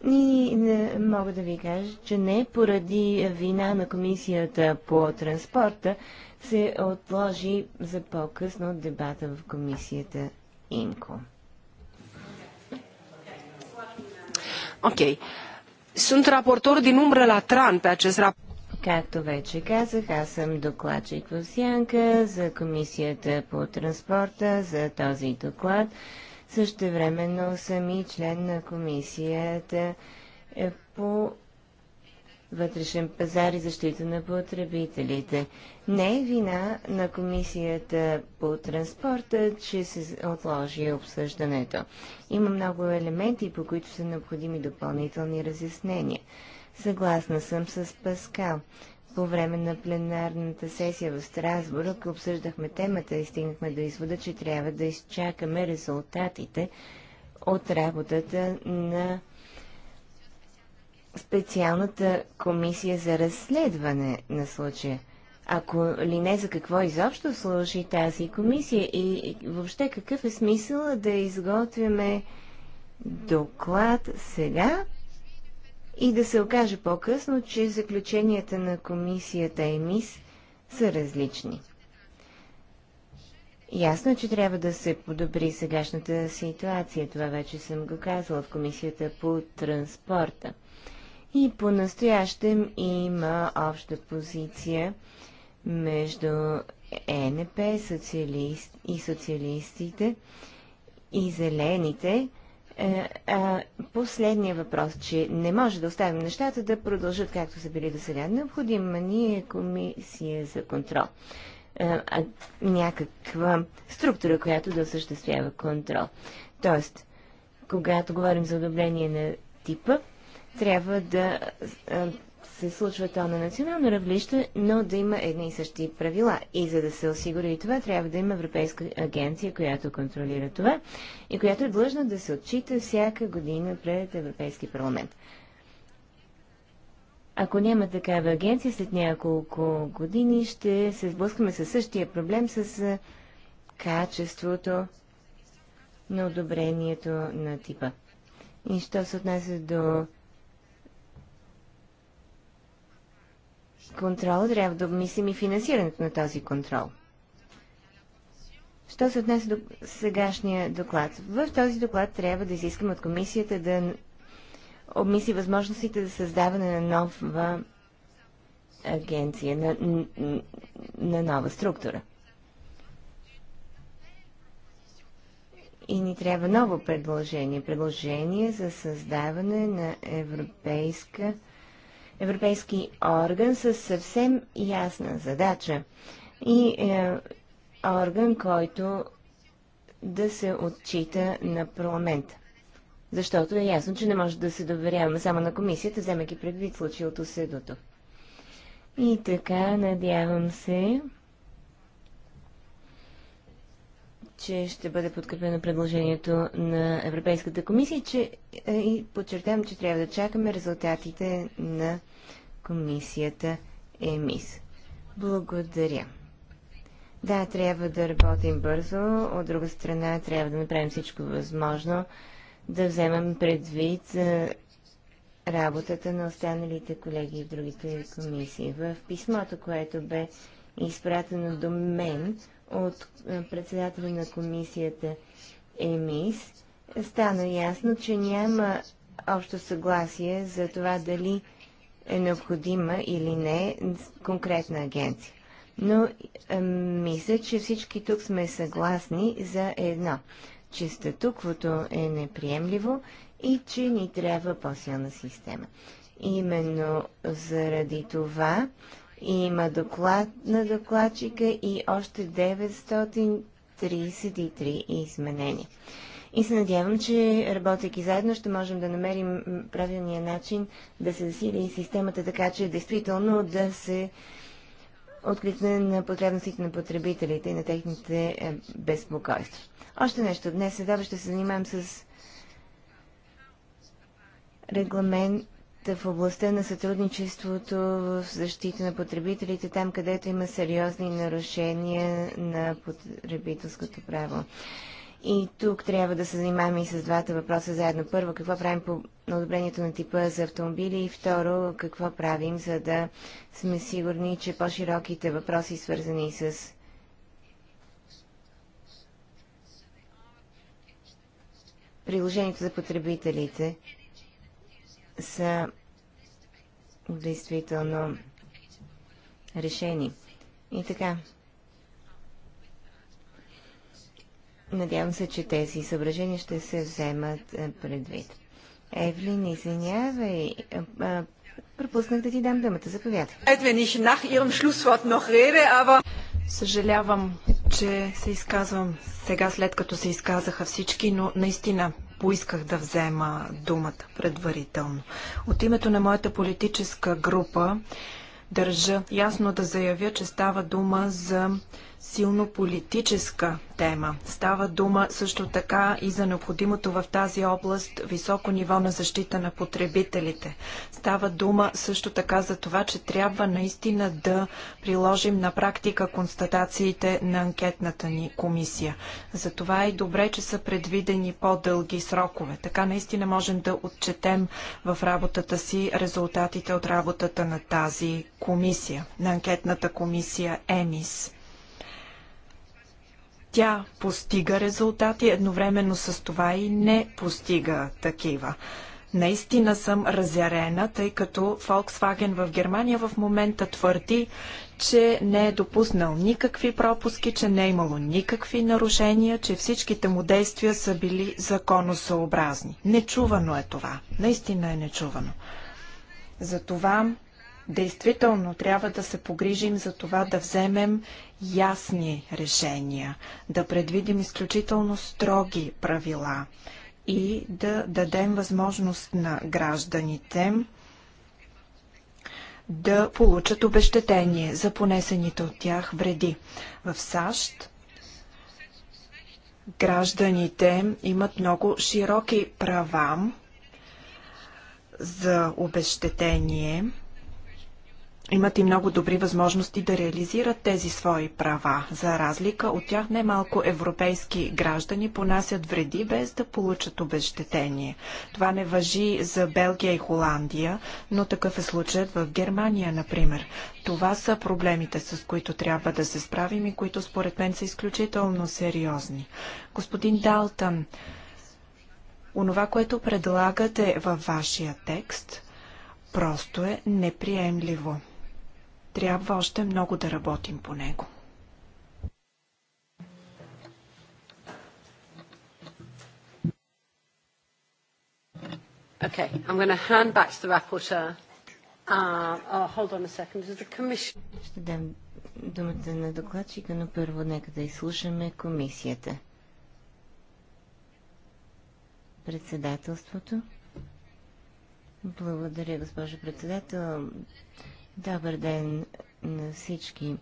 и не, мога да ви кажа, че не поради вина на комисията по транспорта се отложи за по-късно дебата в комисията ИМКО. Окей. Okay. рапортор raportor din umbră la TRAN acest Както вече казах, аз съм докладчик в Сянка за Комисията по транспорта за този доклад. Същевременно съм и член на Комисията е, по вътрешен пазар и защита на потребителите. Не е вина на Комисията по транспорта, че се отложи обсъждането. Има много елементи, по които са необходими допълнителни разяснения. Съгласна съм с Паскал. По време на пленарната сесия в Страсбург обсъждахме темата и стигнахме до извода, че трябва да изчакаме резултатите от работата на специалната комисия за разследване на случая. Ако ли не за какво изобщо служи тази комисия и въобще какъв е смисъл да изготвяме доклад сега, и да се окаже по-късно, че заключенията на комисията ЕМИС са различни. Ясно е, че трябва да се подобри сегашната ситуация. Това вече съм го казала в комисията по транспорта. И по-настоящем има обща позиция между ЕНП социалист и социалистите и зелените – е, а, последния въпрос, че не може да оставим нещата да продължат както са били до сега. Необходима ни е комисия за контрол. А, е, а, някаква структура, която да осъществява контрол. Тоест, когато говорим за одобрение на типа, трябва да е, се случва то на национално равнище, но да има едни и същи правила. И за да се осигури и това, трябва да има Европейска агенция, която контролира това и която е длъжна да се отчита всяка година пред Европейски парламент. Ако няма такава агенция, след няколко години ще се сблъскаме със същия проблем с качеството на одобрението на типа. И що се отнася до контрола, трябва да обмислим и финансирането на този контрол. Що се отнесе до сегашния доклад? В този доклад трябва да изискаме от комисията да обмисли възможностите за създаване на нова агенция, на, на нова структура. И ни трябва ново предложение. Предложение за създаване на Европейска европейски орган с съвсем ясна задача и е, орган, който да се отчита на парламент. Защото е ясно, че не може да се доверяваме само на комисията, вземайки предвид случилото се дото. И така, надявам се, че ще бъде подкрепено предложението на Европейската комисия че, е, и подчертавам, че трябва да чакаме резултатите на комисията ЕМИС. Благодаря. Да, трябва да работим бързо. От друга страна, трябва да направим всичко възможно да вземем предвид е, работата на останалите колеги в другите комисии. В писмото, което бе изпратено до мен, от е, председателя на комисията ЕМИС, стана ясно, че няма общо съгласие за това дали е необходима или не конкретна агенция. Но е, мисля, че всички тук сме съгласни за едно, че статуквото е неприемливо и че ни трябва по-силна система. Именно заради това има доклад на докладчика и още 933 изменения. И се надявам, че работейки заедно ще можем да намерим правилния начин да се засили системата така, че действително да се откликне на потребностите на потребителите и на техните е, безпокойства. Още нещо. Днес следва ще се занимаем с регламент в областта на сътрудничеството в защита на потребителите, там където има сериозни нарушения на потребителското право. И тук трябва да се занимаваме и с двата въпроса заедно. Първо, какво правим по одобрението на типа за автомобили и второ, какво правим, за да сме сигурни, че по-широките въпроси, свързани с приложението за потребителите, са действително решени. И така, надявам се, че тези съображения ще се вземат е, предвид. Евлин, извинявай, е, е, пропуснах да ти дам думата. Заповядай. Съжалявам, че се изказвам сега, след като се изказаха всички, но наистина поисках да взема думата предварително. От името на моята политическа група държа ясно да заявя, че става дума за силно политическа тема. Става дума също така и за необходимото в тази област високо ниво на защита на потребителите. Става дума също така за това, че трябва наистина да приложим на практика констатациите на анкетната ни комисия. Затова е добре, че са предвидени по-дълги срокове. Така наистина можем да отчетем в работата си резултатите от работата на тази комисия, на анкетната комисия ЕМИС. Тя постига резултати, едновременно с това и не постига такива. Наистина съм разярена, тъй като Volkswagen в Германия в момента твърди, че не е допуснал никакви пропуски, че не е имало никакви нарушения, че всичките му действия са били законосъобразни. Нечувано е това. Наистина е нечувано. Затова Действително трябва да се погрижим за това да вземем ясни решения, да предвидим изключително строги правила и да дадем възможност на гражданите да получат обещетение за понесените от тях вреди. В САЩ гражданите имат много широки права за обещетение имат и много добри възможности да реализират тези свои права. За разлика от тях немалко европейски граждани понасят вреди без да получат обещетение. Това не въжи за Белгия и Холандия, но такъв е случаят в Германия, например. Това са проблемите, с които трябва да се справим и които според мен са изключително сериозни. Господин Далтън, онова, което предлагате във вашия текст – просто е неприемливо. Трябва още много да работим по него. Okay, I'm going to hand back to the rapporteur. Uh, oh, hold on a second. Is the commission... Ще дам думата на докладчика, но първо нека да изслушаме комисията. Председателството. Благодаря, госпожо председател. Добър ден на всички.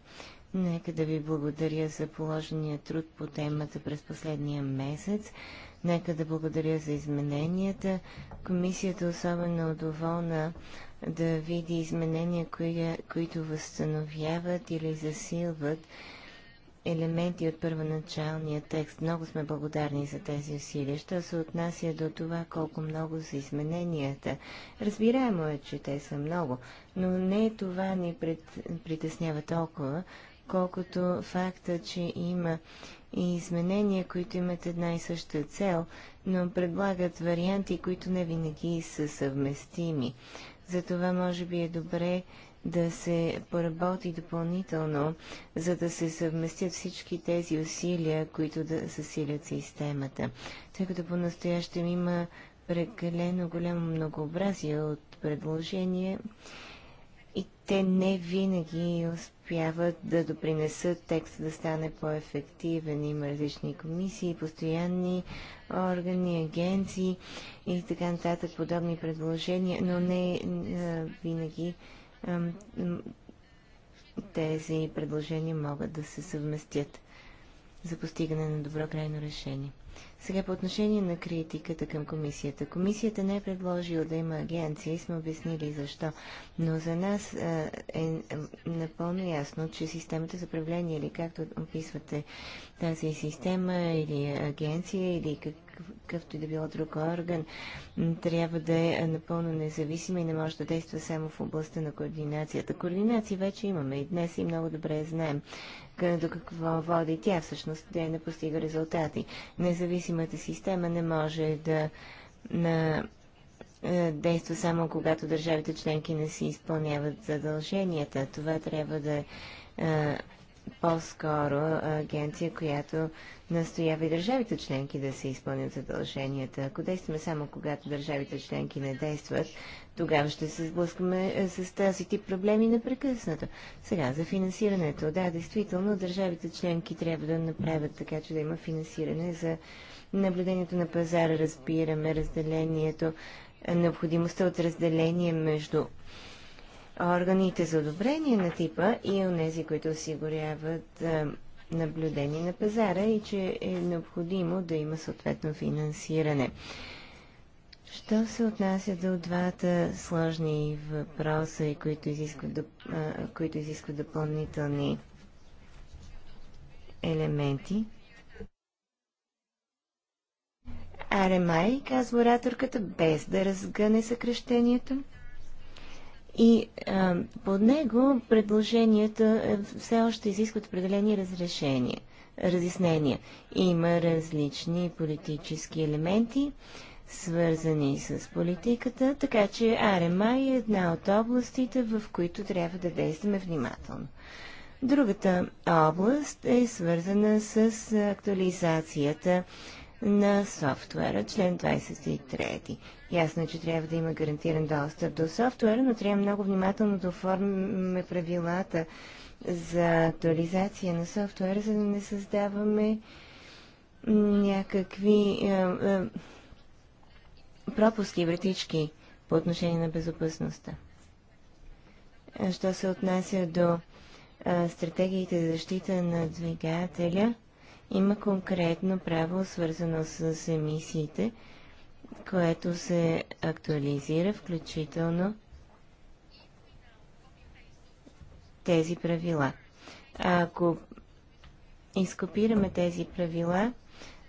Нека да ви благодаря за положения труд по темата през последния месец. Нека да благодаря за измененията. Комисията особено доволна да види изменения, които възстановяват или засилват елементи от първоначалния текст. Много сме благодарни за тези усилия. Що се отнася до това колко много са измененията, разбираемо е, че те са много, но не това ни пред, притеснява толкова, колкото факта, че има и изменения, които имат една и съща цел, но предлагат варианти, които не винаги са съвместими. Затова може би е добре да се поработи допълнително, за да се съвместят всички тези усилия, които да засилят системата. Тъй като по-настоящем има прекалено голямо многообразие от предложения и те не винаги успяват да допринесат текста да стане по-ефективен. Има различни комисии, постоянни органи, агенции и така нататък подобни предложения, но не винаги тези предложения могат да се съвместят за постигане на добро крайно решение. Сега по отношение на критиката към комисията. Комисията не е предложила да има агенция и сме обяснили защо. Но за нас е, е, напълно ясно, че системата за правление или както описвате тази система или агенция или как, какъвто и да било друг орган, трябва да е напълно независима и не може да действа само в областта на координацията. Координация вече имаме и днес и много добре знаем до какво води тя всъщност, да не постига резултати. Независимата система не може да на, е, действа само когато държавите членки не си изпълняват задълженията. Това трябва да е по-скоро агенция, която настоява и държавите членки да се изпълнят задълженията. Ако действаме само когато държавите членки не действат, тогава ще се сблъскаме с тази тип проблеми непрекъснато. Сега за финансирането. Да, действително, държавите членки трябва да направят така, че да има финансиране за наблюдението на пазара. Разбираме разделението, необходимостта от разделение между органите за одобрение на типа и онези, които осигуряват е, наблюдение на пазара и че е необходимо да има съответно финансиране. Що се отнася до двата сложни въпроса, които изискват, които изискват допълнителни елементи? Аремай, казва ораторката, без да разгъне съкрещението. И а, под него предложенията е, все още изискват определени разрешения, разяснения. Има различни политически елементи, свързани с политиката, така че АРМА е една от областите, в които трябва да действаме внимателно. Другата област е свързана с актуализацията на софтуера, член 23. Ясно е, че трябва да има гарантиран достъп до софтуера, но трябва много внимателно да оформяме правилата за актуализация на софтуера, за да не създаваме някакви е, е, пропуски, вратички по отношение на безопасността. Що се отнася до е, стратегиите за защита на двигателя, има конкретно право, свързано с емисиите, което се актуализира, включително тези правила. Ако изкопираме тези правила,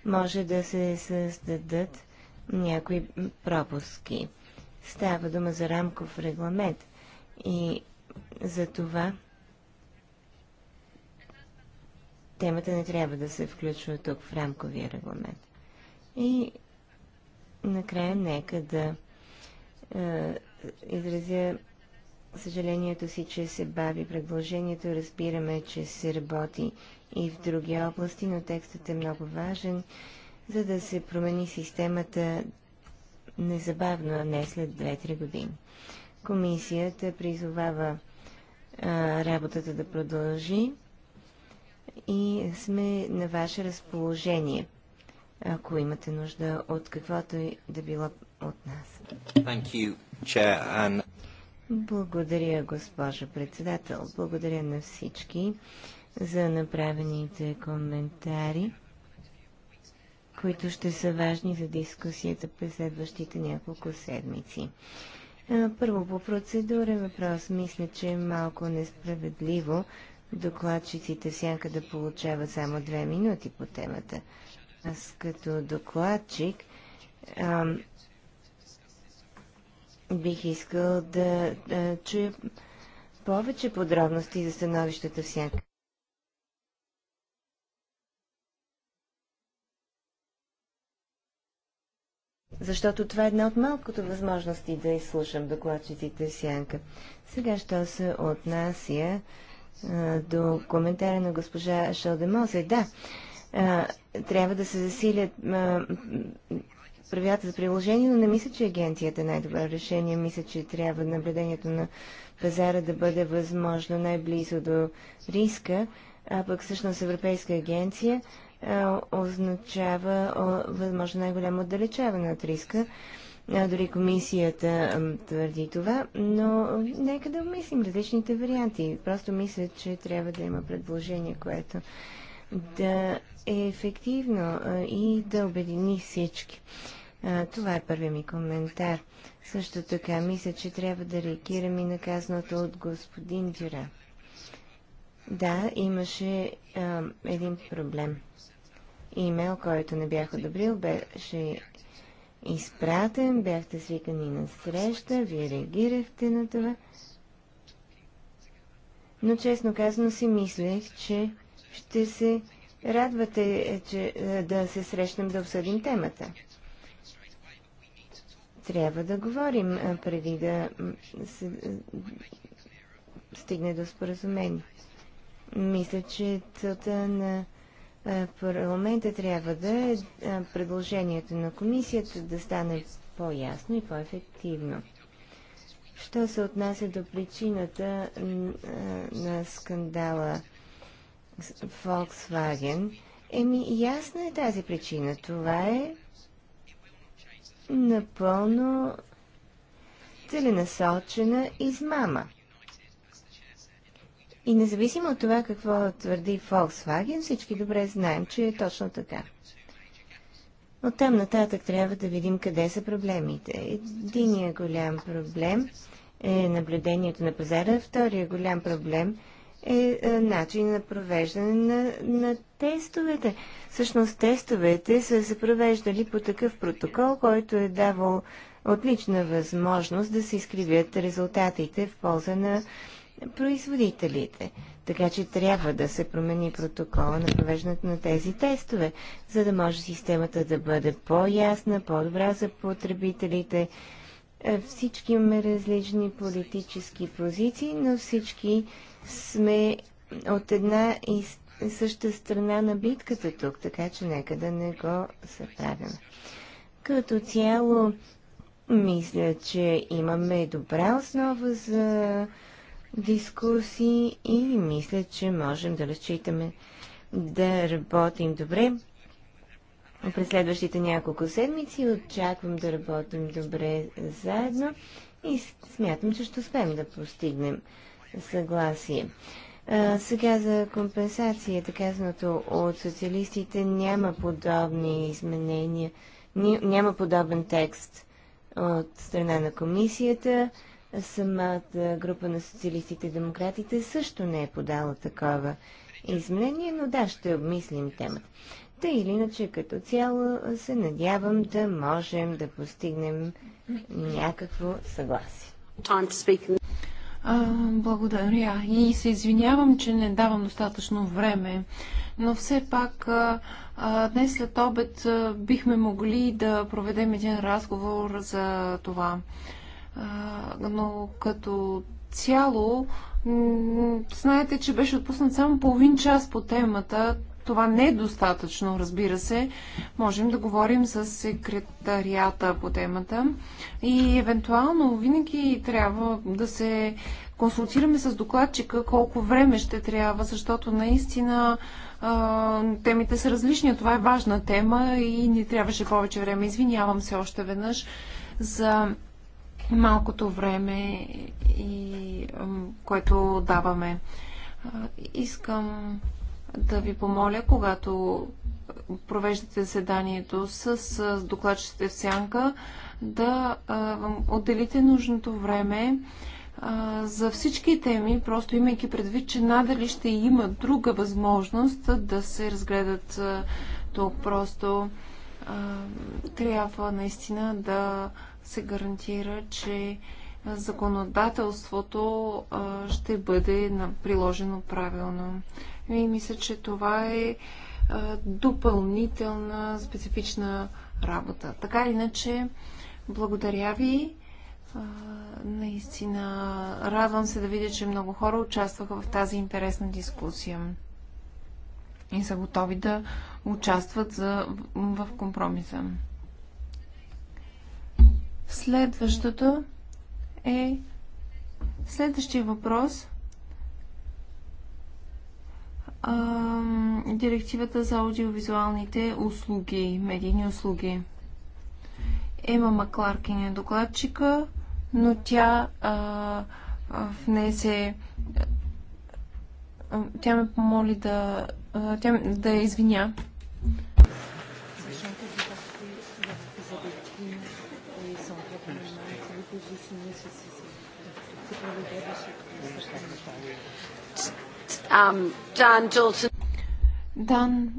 може да се създадат някои пропуски. Става дума за рамков регламент и за това темата не трябва да се включва тук в рамковия регламент. И накрая нека да е, изразя съжалението си, че се бави предложението. Разбираме, че се работи и в други области, но текстът е много важен, за да се промени системата незабавно, а не след 2-3 години. Комисията призовава е, работата да продължи и сме на ваше разположение, ако имате нужда от каквото и да било от нас. Thank you, chair, and... Благодаря, госпожо председател. Благодаря на всички за направените коментари, които ще са важни за дискусията през следващите няколко седмици. Първо по процедура въпрос. Мисля, че е малко несправедливо докладчиците сянка да получават само две минути по темата. Аз като докладчик ам, бих искал да, а, чуя повече подробности за становищата сянка. Защото това е една от малкото възможности да изслушам докладчиците в сянка. Сега, що се отнася е, до коментара на госпожа Шалдемозе. Да, е, трябва да се засилят е, правилата за приложение, но не мисля, че агенцията е най-добро решение. Мисля, че трябва наблюдението на пазара да бъде възможно най-близо до риска, а пък всъщност Европейска агенция означава възможно най-голямо отдалечаване от риска. Дори комисията твърди това, но нека да обмислим различните варианти. Просто мисля, че трябва да има предложение, което да е ефективно и да обедини всички. Това е първият ми коментар. Също така, мисля, че трябва да реагирам и наказаното от господин Дюра. Да, имаше а, един проблем. Имейл, който не бях одобрил, беше изпратен, бяхте свикани на среща, вие реагирахте на това. Но честно казано си мислех, че ще се радвате е, че, е, да се срещнем да обсъдим темата. Трябва да говорим е, преди да се, стигне до споразумение. Мисля, че целта на е, парламента трябва да е, е предложението на комисията да стане по-ясно и по-ефективно. Що се отнася до причината е, на скандала Volkswagen, еми ясна е тази причина. Това е напълно целенасочена измама. И независимо от това какво твърди Volkswagen, всички добре знаем, че е точно така. От там нататък трябва да видим къде са проблемите. Единият голям проблем е наблюдението на пазара, вторият голям проблем е, е начин на провеждане на, на тестовете. Всъщност тестовете са се провеждали по такъв протокол, който е давал отлична възможност да се изкривят резултатите в полза на производителите. Така че трябва да се промени протокола на провеждането на тези тестове, за да може системата да бъде по-ясна, по-добра за потребителите. Е, всички имаме различни политически позиции, но всички сме от една и съща страна на битката тук, така че нека да не го съправяме. Като цяло, мисля, че имаме добра основа за дискусии и мисля, че можем да разчитаме да работим добре. През следващите няколко седмици очаквам да работим добре заедно и смятам, че ще успеем да постигнем съгласие. А, сега за компенсацията, казаното от социалистите, няма подобни изменения, няма подобен текст от страна на комисията. Самата група на социалистите и демократите също не е подала такова изменение, но да, ще обмислим темата. Та или иначе, като цяло се надявам да можем да постигнем някакво съгласие. А, благодаря. И се извинявам, че не давам достатъчно време, но все пак а, а, днес след обед а, бихме могли да проведем един разговор за това но като цяло, знаете, че беше отпуснат само половин час по темата. Това не е достатъчно, разбира се. Можем да говорим с секретарията по темата и евентуално винаги трябва да се консултираме с докладчика колко време ще трябва, защото наистина темите са различни. Това е важна тема и ни трябваше повече време. Извинявам се още веднъж за малкото време, и, което даваме. Искам да ви помоля, когато провеждате заседанието с, с докладчите в сянка, да а, отделите нужното време а, за всички теми, просто имайки предвид, че надали ще има друга възможност да се разгледат тук. Просто а, трябва наистина да се гарантира, че законодателството ще бъде приложено правилно. И мисля, че това е допълнителна специфична работа. Така или иначе, благодаря ви. Наистина, радвам се да видя, че много хора участваха в тази интересна дискусия и са готови да участват за, в компромиса. Следващото е следващия въпрос. директивата за аудиовизуалните услуги, медийни услуги. Ема Макларкин е докладчика, но тя а, внесе тя ме помоли да, тя, да я извиня Дан um,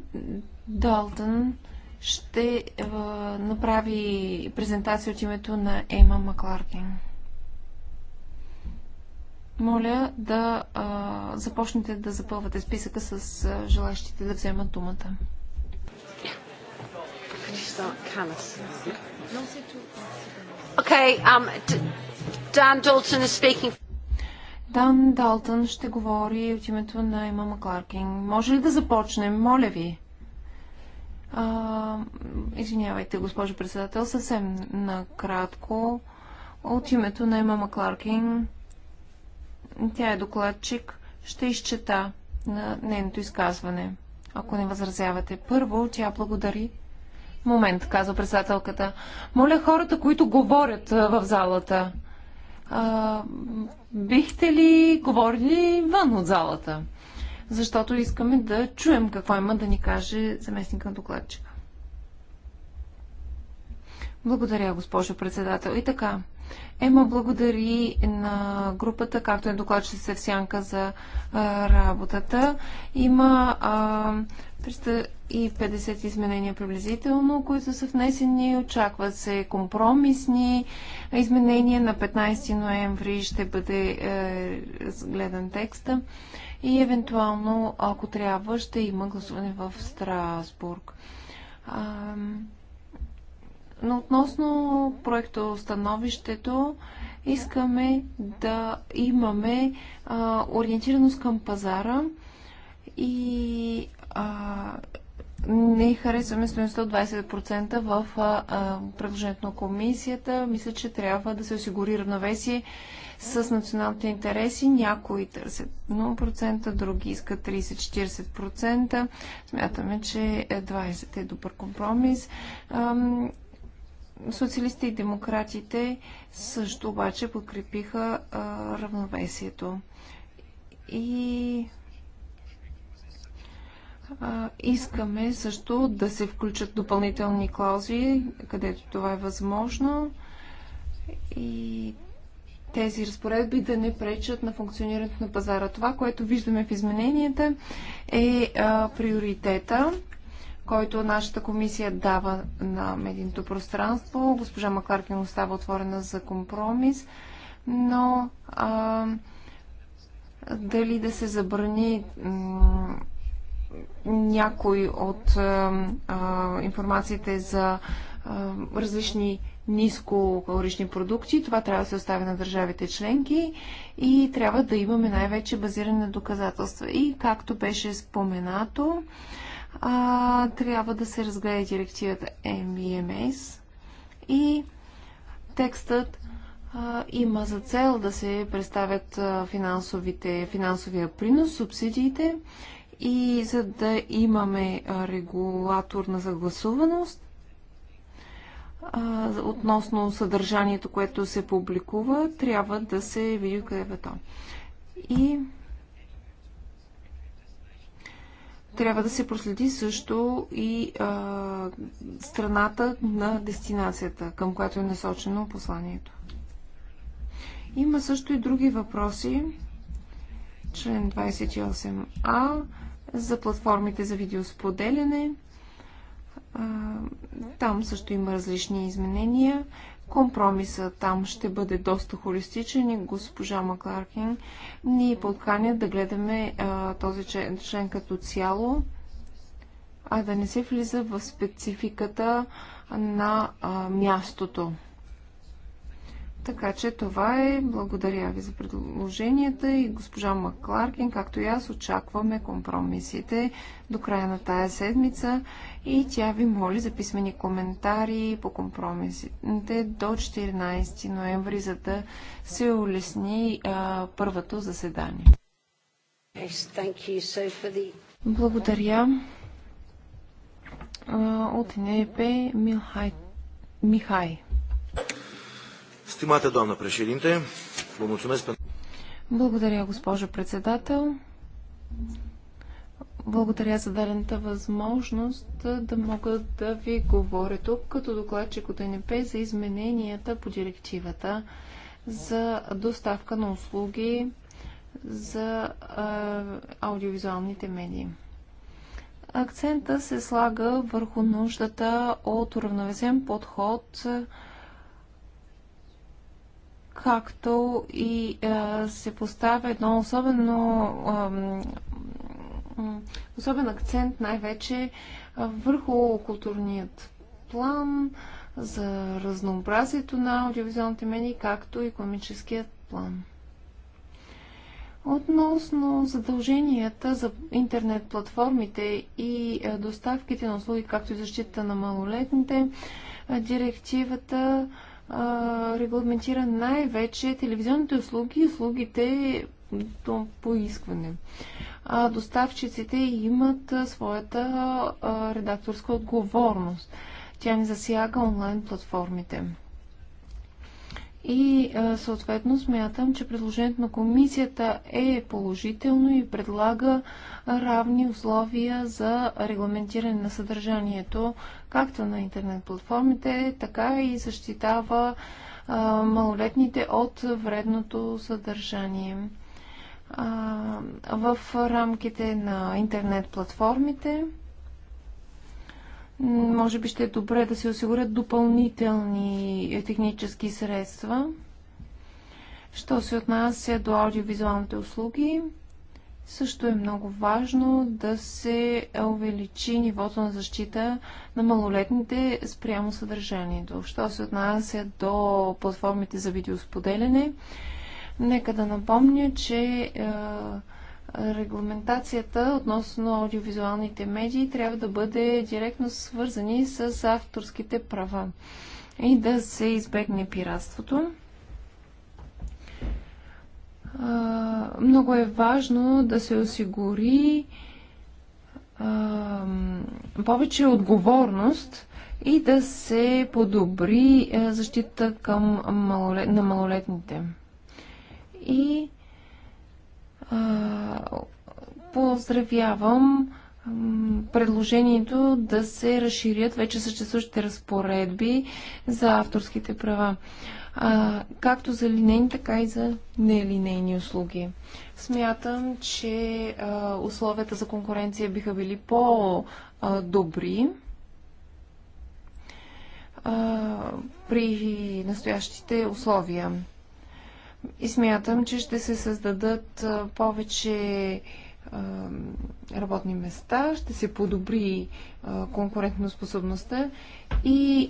Долтън. ще е, направи презентация от името на Ема Макларкин. Моля да започнете да запълвате списъка с а, желащите да вземат думата. Yeah. Okay, um, Dan Dalton is speaking. Дан Далтън ще говори от името на Има Макларкин. Може ли да започнем, моля ви? А, извинявайте, госпожо председател, съвсем накратко. От името на Има Макларкин, тя е докладчик, ще изчета на нейното изказване, ако не възразявате. Първо, тя благодари Момент, казва председателката. Моля хората, които говорят в залата, а, бихте ли говорили вън от залата? Защото искаме да чуем какво има да ни каже заместник на докладчика. Благодаря, госпожо председател. И така, Ема благодари на групата, както е докладчик се в сянка за а, работата. Има а, 350 изменения приблизително, които са внесени. Очакват се компромисни изменения. На 15 ноември ще бъде е, гледан текста и евентуално, ако трябва, ще има гласуване в Страсбург. А, но относно проекто становището, искаме да имаме а, ориентираност към пазара и а, не харесваме стоеността от 20% в а, предложението на комисията. Мисля, че трябва да се осигури равновесие с националните интереси. Някои търсят 0%, други искат 30-40%. Смятаме, че 20% е добър компромис. А, Социалистите и демократите също обаче подкрепиха а, равновесието. И а, искаме също да се включат допълнителни клаузи, където това е възможно. И тези разпоредби да не пречат на функционирането на пазара. Това, което виждаме в измененията е а, приоритета който нашата комисия дава на медийното пространство. Госпожа Макларкин остава отворена за компромис, но а, дали да се забрани някой от а, информациите за а, различни нискокалорични продукти. Това трябва да се остави на държавите членки и трябва да имаме най-вече базиране на доказателства. И както беше споменато, а, а, трябва да се разгледа директивата MVMS e и текстът а, има за цел да се представят финансовите, финансовия принос, субсидиите и за да имаме регулатор на съгласуваност относно съдържанието, което се публикува, трябва да се види къде е то. И Трябва да се проследи също и а, страната на дестинацията, към която е насочено посланието. Има също и други въпроси. Член 28а за платформите за видеосподеляне. Там също има различни изменения. Компромиса там ще бъде доста холистичен и госпожа Макларкин ни подканят да гледаме а, този член, член като цяло, а да не се влиза в спецификата на а, мястото. Така че това е. Благодаря ви за предложенията и госпожа Макларкин, както и аз, очакваме компромисите до края на тая седмица и тя ви моли за писмени коментари по компромисите до 14 ноември, за да се улесни а, първото заседание. Благодаря. От НЕП Михай. Стимата доамна președинте, Благодаря mulțumesc pentru... Благодаря, госпожо председател. Благодаря за дадената възможност да мога да ви говоря тук като докладчик от НП за измененията по директивата за доставка на услуги за аудиовизуалните медии. Акцента се слага върху нуждата от уравновесен подход а, както и а, се поставя едно особено а, особен акцент най-вече върху културният план за разнообразието на аудиовизуалните медии, както и комическият план. Относно задълженията за интернет платформите и доставките на услуги, както и защита на малолетните, директивата регламентира най-вече телевизионните услуги и услугите до поискване. доставчиците имат своята редакторска отговорност. Тя не засяга онлайн платформите. И съответно смятам, че предложението на комисията е положително и предлага равни условия за регламентиране на съдържанието, както на интернет платформите, така и защитава малолетните от вредното съдържание. В рамките на интернет платформите може би ще е добре да се осигурят допълнителни технически средства. Що се отнася до аудиовизуалните услуги, също е много важно да се увеличи нивото на защита на малолетните спрямо съдържанието. Що се отнася до платформите за видеосподеляне, нека да напомня, че е, регламентацията относно аудиовизуалните медии трябва да бъде директно свързани с авторските права и да се избегне пиратството. Много е важно да се осигури повече отговорност и да се подобри защита към малолет... на малолетните. И Поздравявам предложението да се разширят вече съществуващите разпоредби за авторските права, както за линейни, така и за нелинейни услуги. Смятам, че условията за конкуренция биха били по-добри при настоящите условия. И смятам, че ще се създадат повече работни места, ще се подобри конкурентоспособността и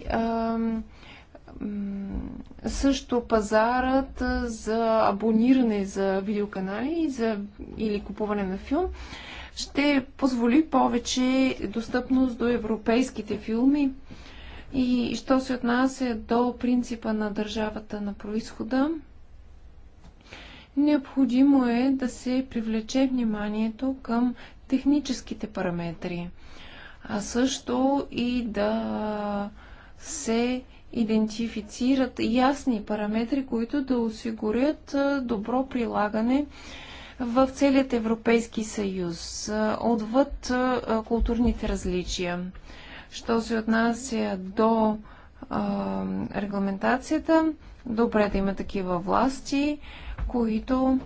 също пазарът за абониране за видеоканали за, или купуване на филм ще позволи повече достъпност до европейските филми. И що се отнася до принципа на държавата на происхода, Необходимо е да се привлече вниманието към техническите параметри, а също и да се идентифицират ясни параметри, които да осигурят добро прилагане в целият Европейски съюз, отвъд културните различия. Що се отнася до регламентацията, добре е да има такива власти, които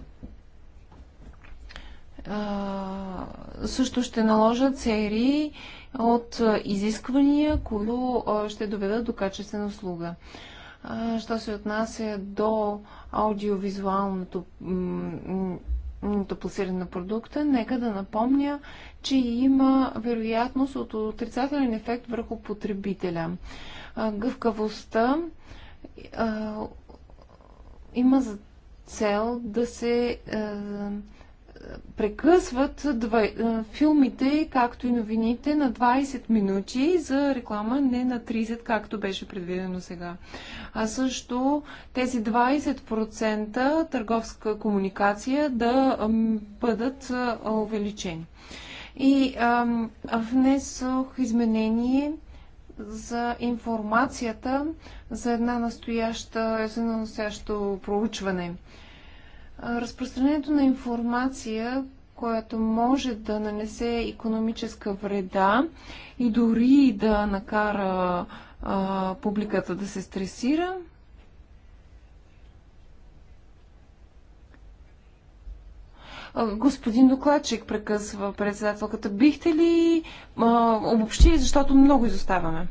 също ще наложат серии от изисквания, които ще доведат до качествена услуга. Що се отнася до аудиовизуалното пласиране на продукта, нека да напомня, че има вероятност от отрицателен ефект върху потребителя. Гъвкавостта има за цел да се е, прекъсват е, филмите, както и новините, на 20 минути за реклама, не на 30, както беше предвидено сега. А също тези 20% търговска комуникация да бъдат е, увеличени. И внесох изменение за информацията за, една настояща, за едно настоящо проучване. Разпространението на информация, която може да нанесе економическа вреда и дори да накара а, публиката да се стресира, Господин докладчик, прекъсва председателката. Бихте ли а, обобщили, защото много изоставаме?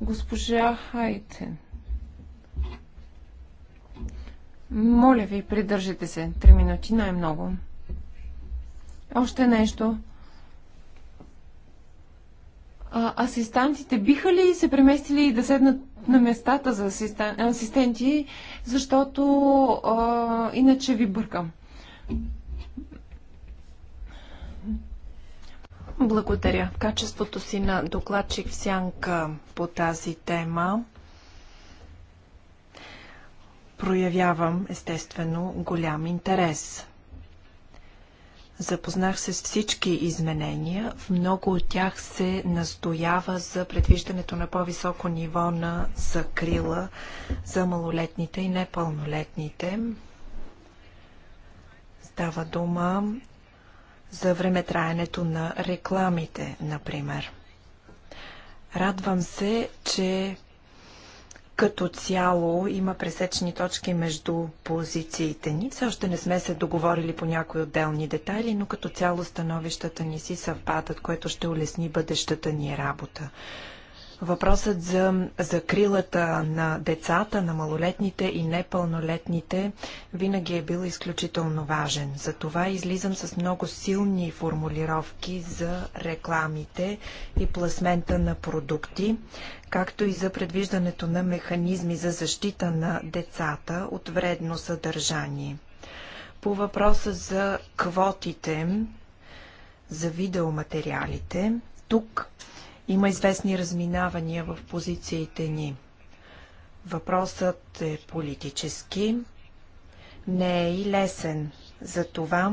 Госпожа Хайтен. Моля ви, придържите се. Три минути най-много. Още нещо. А, асистантите биха ли се преместили и да седнат на местата за асистенти, защото а, иначе ви бъркам. Благодаря. В качеството си на докладчик в сянка по тази тема проявявам естествено голям интерес. Запознах се с всички изменения. В много от тях се настоява за предвиждането на по-високо ниво на закрила за малолетните и непълнолетните. Става дума за времетраенето на рекламите, например. Радвам се, че като цяло има пресечни точки между позициите ни. Все още не сме се договорили по някои отделни детайли, но като цяло становищата ни си съвпадат, което ще улесни бъдещата ни работа. Въпросът за закрилата на децата, на малолетните и непълнолетните винаги е бил изключително важен. Затова излизам с много силни формулировки за рекламите и пласмента на продукти, както и за предвиждането на механизми за защита на децата от вредно съдържание. По въпроса за квотите за видеоматериалите, тук има известни разминавания в позициите ни. Въпросът е политически, не е и лесен. Затова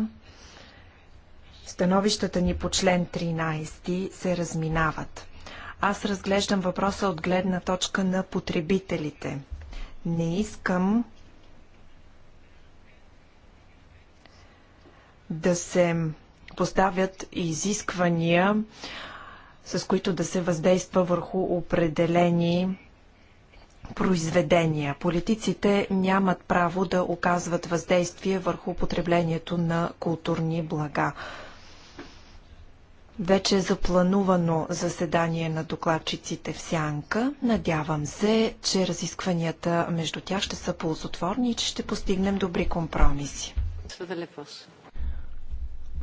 становищата ни по член 13 се разминават. Аз разглеждам въпроса от гледна точка на потребителите. Не искам да се поставят изисквания, с които да се въздейства върху определени произведения. Политиците нямат право да оказват въздействие върху потреблението на културни блага. Вече е запланувано заседание на докладчиците в Сянка. Надявам се, че разискванията между тях ще са ползотворни и че ще постигнем добри компромиси.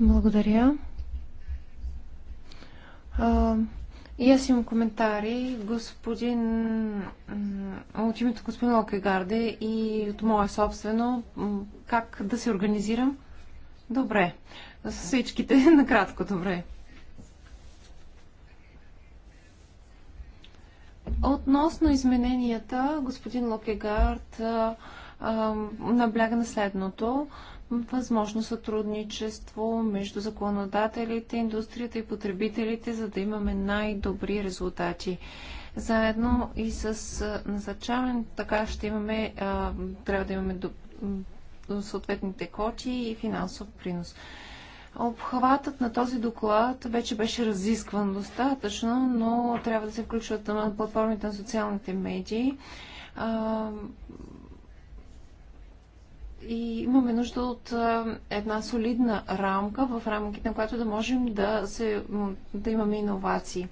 Благодаря. А, и аз имам коментари. Господин, от името господин Локегарде и от моя собствено, как да се организирам? Добре. С всичките, накратко, добре. Относно измененията, господин Локегард набляга на следното. Възможно сътрудничество между законодателите, индустрията и потребителите, за да имаме най-добри резултати. Заедно и с назначаване, така ще имаме, трябва да имаме до, до съответните коти и финансов принос. Обхватът на този доклад вече беше разискван достатъчно, но трябва да се включват на платформите на социалните медии. А, и имаме нужда от една солидна рамка, в рамките на която да можем да, се, да имаме иновации.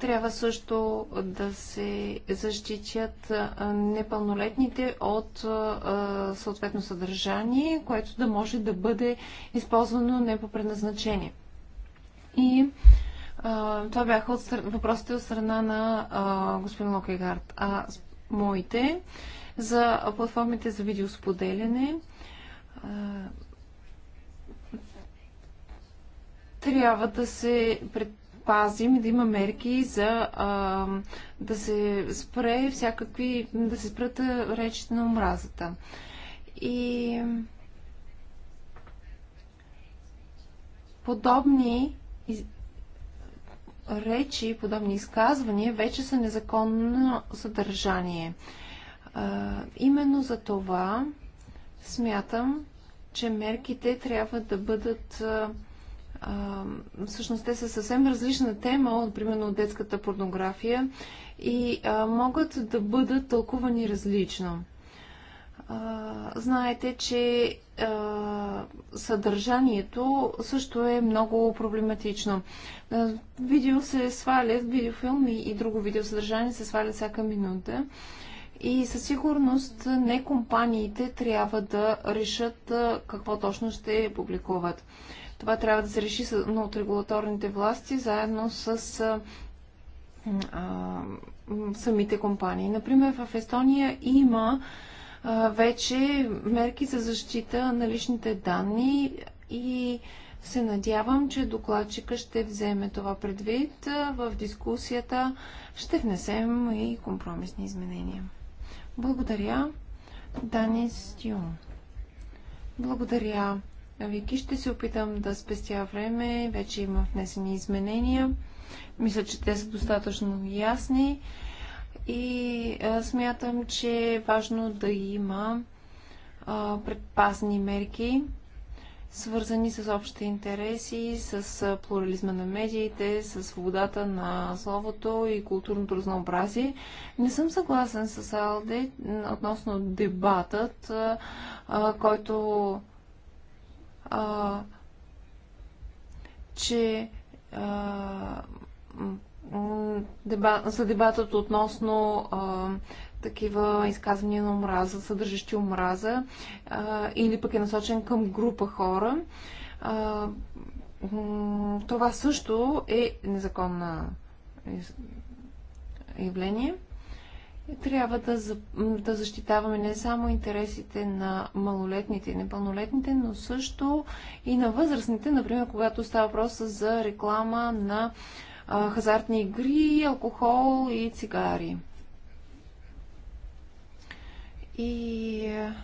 Трябва също да се защитят непълнолетните от съответно съдържание, което да може да бъде използвано не по предназначение. И това бяха въпросите от страна на господин Локегард. А моите за платформите за видеосподеляне. трябва да се пред, пазим и да има мерки за а, да се спре всякакви, да се спрат речите на омразата. И подобни речи, подобни изказвания вече са незаконно съдържание. А, именно за това смятам, че мерките трябва да бъдат а, а, всъщност те са съвсем различна тема от, примерно, от детската порнография и а, могат да бъдат тълкувани различно. А, знаете, че а, съдържанието също е много проблематично. А, видео се свалят, видеофилми и друго видеосъдържание се свалят всяка минута. И със сигурност не компаниите трябва да решат какво точно ще публикуват. Това трябва да се реши но от регулаторните власти заедно с а, а, самите компании. Например, в Естония има а, вече мерки за защита на личните данни и се надявам, че докладчика ще вземе това предвид в дискусията. Ще внесем и компромисни изменения. Благодаря. Дани Стюн. Благодаря Вики, ще се опитам да спестя време. Вече има внесени изменения. Мисля, че те са достатъчно ясни. И а, смятам, че е важно да има а, предпазни мерки, свързани с общите интереси, с плурализма на медиите, с свободата на словото и културното разнообразие. Не съм съгласен с Алде относно дебатът, който а, че а, деба, за дебатът относно а, такива изказвания на омраза, съдържащи омраза, а, или пък е насочен към група хора. А, това също е незаконно явление трябва да, да защитаваме не само интересите на малолетните и непълнолетните, но също и на възрастните, например, когато става въпрос за реклама на а, хазартни игри, алкохол и цигари. И а,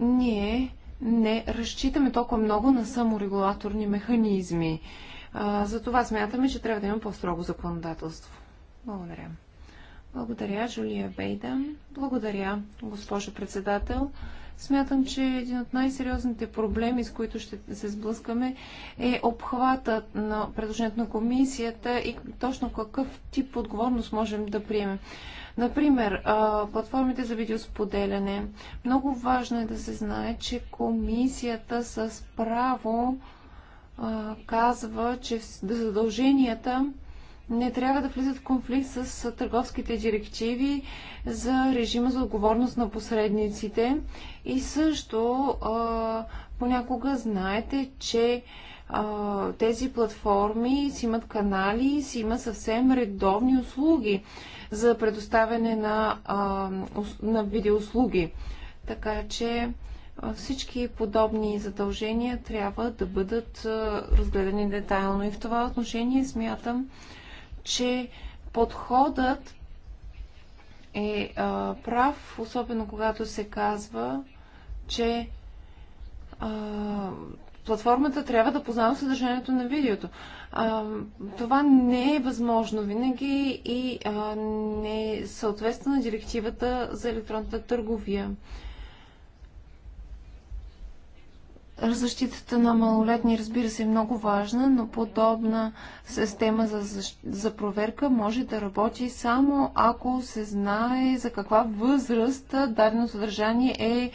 ние не разчитаме толкова много на саморегулаторни механизми. А, затова смятаме, че трябва да има по-строго законодателство. Благодаря. Благодаря, Жулия Бейда. Благодаря, госпожо председател. Смятам, че един от най-сериозните проблеми, с които ще се сблъскаме, е обхвата на предложението на комисията и точно какъв тип отговорност можем да приемем. Например, платформите за видеосподеляне. Много важно е да се знае, че комисията с право казва, че задълженията не трябва да влизат в конфликт с търговските директиви за режима за отговорност на посредниците. И също понякога знаете, че тези платформи си имат канали, си имат съвсем редовни услуги за предоставяне на, на видеоуслуги. Така че всички подобни задължения трябва да бъдат разгледани детайлно. И в това отношение смятам, че подходът е а, прав, особено когато се казва, че а, платформата трябва да познава съдържанието на видеото. А, това не е възможно винаги и а, не е съответства на директивата за електронната търговия. Защитата на малолетни, разбира се, е много важна, но подобна система за, за проверка може да работи само ако се знае за каква възраст дадено съдържание е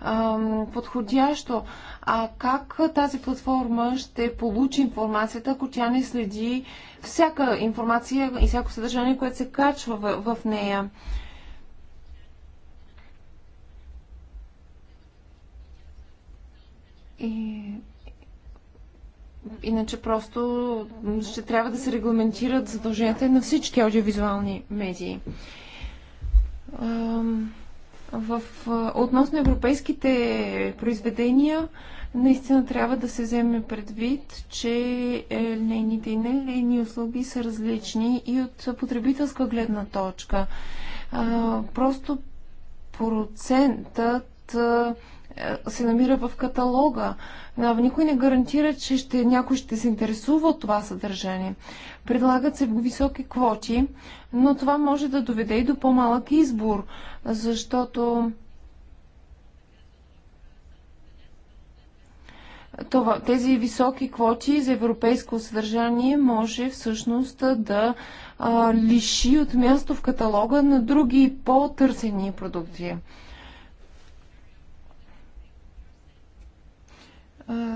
ам, подходящо. А как тази платформа ще получи информацията, ако тя не следи всяка информация и всяко съдържание, което се качва в, в нея? И... Иначе просто ще трябва да се регламентират задълженията на всички аудиовизуални медии. В, относно европейските произведения, наистина трябва да се вземе предвид, че е, нейните и нелинейни услуги са различни и от потребителска гледна точка. просто процентът е, се намира в каталога. Никой не гарантира, че ще, някой ще се интересува от това съдържание. Предлагат се високи квоти, но това може да доведе и до по-малък избор, защото това, тези високи квоти за европейско съдържание може всъщност да а, лиши от място в каталога на други по-търсени продукти.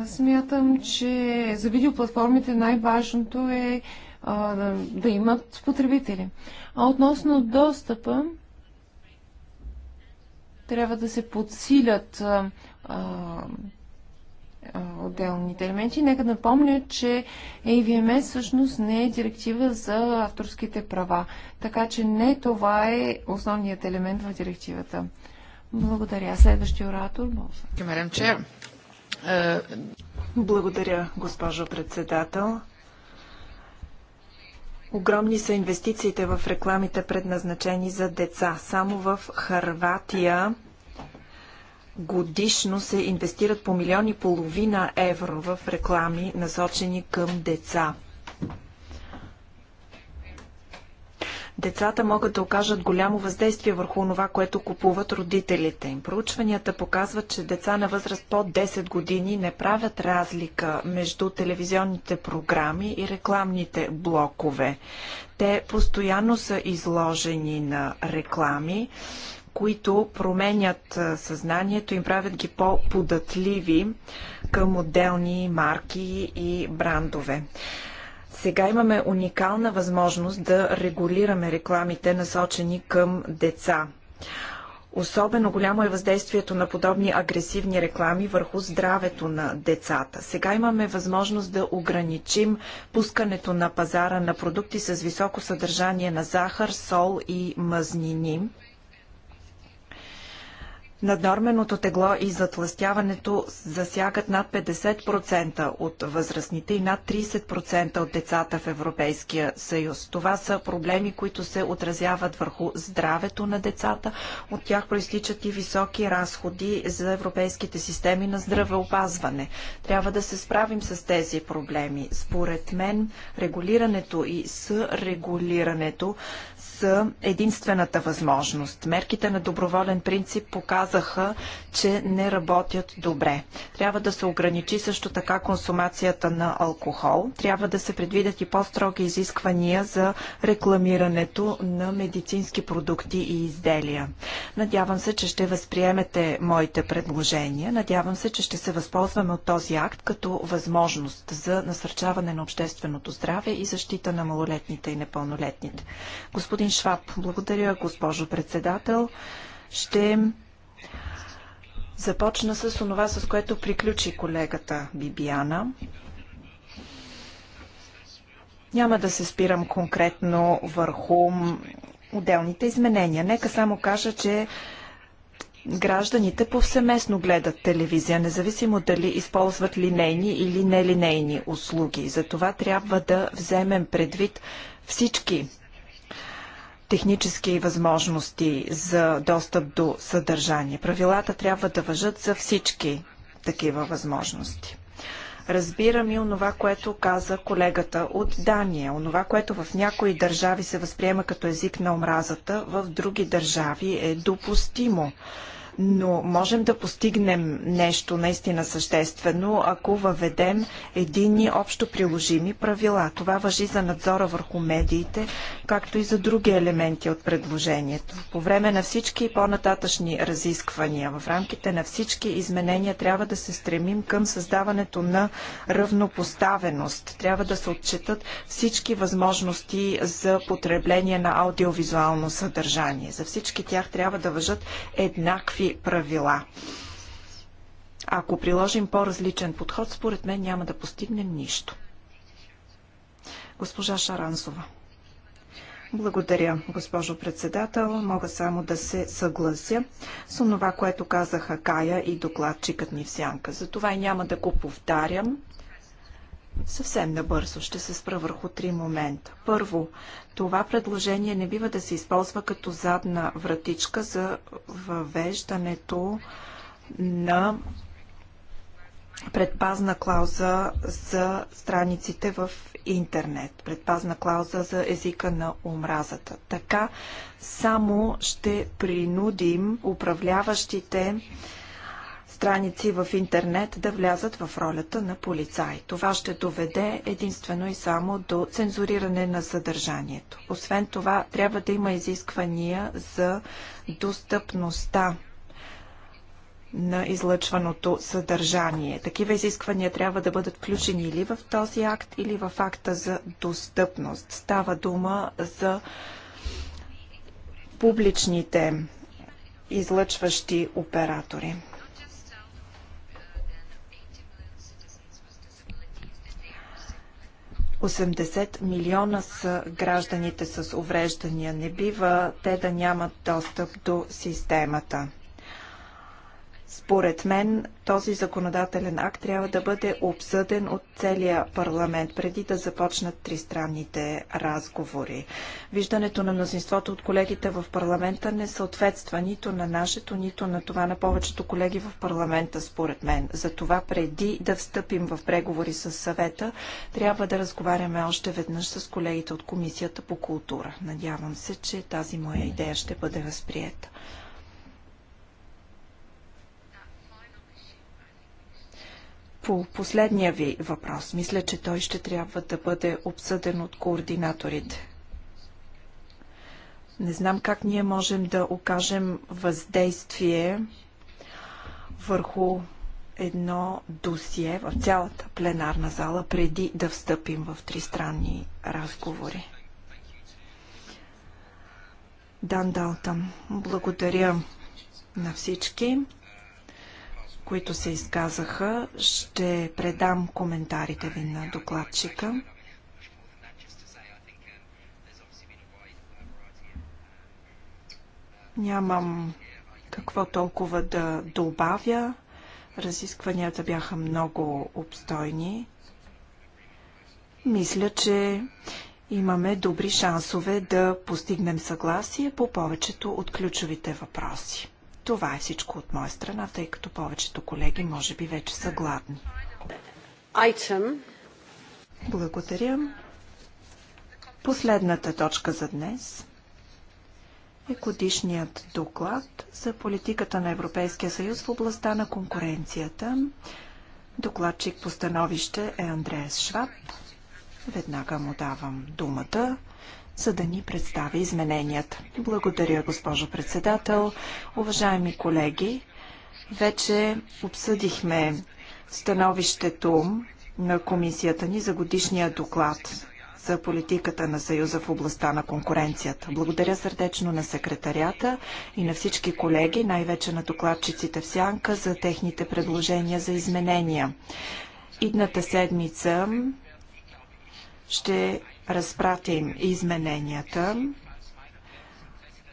Смятам, че за видеоплатформите най-важното е а, да, имат потребители. А относно достъпа, трябва да се подсилят а, а, отделните елементи. Нека напомня, че AVMS всъщност не е директива за авторските права, така че не това е основният елемент в директивата. Благодаря. Следващия оратор. Благодаря. Благодаря, госпожо председател. Огромни са инвестициите в рекламите, предназначени за деца. Само в Харватия годишно се инвестират по милиони и половина евро в реклами, насочени към деца. Децата могат да окажат голямо въздействие върху това, което купуват родителите им. Проучванията показват, че деца на възраст под 10 години не правят разлика между телевизионните програми и рекламните блокове. Те постоянно са изложени на реклами, които променят съзнанието им, правят ги по-податливи към отделни марки и брандове. Сега имаме уникална възможност да регулираме рекламите, насочени към деца. Особено голямо е въздействието на подобни агресивни реклами върху здравето на децата. Сега имаме възможност да ограничим пускането на пазара на продукти с високо съдържание на захар, сол и мазнини. Наднорменото тегло и затластяването засягат над 50% от възрастните и над 30% от децата в Европейския съюз. Това са проблеми, които се отразяват върху здравето на децата. От тях проистичат и високи разходи за европейските системи на здравеопазване. Трябва да се справим с тези проблеми. Според мен, регулирането и сърегулирането са единствената възможност. Мерките на доброволен принцип показаха, че не работят добре. Трябва да се ограничи също така консумацията на алкохол. Трябва да се предвидят и по-строги изисквания за рекламирането на медицински продукти и изделия. Надявам се, че ще възприемете моите предложения. Надявам се, че ще се възползваме от този акт като възможност за насърчаване на общественото здраве и защита на малолетните и непълнолетните. Господин Шваб. Благодаря, госпожо председател. Ще започна с онова, с което приключи колегата Бибиана. Няма да се спирам конкретно върху отделните изменения. Нека само кажа, че гражданите повсеместно гледат телевизия, независимо дали използват линейни или нелинейни услуги. Затова трябва да вземем предвид всички технически възможности за достъп до съдържание. Правилата трябва да въжат за всички такива възможности. Разбирам и онова, което каза колегата от Дания, онова, което в някои държави се възприема като език на омразата, в други държави е допустимо но можем да постигнем нещо наистина съществено, ако въведем едини общо приложими правила. Това въжи за надзора върху медиите, както и за други елементи от предложението. По време на всички по-нататъчни разисквания, в рамките на всички изменения трябва да се стремим към създаването на равнопоставеност. Трябва да се отчитат всички възможности за потребление на аудиовизуално съдържание. За всички тях трябва да въжат еднакви някакви правила. Ако приложим по-различен подход, според мен няма да постигнем нищо. Госпожа Шаранзова. Благодаря, госпожо председател. Мога само да се съглася с това, което казаха Кая и докладчикът ни в сянка. Затова и няма да го повтарям. Съвсем набързо ще се спра върху три момента. Първо, това предложение не бива да се използва като задна вратичка за въвеждането на предпазна клауза за страниците в интернет, предпазна клауза за езика на омразата. Така само ще принудим управляващите страници в интернет да влязат в ролята на полицай. Това ще доведе единствено и само до цензуриране на съдържанието. Освен това, трябва да има изисквания за достъпността на излъчваното съдържание. Такива изисквания трябва да бъдат включени или в този акт, или в акта за достъпност. Става дума за публичните излъчващи оператори. 80 милиона са гражданите с увреждания. Не бива те да нямат достъп до системата. Според мен този законодателен акт трябва да бъде обсъден от целия парламент, преди да започнат тристранните разговори. Виждането на мнозинството от колегите в парламента не съответства нито на нашето, нито на това на повечето колеги в парламента, според мен. Затова преди да встъпим в преговори с съвета, трябва да разговаряме още веднъж с колегите от Комисията по култура. Надявам се, че тази моя идея ще бъде възприета. По последния ви въпрос, мисля, че той ще трябва да бъде обсъден от координаторите. Не знам как ние можем да окажем въздействие върху едно досие в цялата пленарна зала, преди да встъпим в тристранни разговори. Дан Далтъм, благодаря на всички които се изказаха. Ще предам коментарите ви на докладчика. Нямам какво толкова да добавя. Разискванията бяха много обстойни. Мисля, че имаме добри шансове да постигнем съгласие по повечето от ключовите въпроси. Това е всичко от моя страна, тъй като повечето колеги може би вече са гладни. Item. Благодаря. Последната точка за днес е годишният доклад за политиката на Европейския съюз в областта на конкуренцията. Докладчик по становище е Андреас Шваб. Веднага му давам думата за да ни представи измененията. Благодаря, госпожо председател. Уважаеми колеги, вече обсъдихме становището на комисията ни за годишния доклад за политиката на Съюза в областта на конкуренцията. Благодаря сърдечно на секретарията и на всички колеги, най-вече на докладчиците в Сянка, за техните предложения за изменения. Идната седмица ще разпратим измененията,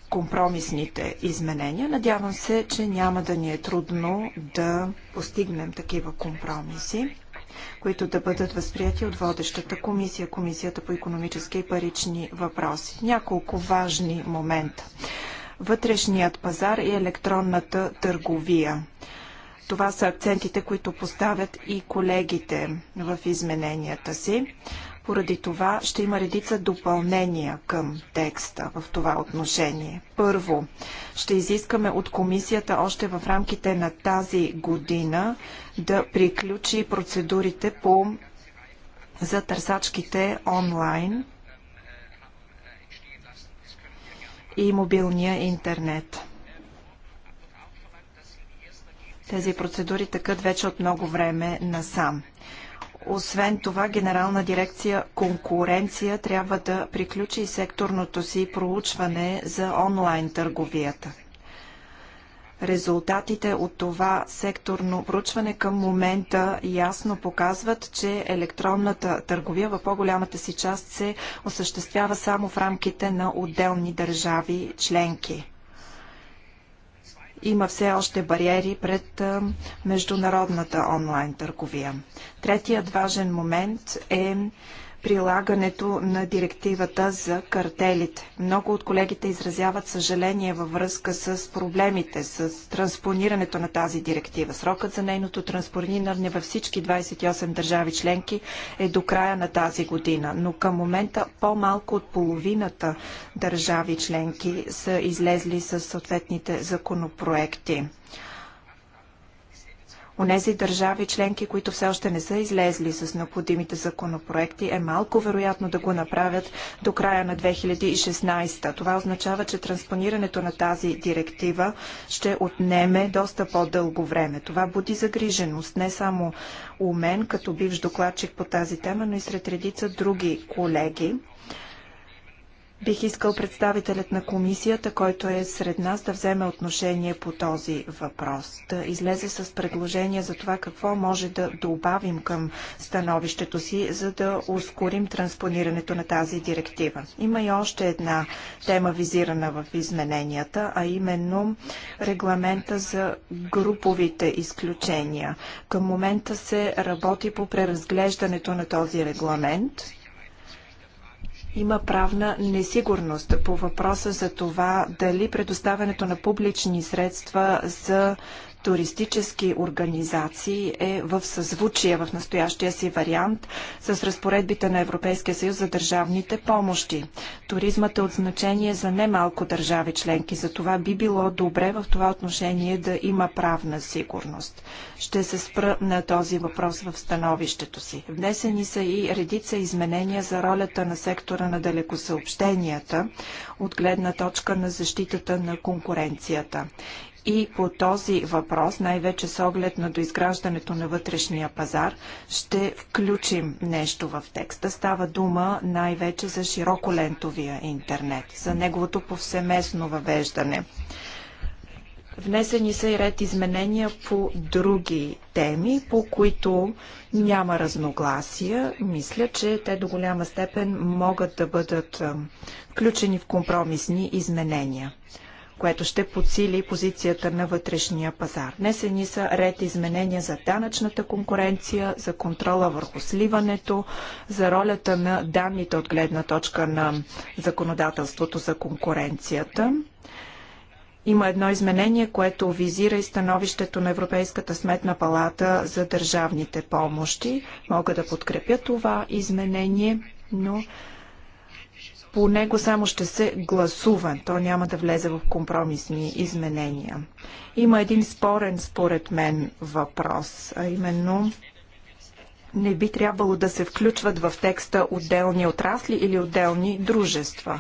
компромисните изменения. Надявам се, че няма да ни е трудно да постигнем такива компромиси, които да бъдат възприяти от водещата комисия, Комисията по економически и парични въпроси. Няколко важни момента. Вътрешният пазар и електронната търговия. Това са акцентите, които поставят и колегите в измененията си. Поради това ще има редица допълнения към текста в това отношение. Първо, ще изискаме от комисията още в рамките на тази година да приключи процедурите по за търсачките онлайн и мобилния интернет. Тези процедури такът вече от много време насам. Освен това, Генерална дирекция конкуренция трябва да приключи секторното си проучване за онлайн търговията. Резултатите от това секторно проучване към момента ясно показват, че електронната търговия в по-голямата си част се осъществява само в рамките на отделни държави членки има все още бариери пред международната онлайн търговия. Третият важен момент е прилагането на директивата за картелите. Много от колегите изразяват съжаление във връзка с проблемите с транспонирането на тази директива. Срокът за нейното транспониране във всички 28 държави членки е до края на тази година, но към момента по-малко от половината държави членки са излезли с съответните законопроекти онези държави членки, които все още не са излезли с необходимите законопроекти, е малко вероятно да го направят до края на 2016. Това означава, че транспонирането на тази директива ще отнеме доста по-дълго време. Това буди загриженост не само у мен, като бивш докладчик по тази тема, но и сред редица други колеги. Бих искал представителят на комисията, който е сред нас, да вземе отношение по този въпрос, да излезе с предложение за това какво може да добавим към становището си, за да ускорим транспонирането на тази директива. Има и още една тема визирана в измененията, а именно регламента за груповите изключения. Към момента се работи по преразглеждането на този регламент има правна несигурност по въпроса за това дали предоставянето на публични средства за туристически организации е в съзвучие в настоящия си вариант с разпоредбите на Европейския съюз за държавните помощи. Туризмът е от значение за немалко държави членки, затова би било добре в това отношение да има правна сигурност. Ще се спра на този въпрос в становището си. Внесени са и редица изменения за ролята на сектора на далекосъобщенията от гледна точка на защитата на конкуренцията. И по този въпрос, най-вече с оглед на доизграждането на вътрешния пазар, ще включим нещо в текста. Става дума най-вече за широколентовия интернет, за неговото повсеместно въвеждане. Внесени са и ред изменения по други теми, по които няма разногласия. Мисля, че те до голяма степен могат да бъдат включени в компромисни изменения което ще подсили позицията на вътрешния пазар. Несени са ред изменения за данъчната конкуренция, за контрола върху сливането, за ролята на данните от гледна точка на законодателството за конкуренцията. Има едно изменение, което визира и становището на Европейската сметна палата за държавните помощи. Мога да подкрепя това изменение, но по него само ще се гласува. То няма да влезе в компромисни изменения. Има един спорен, според мен, въпрос, а именно не би трябвало да се включват в текста отделни отрасли или отделни дружества.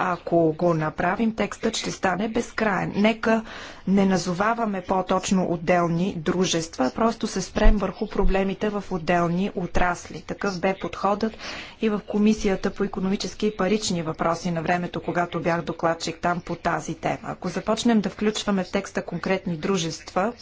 Ако го направим, текстът ще стане безкраен. Нека не назоваваме по-точно отделни дружества, просто се спрем върху проблемите в отделни отрасли. Такъв бе подходът и в Комисията по економически и парични въпроси на времето, когато бях докладчик там по тази тема. Ако започнем да включваме в текста конкретни дружества,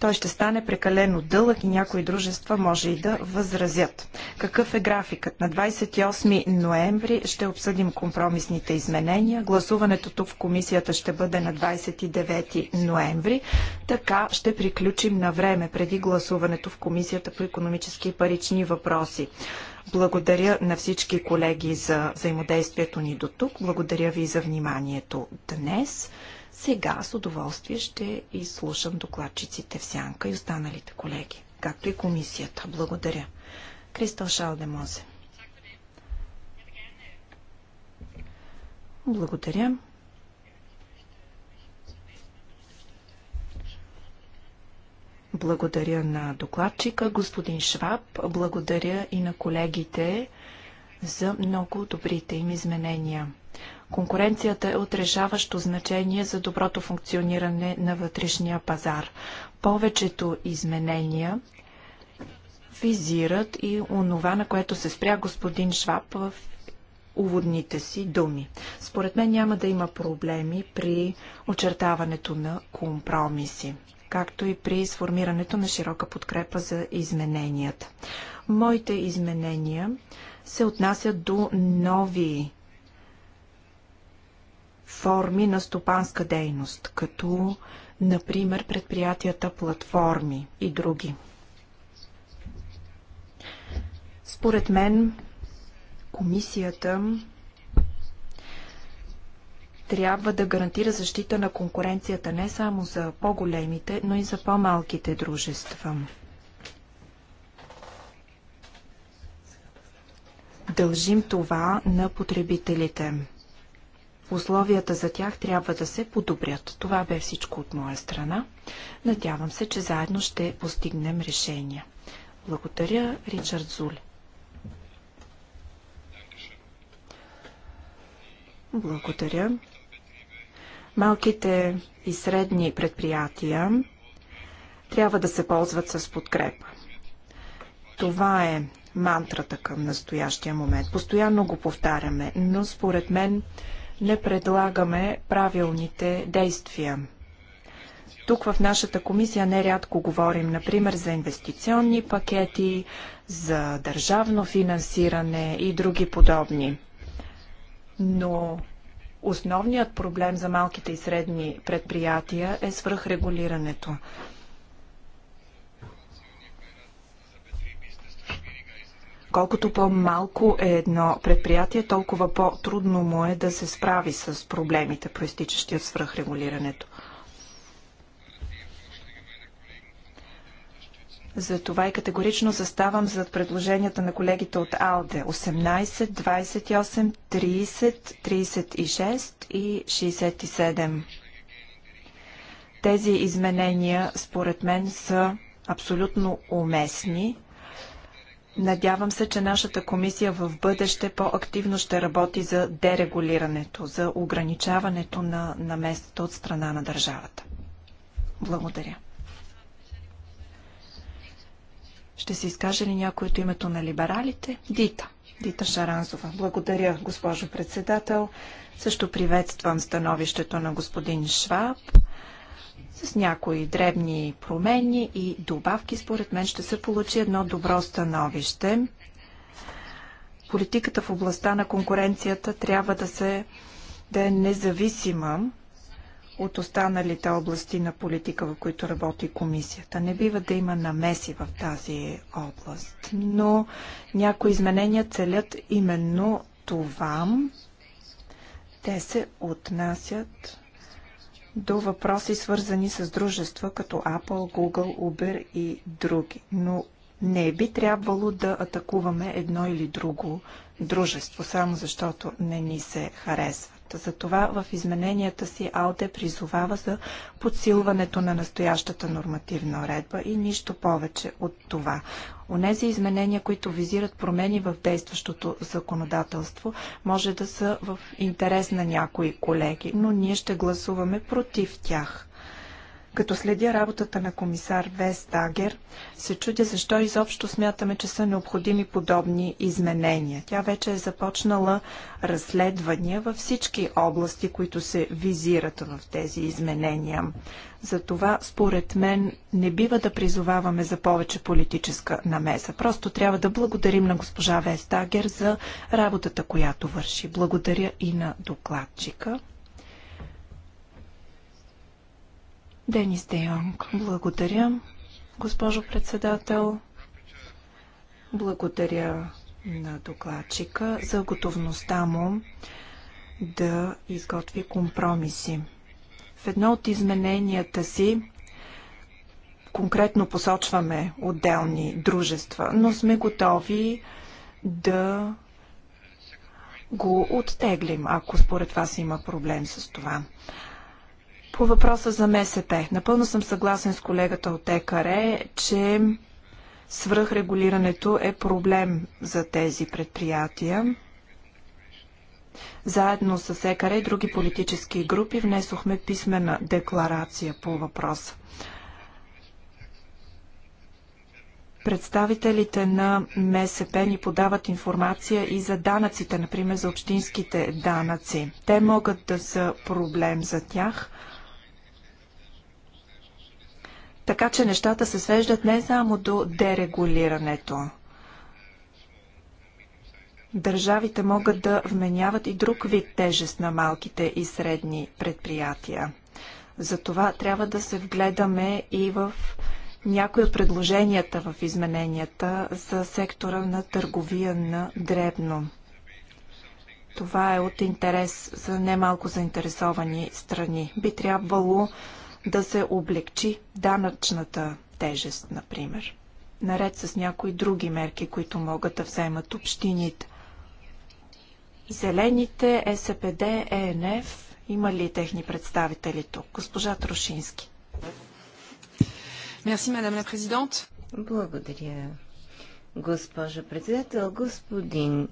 той ще стане прекалено дълъг и някои дружества може и да възразят. Какъв е графикът? На 28 ноември ще обсъдим компромисните изменения. Гласуването тук в комисията ще бъде на 29 ноември. Така ще приключим на време преди гласуването в комисията по економически и парични въпроси. Благодаря на всички колеги за взаимодействието ни до тук. Благодаря ви за вниманието днес. Сега с удоволствие ще изслушам докладчиците в сянка и останалите колеги, както и комисията. Благодаря. Кристал Шалдемозе. Благодаря. Благодаря на докладчика, господин Шваб. Благодаря и на колегите за много добрите им изменения. Конкуренцията е от решаващо значение за доброто функциониране на вътрешния пазар. Повечето изменения визират и онова, на което се спря господин Шваб в уводните си думи. Според мен няма да има проблеми при очертаването на компромиси, както и при сформирането на широка подкрепа за измененията. Моите изменения се отнасят до нови форми на стопанска дейност, като например предприятията платформи и други. Според мен комисията трябва да гарантира защита на конкуренцията не само за по-големите, но и за по-малките дружества. Дължим това на потребителите. Условията за тях трябва да се подобрят. Това бе всичко от моя страна. Надявам се, че заедно ще постигнем решения. Благодаря, Ричард Зуле. Благодаря. Малките и средни предприятия трябва да се ползват с подкрепа. Това е мантрата към настоящия момент. Постоянно го повтаряме, но според мен не предлагаме правилните действия. Тук в нашата комисия нерядко говорим, например, за инвестиционни пакети, за държавно финансиране и други подобни. Но основният проблем за малките и средни предприятия е свръхрегулирането. Колкото по-малко е едно предприятие, толкова по-трудно му е да се справи с проблемите, проистичащи от свръхрегулирането. Затова и категорично заставам зад предложенията на колегите от АЛДЕ 18, 28, 30, 36 и 67. Тези изменения, според мен, са абсолютно уместни Надявам се, че нашата комисия в бъдеще по-активно ще работи за дерегулирането, за ограничаването на местата от страна на държавата. Благодаря. Ще се изкаже ли някой от името на либералите? Дита. Дита Шаранзова. Благодаря, госпожо председател. Също приветствам становището на господин Шваб. С някои дребни промени и добавки, според мен, ще се получи едно добро становище. Политиката в областта на конкуренцията трябва да, се, да е независима от останалите области на политика, в които работи комисията. Не бива да има намеси в тази област, но някои изменения целят именно това. Те се отнасят до въпроси свързани с дружества като Apple, Google, Uber и други. Но не би трябвало да атакуваме едно или друго дружество, само защото не ни се харесват. Затова в измененията си АЛДЕ призовава за подсилването на настоящата нормативна уредба и нищо повече от това. Онези изменения, които визират промени в действащото законодателство, може да са в интерес на някои колеги, но ние ще гласуваме против тях. Като следя работата на комисар Вестагер, се чудя защо изобщо смятаме, че са необходими подобни изменения. Тя вече е започнала разследвания във всички области, които се визират в тези изменения. Затова, според мен, не бива да призоваваме за повече политическа намеса. Просто трябва да благодарим на госпожа Вестагер за работата, която върши. Благодаря и на докладчика. Денис Де Йонг. Благодаря, госпожо председател. Благодаря на докладчика за готовността му да изготви компромиси. В едно от измененията си конкретно посочваме отделни дружества, но сме готови да го оттеглим, ако според вас има проблем с това. По въпроса за МСП. Напълно съм съгласен с колегата от ЕКАРЕ, че свръхрегулирането е проблем за тези предприятия. Заедно с ЕКАРЕ и други политически групи внесохме писмена декларация по въпроса. Представителите на МСП ни подават информация и за данъците, например за общинските данъци. Те могат да са проблем за тях – така че нещата се свеждат не само до дерегулирането. Държавите могат да вменяват и друг вид тежест на малките и средни предприятия. Затова трябва да се вгледаме и в някои от предложенията в измененията за сектора на търговия на дребно. Това е от интерес за немалко заинтересовани страни. Би трябвало да се облегчи данъчната тежест, например, наред с някои други мерки, които могат да вземат общините. Зелените, СПД, ЕНФ, има ли техни представители тук? Госпожа Трошински. Мерси, мадам ла президент. Благодаря, госпожа председател. Господин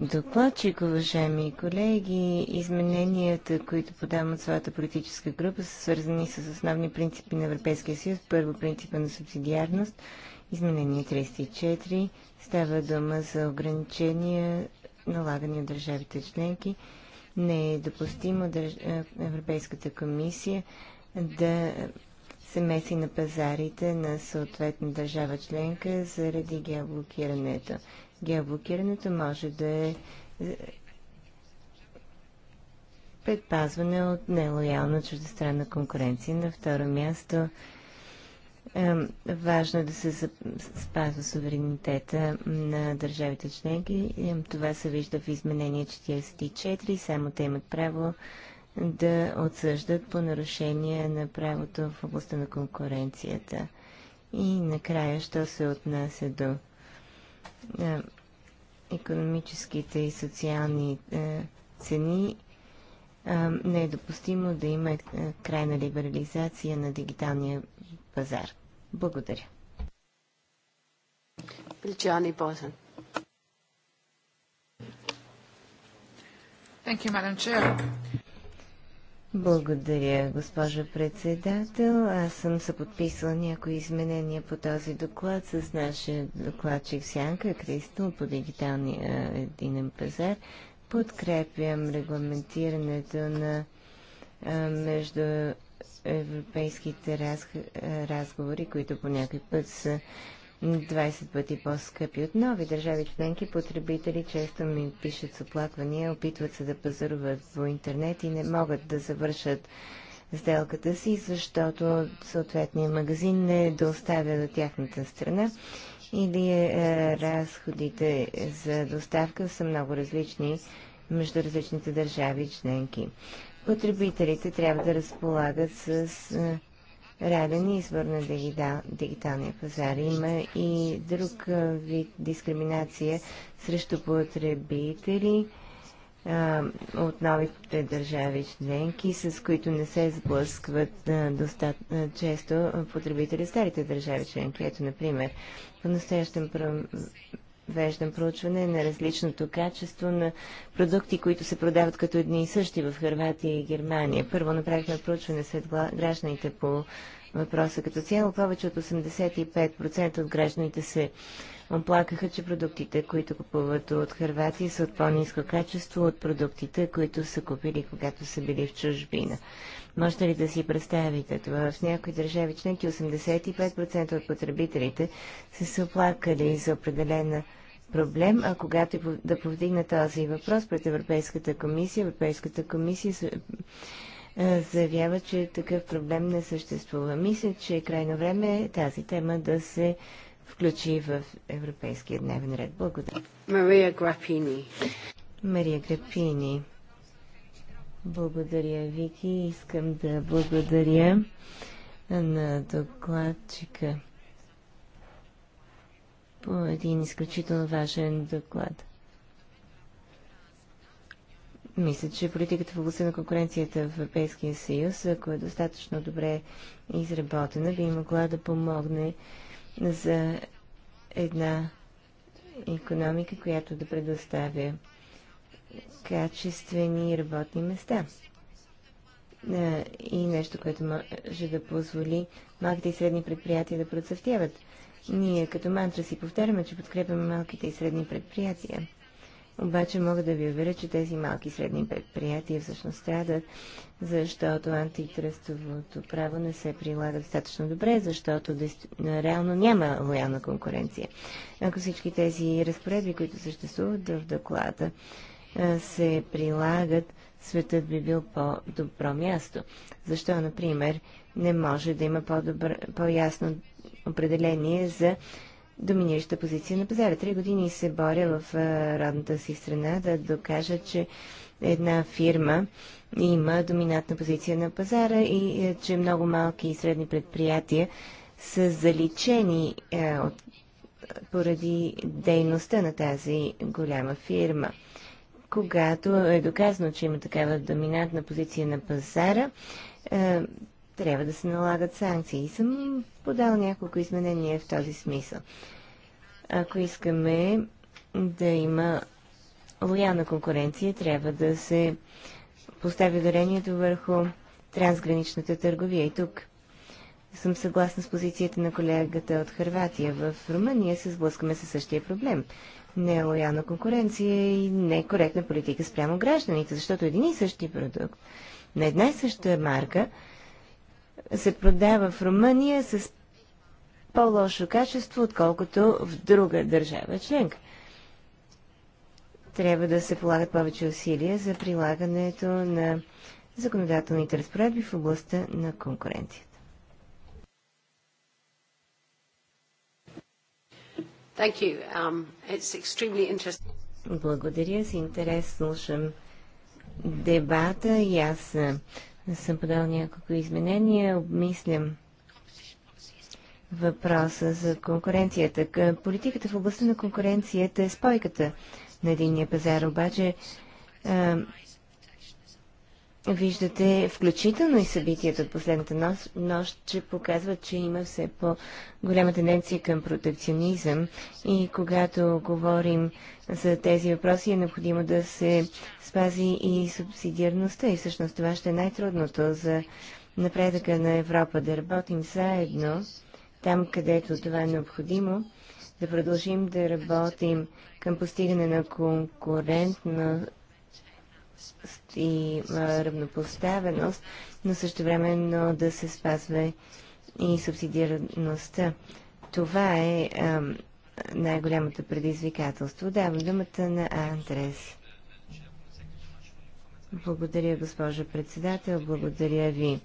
докладчик, уважаеми колеги. Измененията, които подавам от своята политическа група, са свързани с основни принципи на Европейския съюз. Първо принципа на субсидиарност. Изменение 34 става дума за ограничения, налагани от държавите членки. Не е допустимо държ... Е, Европейската комисия да се меси на пазарите на съответна държава членка заради геоблокирането. Геоблокирането може да е, е предпазване от нелоялна чуждестранна конкуренция. На второ място е, важно е да се спазва суверенитета на държавите членки. Това се вижда в изменение 44. Само те имат право да отсъждат по нарушение на правото в областта на конкуренцията. И накрая, що се отнася до е, економическите и социални е, цени, е, не е допустимо да има крайна либерализация на дигиталния пазар. Благодаря. Причани Бозен. Thank you, Madam Chair. Благодаря, госпожа председател. Аз съм съподписала някои изменения по този доклад с нашия докладчик Сянка Кристо по дигиталния е, единен пазар. Подкрепям регламентирането на а, е, между европейските е, разговори, които по някой път са 20 пъти по-скъпи от нови държави членки. Потребители често ми пишат с оплаквания, опитват се да пазаруват по интернет и не могат да завършат сделката си, защото съответният магазин не доставя до тяхната страна или е, разходите за доставка са много различни между различните държави членки. Потребителите трябва да разполагат с е, реален и свърна дигиталния пазар. Има и друг вид дискриминация срещу потребители от новите държави членки, с които не се сблъскват достатъчно често потребители старите държави членки. Ето, например, по настоящен провеждам проучване на различното качество на продукти, които се продават като едни и същи в Хърватия и Германия. Първо направихме проучване сред гражданите по въпроса. Като цяло повече от 85% от гражданите се оплакаха, че продуктите, които купуват от Хърватия, са от по-низко качество от продуктите, които са купили, когато са били в чужбина. Можете ли да си представите това? В някои държави членки 85% от потребителите са се оплакали за определена проблем, а когато е да повдигна този въпрос пред Европейската комисия, Европейската комисия е, заявява, че такъв проблем не съществува. Мисля, че е крайно време тази тема да се включи в Европейския дневен ред. Благодаря. Мария Грапини. Мария Грапини. Благодаря, Вики. Искам да благодаря на докладчика по един изключително важен доклад. Мисля, че политиката в областта на конкуренцията в Европейския съюз, ако е достатъчно добре изработена, би могла да помогне за една економика, която да предоставя качествени работни места. И нещо, което може да позволи малките и средни предприятия да процъфтяват. Ние като мантра си повтаряме, че подкрепяме малките и средни предприятия. Обаче мога да ви уверя, че тези малки и средни предприятия всъщност страдат, защото антитръстовото право не се прилага достатъчно добре, защото реално няма лоялна конкуренция. Ако всички тези разпоредби, които съществуват в доклада, се прилагат, светът би бил по-добро място. Защо, например, не може да има по-ясно определение за доминираща позиция на пазара. Три години се боря в родната си страна да докажа, че една фирма има доминантна позиция на пазара и е, че много малки и средни предприятия са заличени е, от, поради дейността на тази голяма фирма. Когато е доказано, че има такава доминантна позиция на пазара, е, трябва да се налагат санкции. И съм подал няколко изменения в този смисъл. Ако искаме да има лоялна конкуренция, трябва да се постави ударението върху трансграничната търговия. И тук съм съгласна с позицията на колегата от Харватия. В Румъния се сблъскаме със същия проблем. Нелоялна е конкуренция и некоректна е политика спрямо гражданите, защото един и същи продукт на една и съща марка се продава в Румъния с по-лошо качество, отколкото в друга държава членка. Трябва да се полагат повече усилия за прилагането на законодателните разпоредби в областта на конкуренцията. Thank you. Um, it's extremely interesting. Благодаря. С интерес слушам дебата и аз не съм подал няколко изменения, обмислям въпроса за конкуренцията. Политиката в областта на конкуренцията е спойката на единния пазар, обаче Виждате включително и събитията от последната нощ, че показват, че има все по-голяма тенденция към протекционизъм и когато говорим за тези въпроси е необходимо да се спази и субсидиарността и всъщност това ще е най-трудното за напредъка на Европа, да работим заедно там, където това е необходимо, да продължим да работим към постигане на конкурентно и равнопоставеност, но също времено да се спазва и субсидираността. Това е най-голямото предизвикателство. Давам думата на Андрес. Благодаря, госпожа председател. Благодаря ви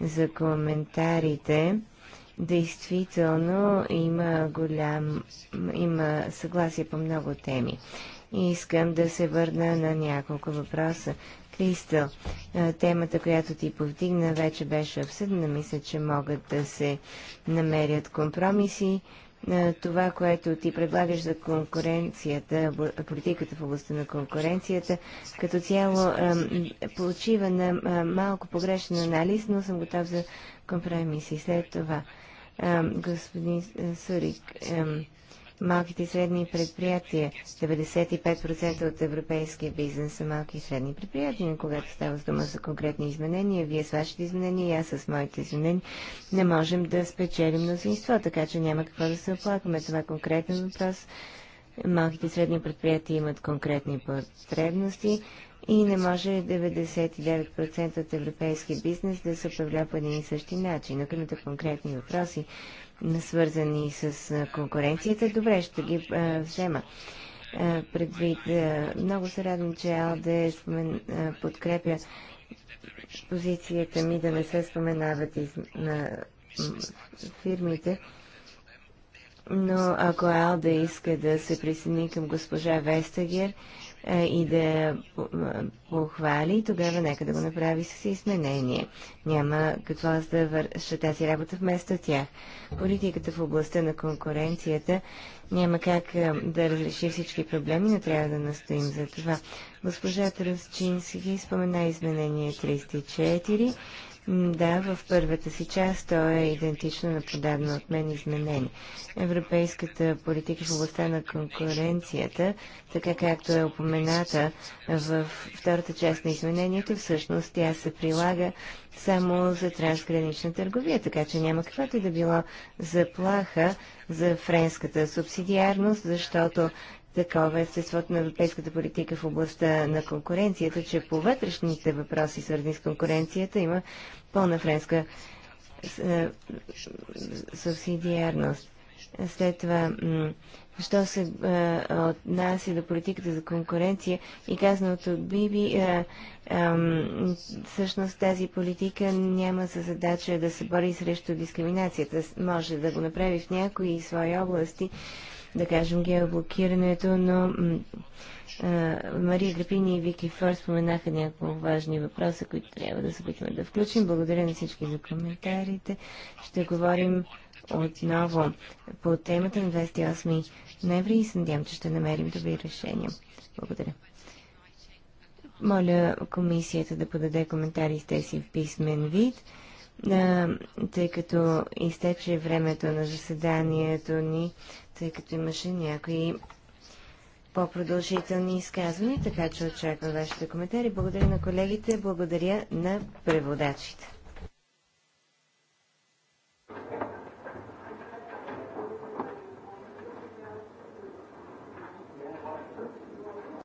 за коментарите. Действително има голям, има съгласие по много теми. И искам да се върна на няколко въпроса. Кристал, темата, която ти повдигна, вече беше обсъдна. Мисля, че могат да се намерят компромиси. Това, което ти предлагаш за конкуренцията, политиката в областта на конкуренцията, като цяло получива на малко погрешен анализ, но съм готов за компромиси. След това, господин Сурик, малките и средни предприятия. 95% от европейския бизнес са малки и средни предприятия, но когато става с дума за конкретни изменения, вие с вашите изменения и аз с моите изменения, не можем да спечелим мнозинство, така че няма какво да се оплакваме. Това е конкретен въпрос. Малките и средни предприятия имат конкретни потребности и не може 99% от европейския бизнес да се управлява по един и същи начин. Но конкретни въпроси, свързани с конкуренцията, добре, ще ги а, взема а, предвид. А, много се радвам, че АЛДЕ спомен, а, подкрепя позицията ми да не се споменават из, на фирмите. Но ако Алде иска да се присъедини към госпожа Вестагер, е, и да я е, похвали, тогава нека да го направи с изменение. Няма какво аз да върша тази работа вместо тях. Политиката в областта на конкуренцията няма как е, да разреши всички проблеми, но трябва да настоим за това. Госпожа Тръсчински спомена изменение 34 да, в първата си част то е идентично на подадено от мен изменение. Европейската политика в областта на конкуренцията, така както е упомената в втората част на изменението, всъщност тя се прилага само за трансгранична търговия, така че няма каквато и да било заплаха за френската субсидиарност, защото Такова е естеството на европейската политика в областта на конкуренцията, че по вътрешните въпроси, свързани с конкуренцията, има пълна френска е, субсидиарност. След това, що се е, отнася до политиката за конкуренция и казаното от Биби, е, всъщност тази политика няма за задача да се бори срещу дискриминацията. Може да го направи в някои свои области, да кажем, геоблокирането, но Мария Грапин и Вики Фор споменаха няколко важни въпроса, които трябва да се опитаме да включим. Благодаря на всички за коментарите. Ще говорим отново по темата на 28 ноември и се надявам, че ще намерим добри решения. Благодаря. Моля комисията да подаде коментари с тези в писмен вид, тъй като изтече времето на заседанието ни тъй като имаше някои по-продължителни изказвания, така че очаквам вашите коментари. Благодаря на колегите, благодаря на преводачите.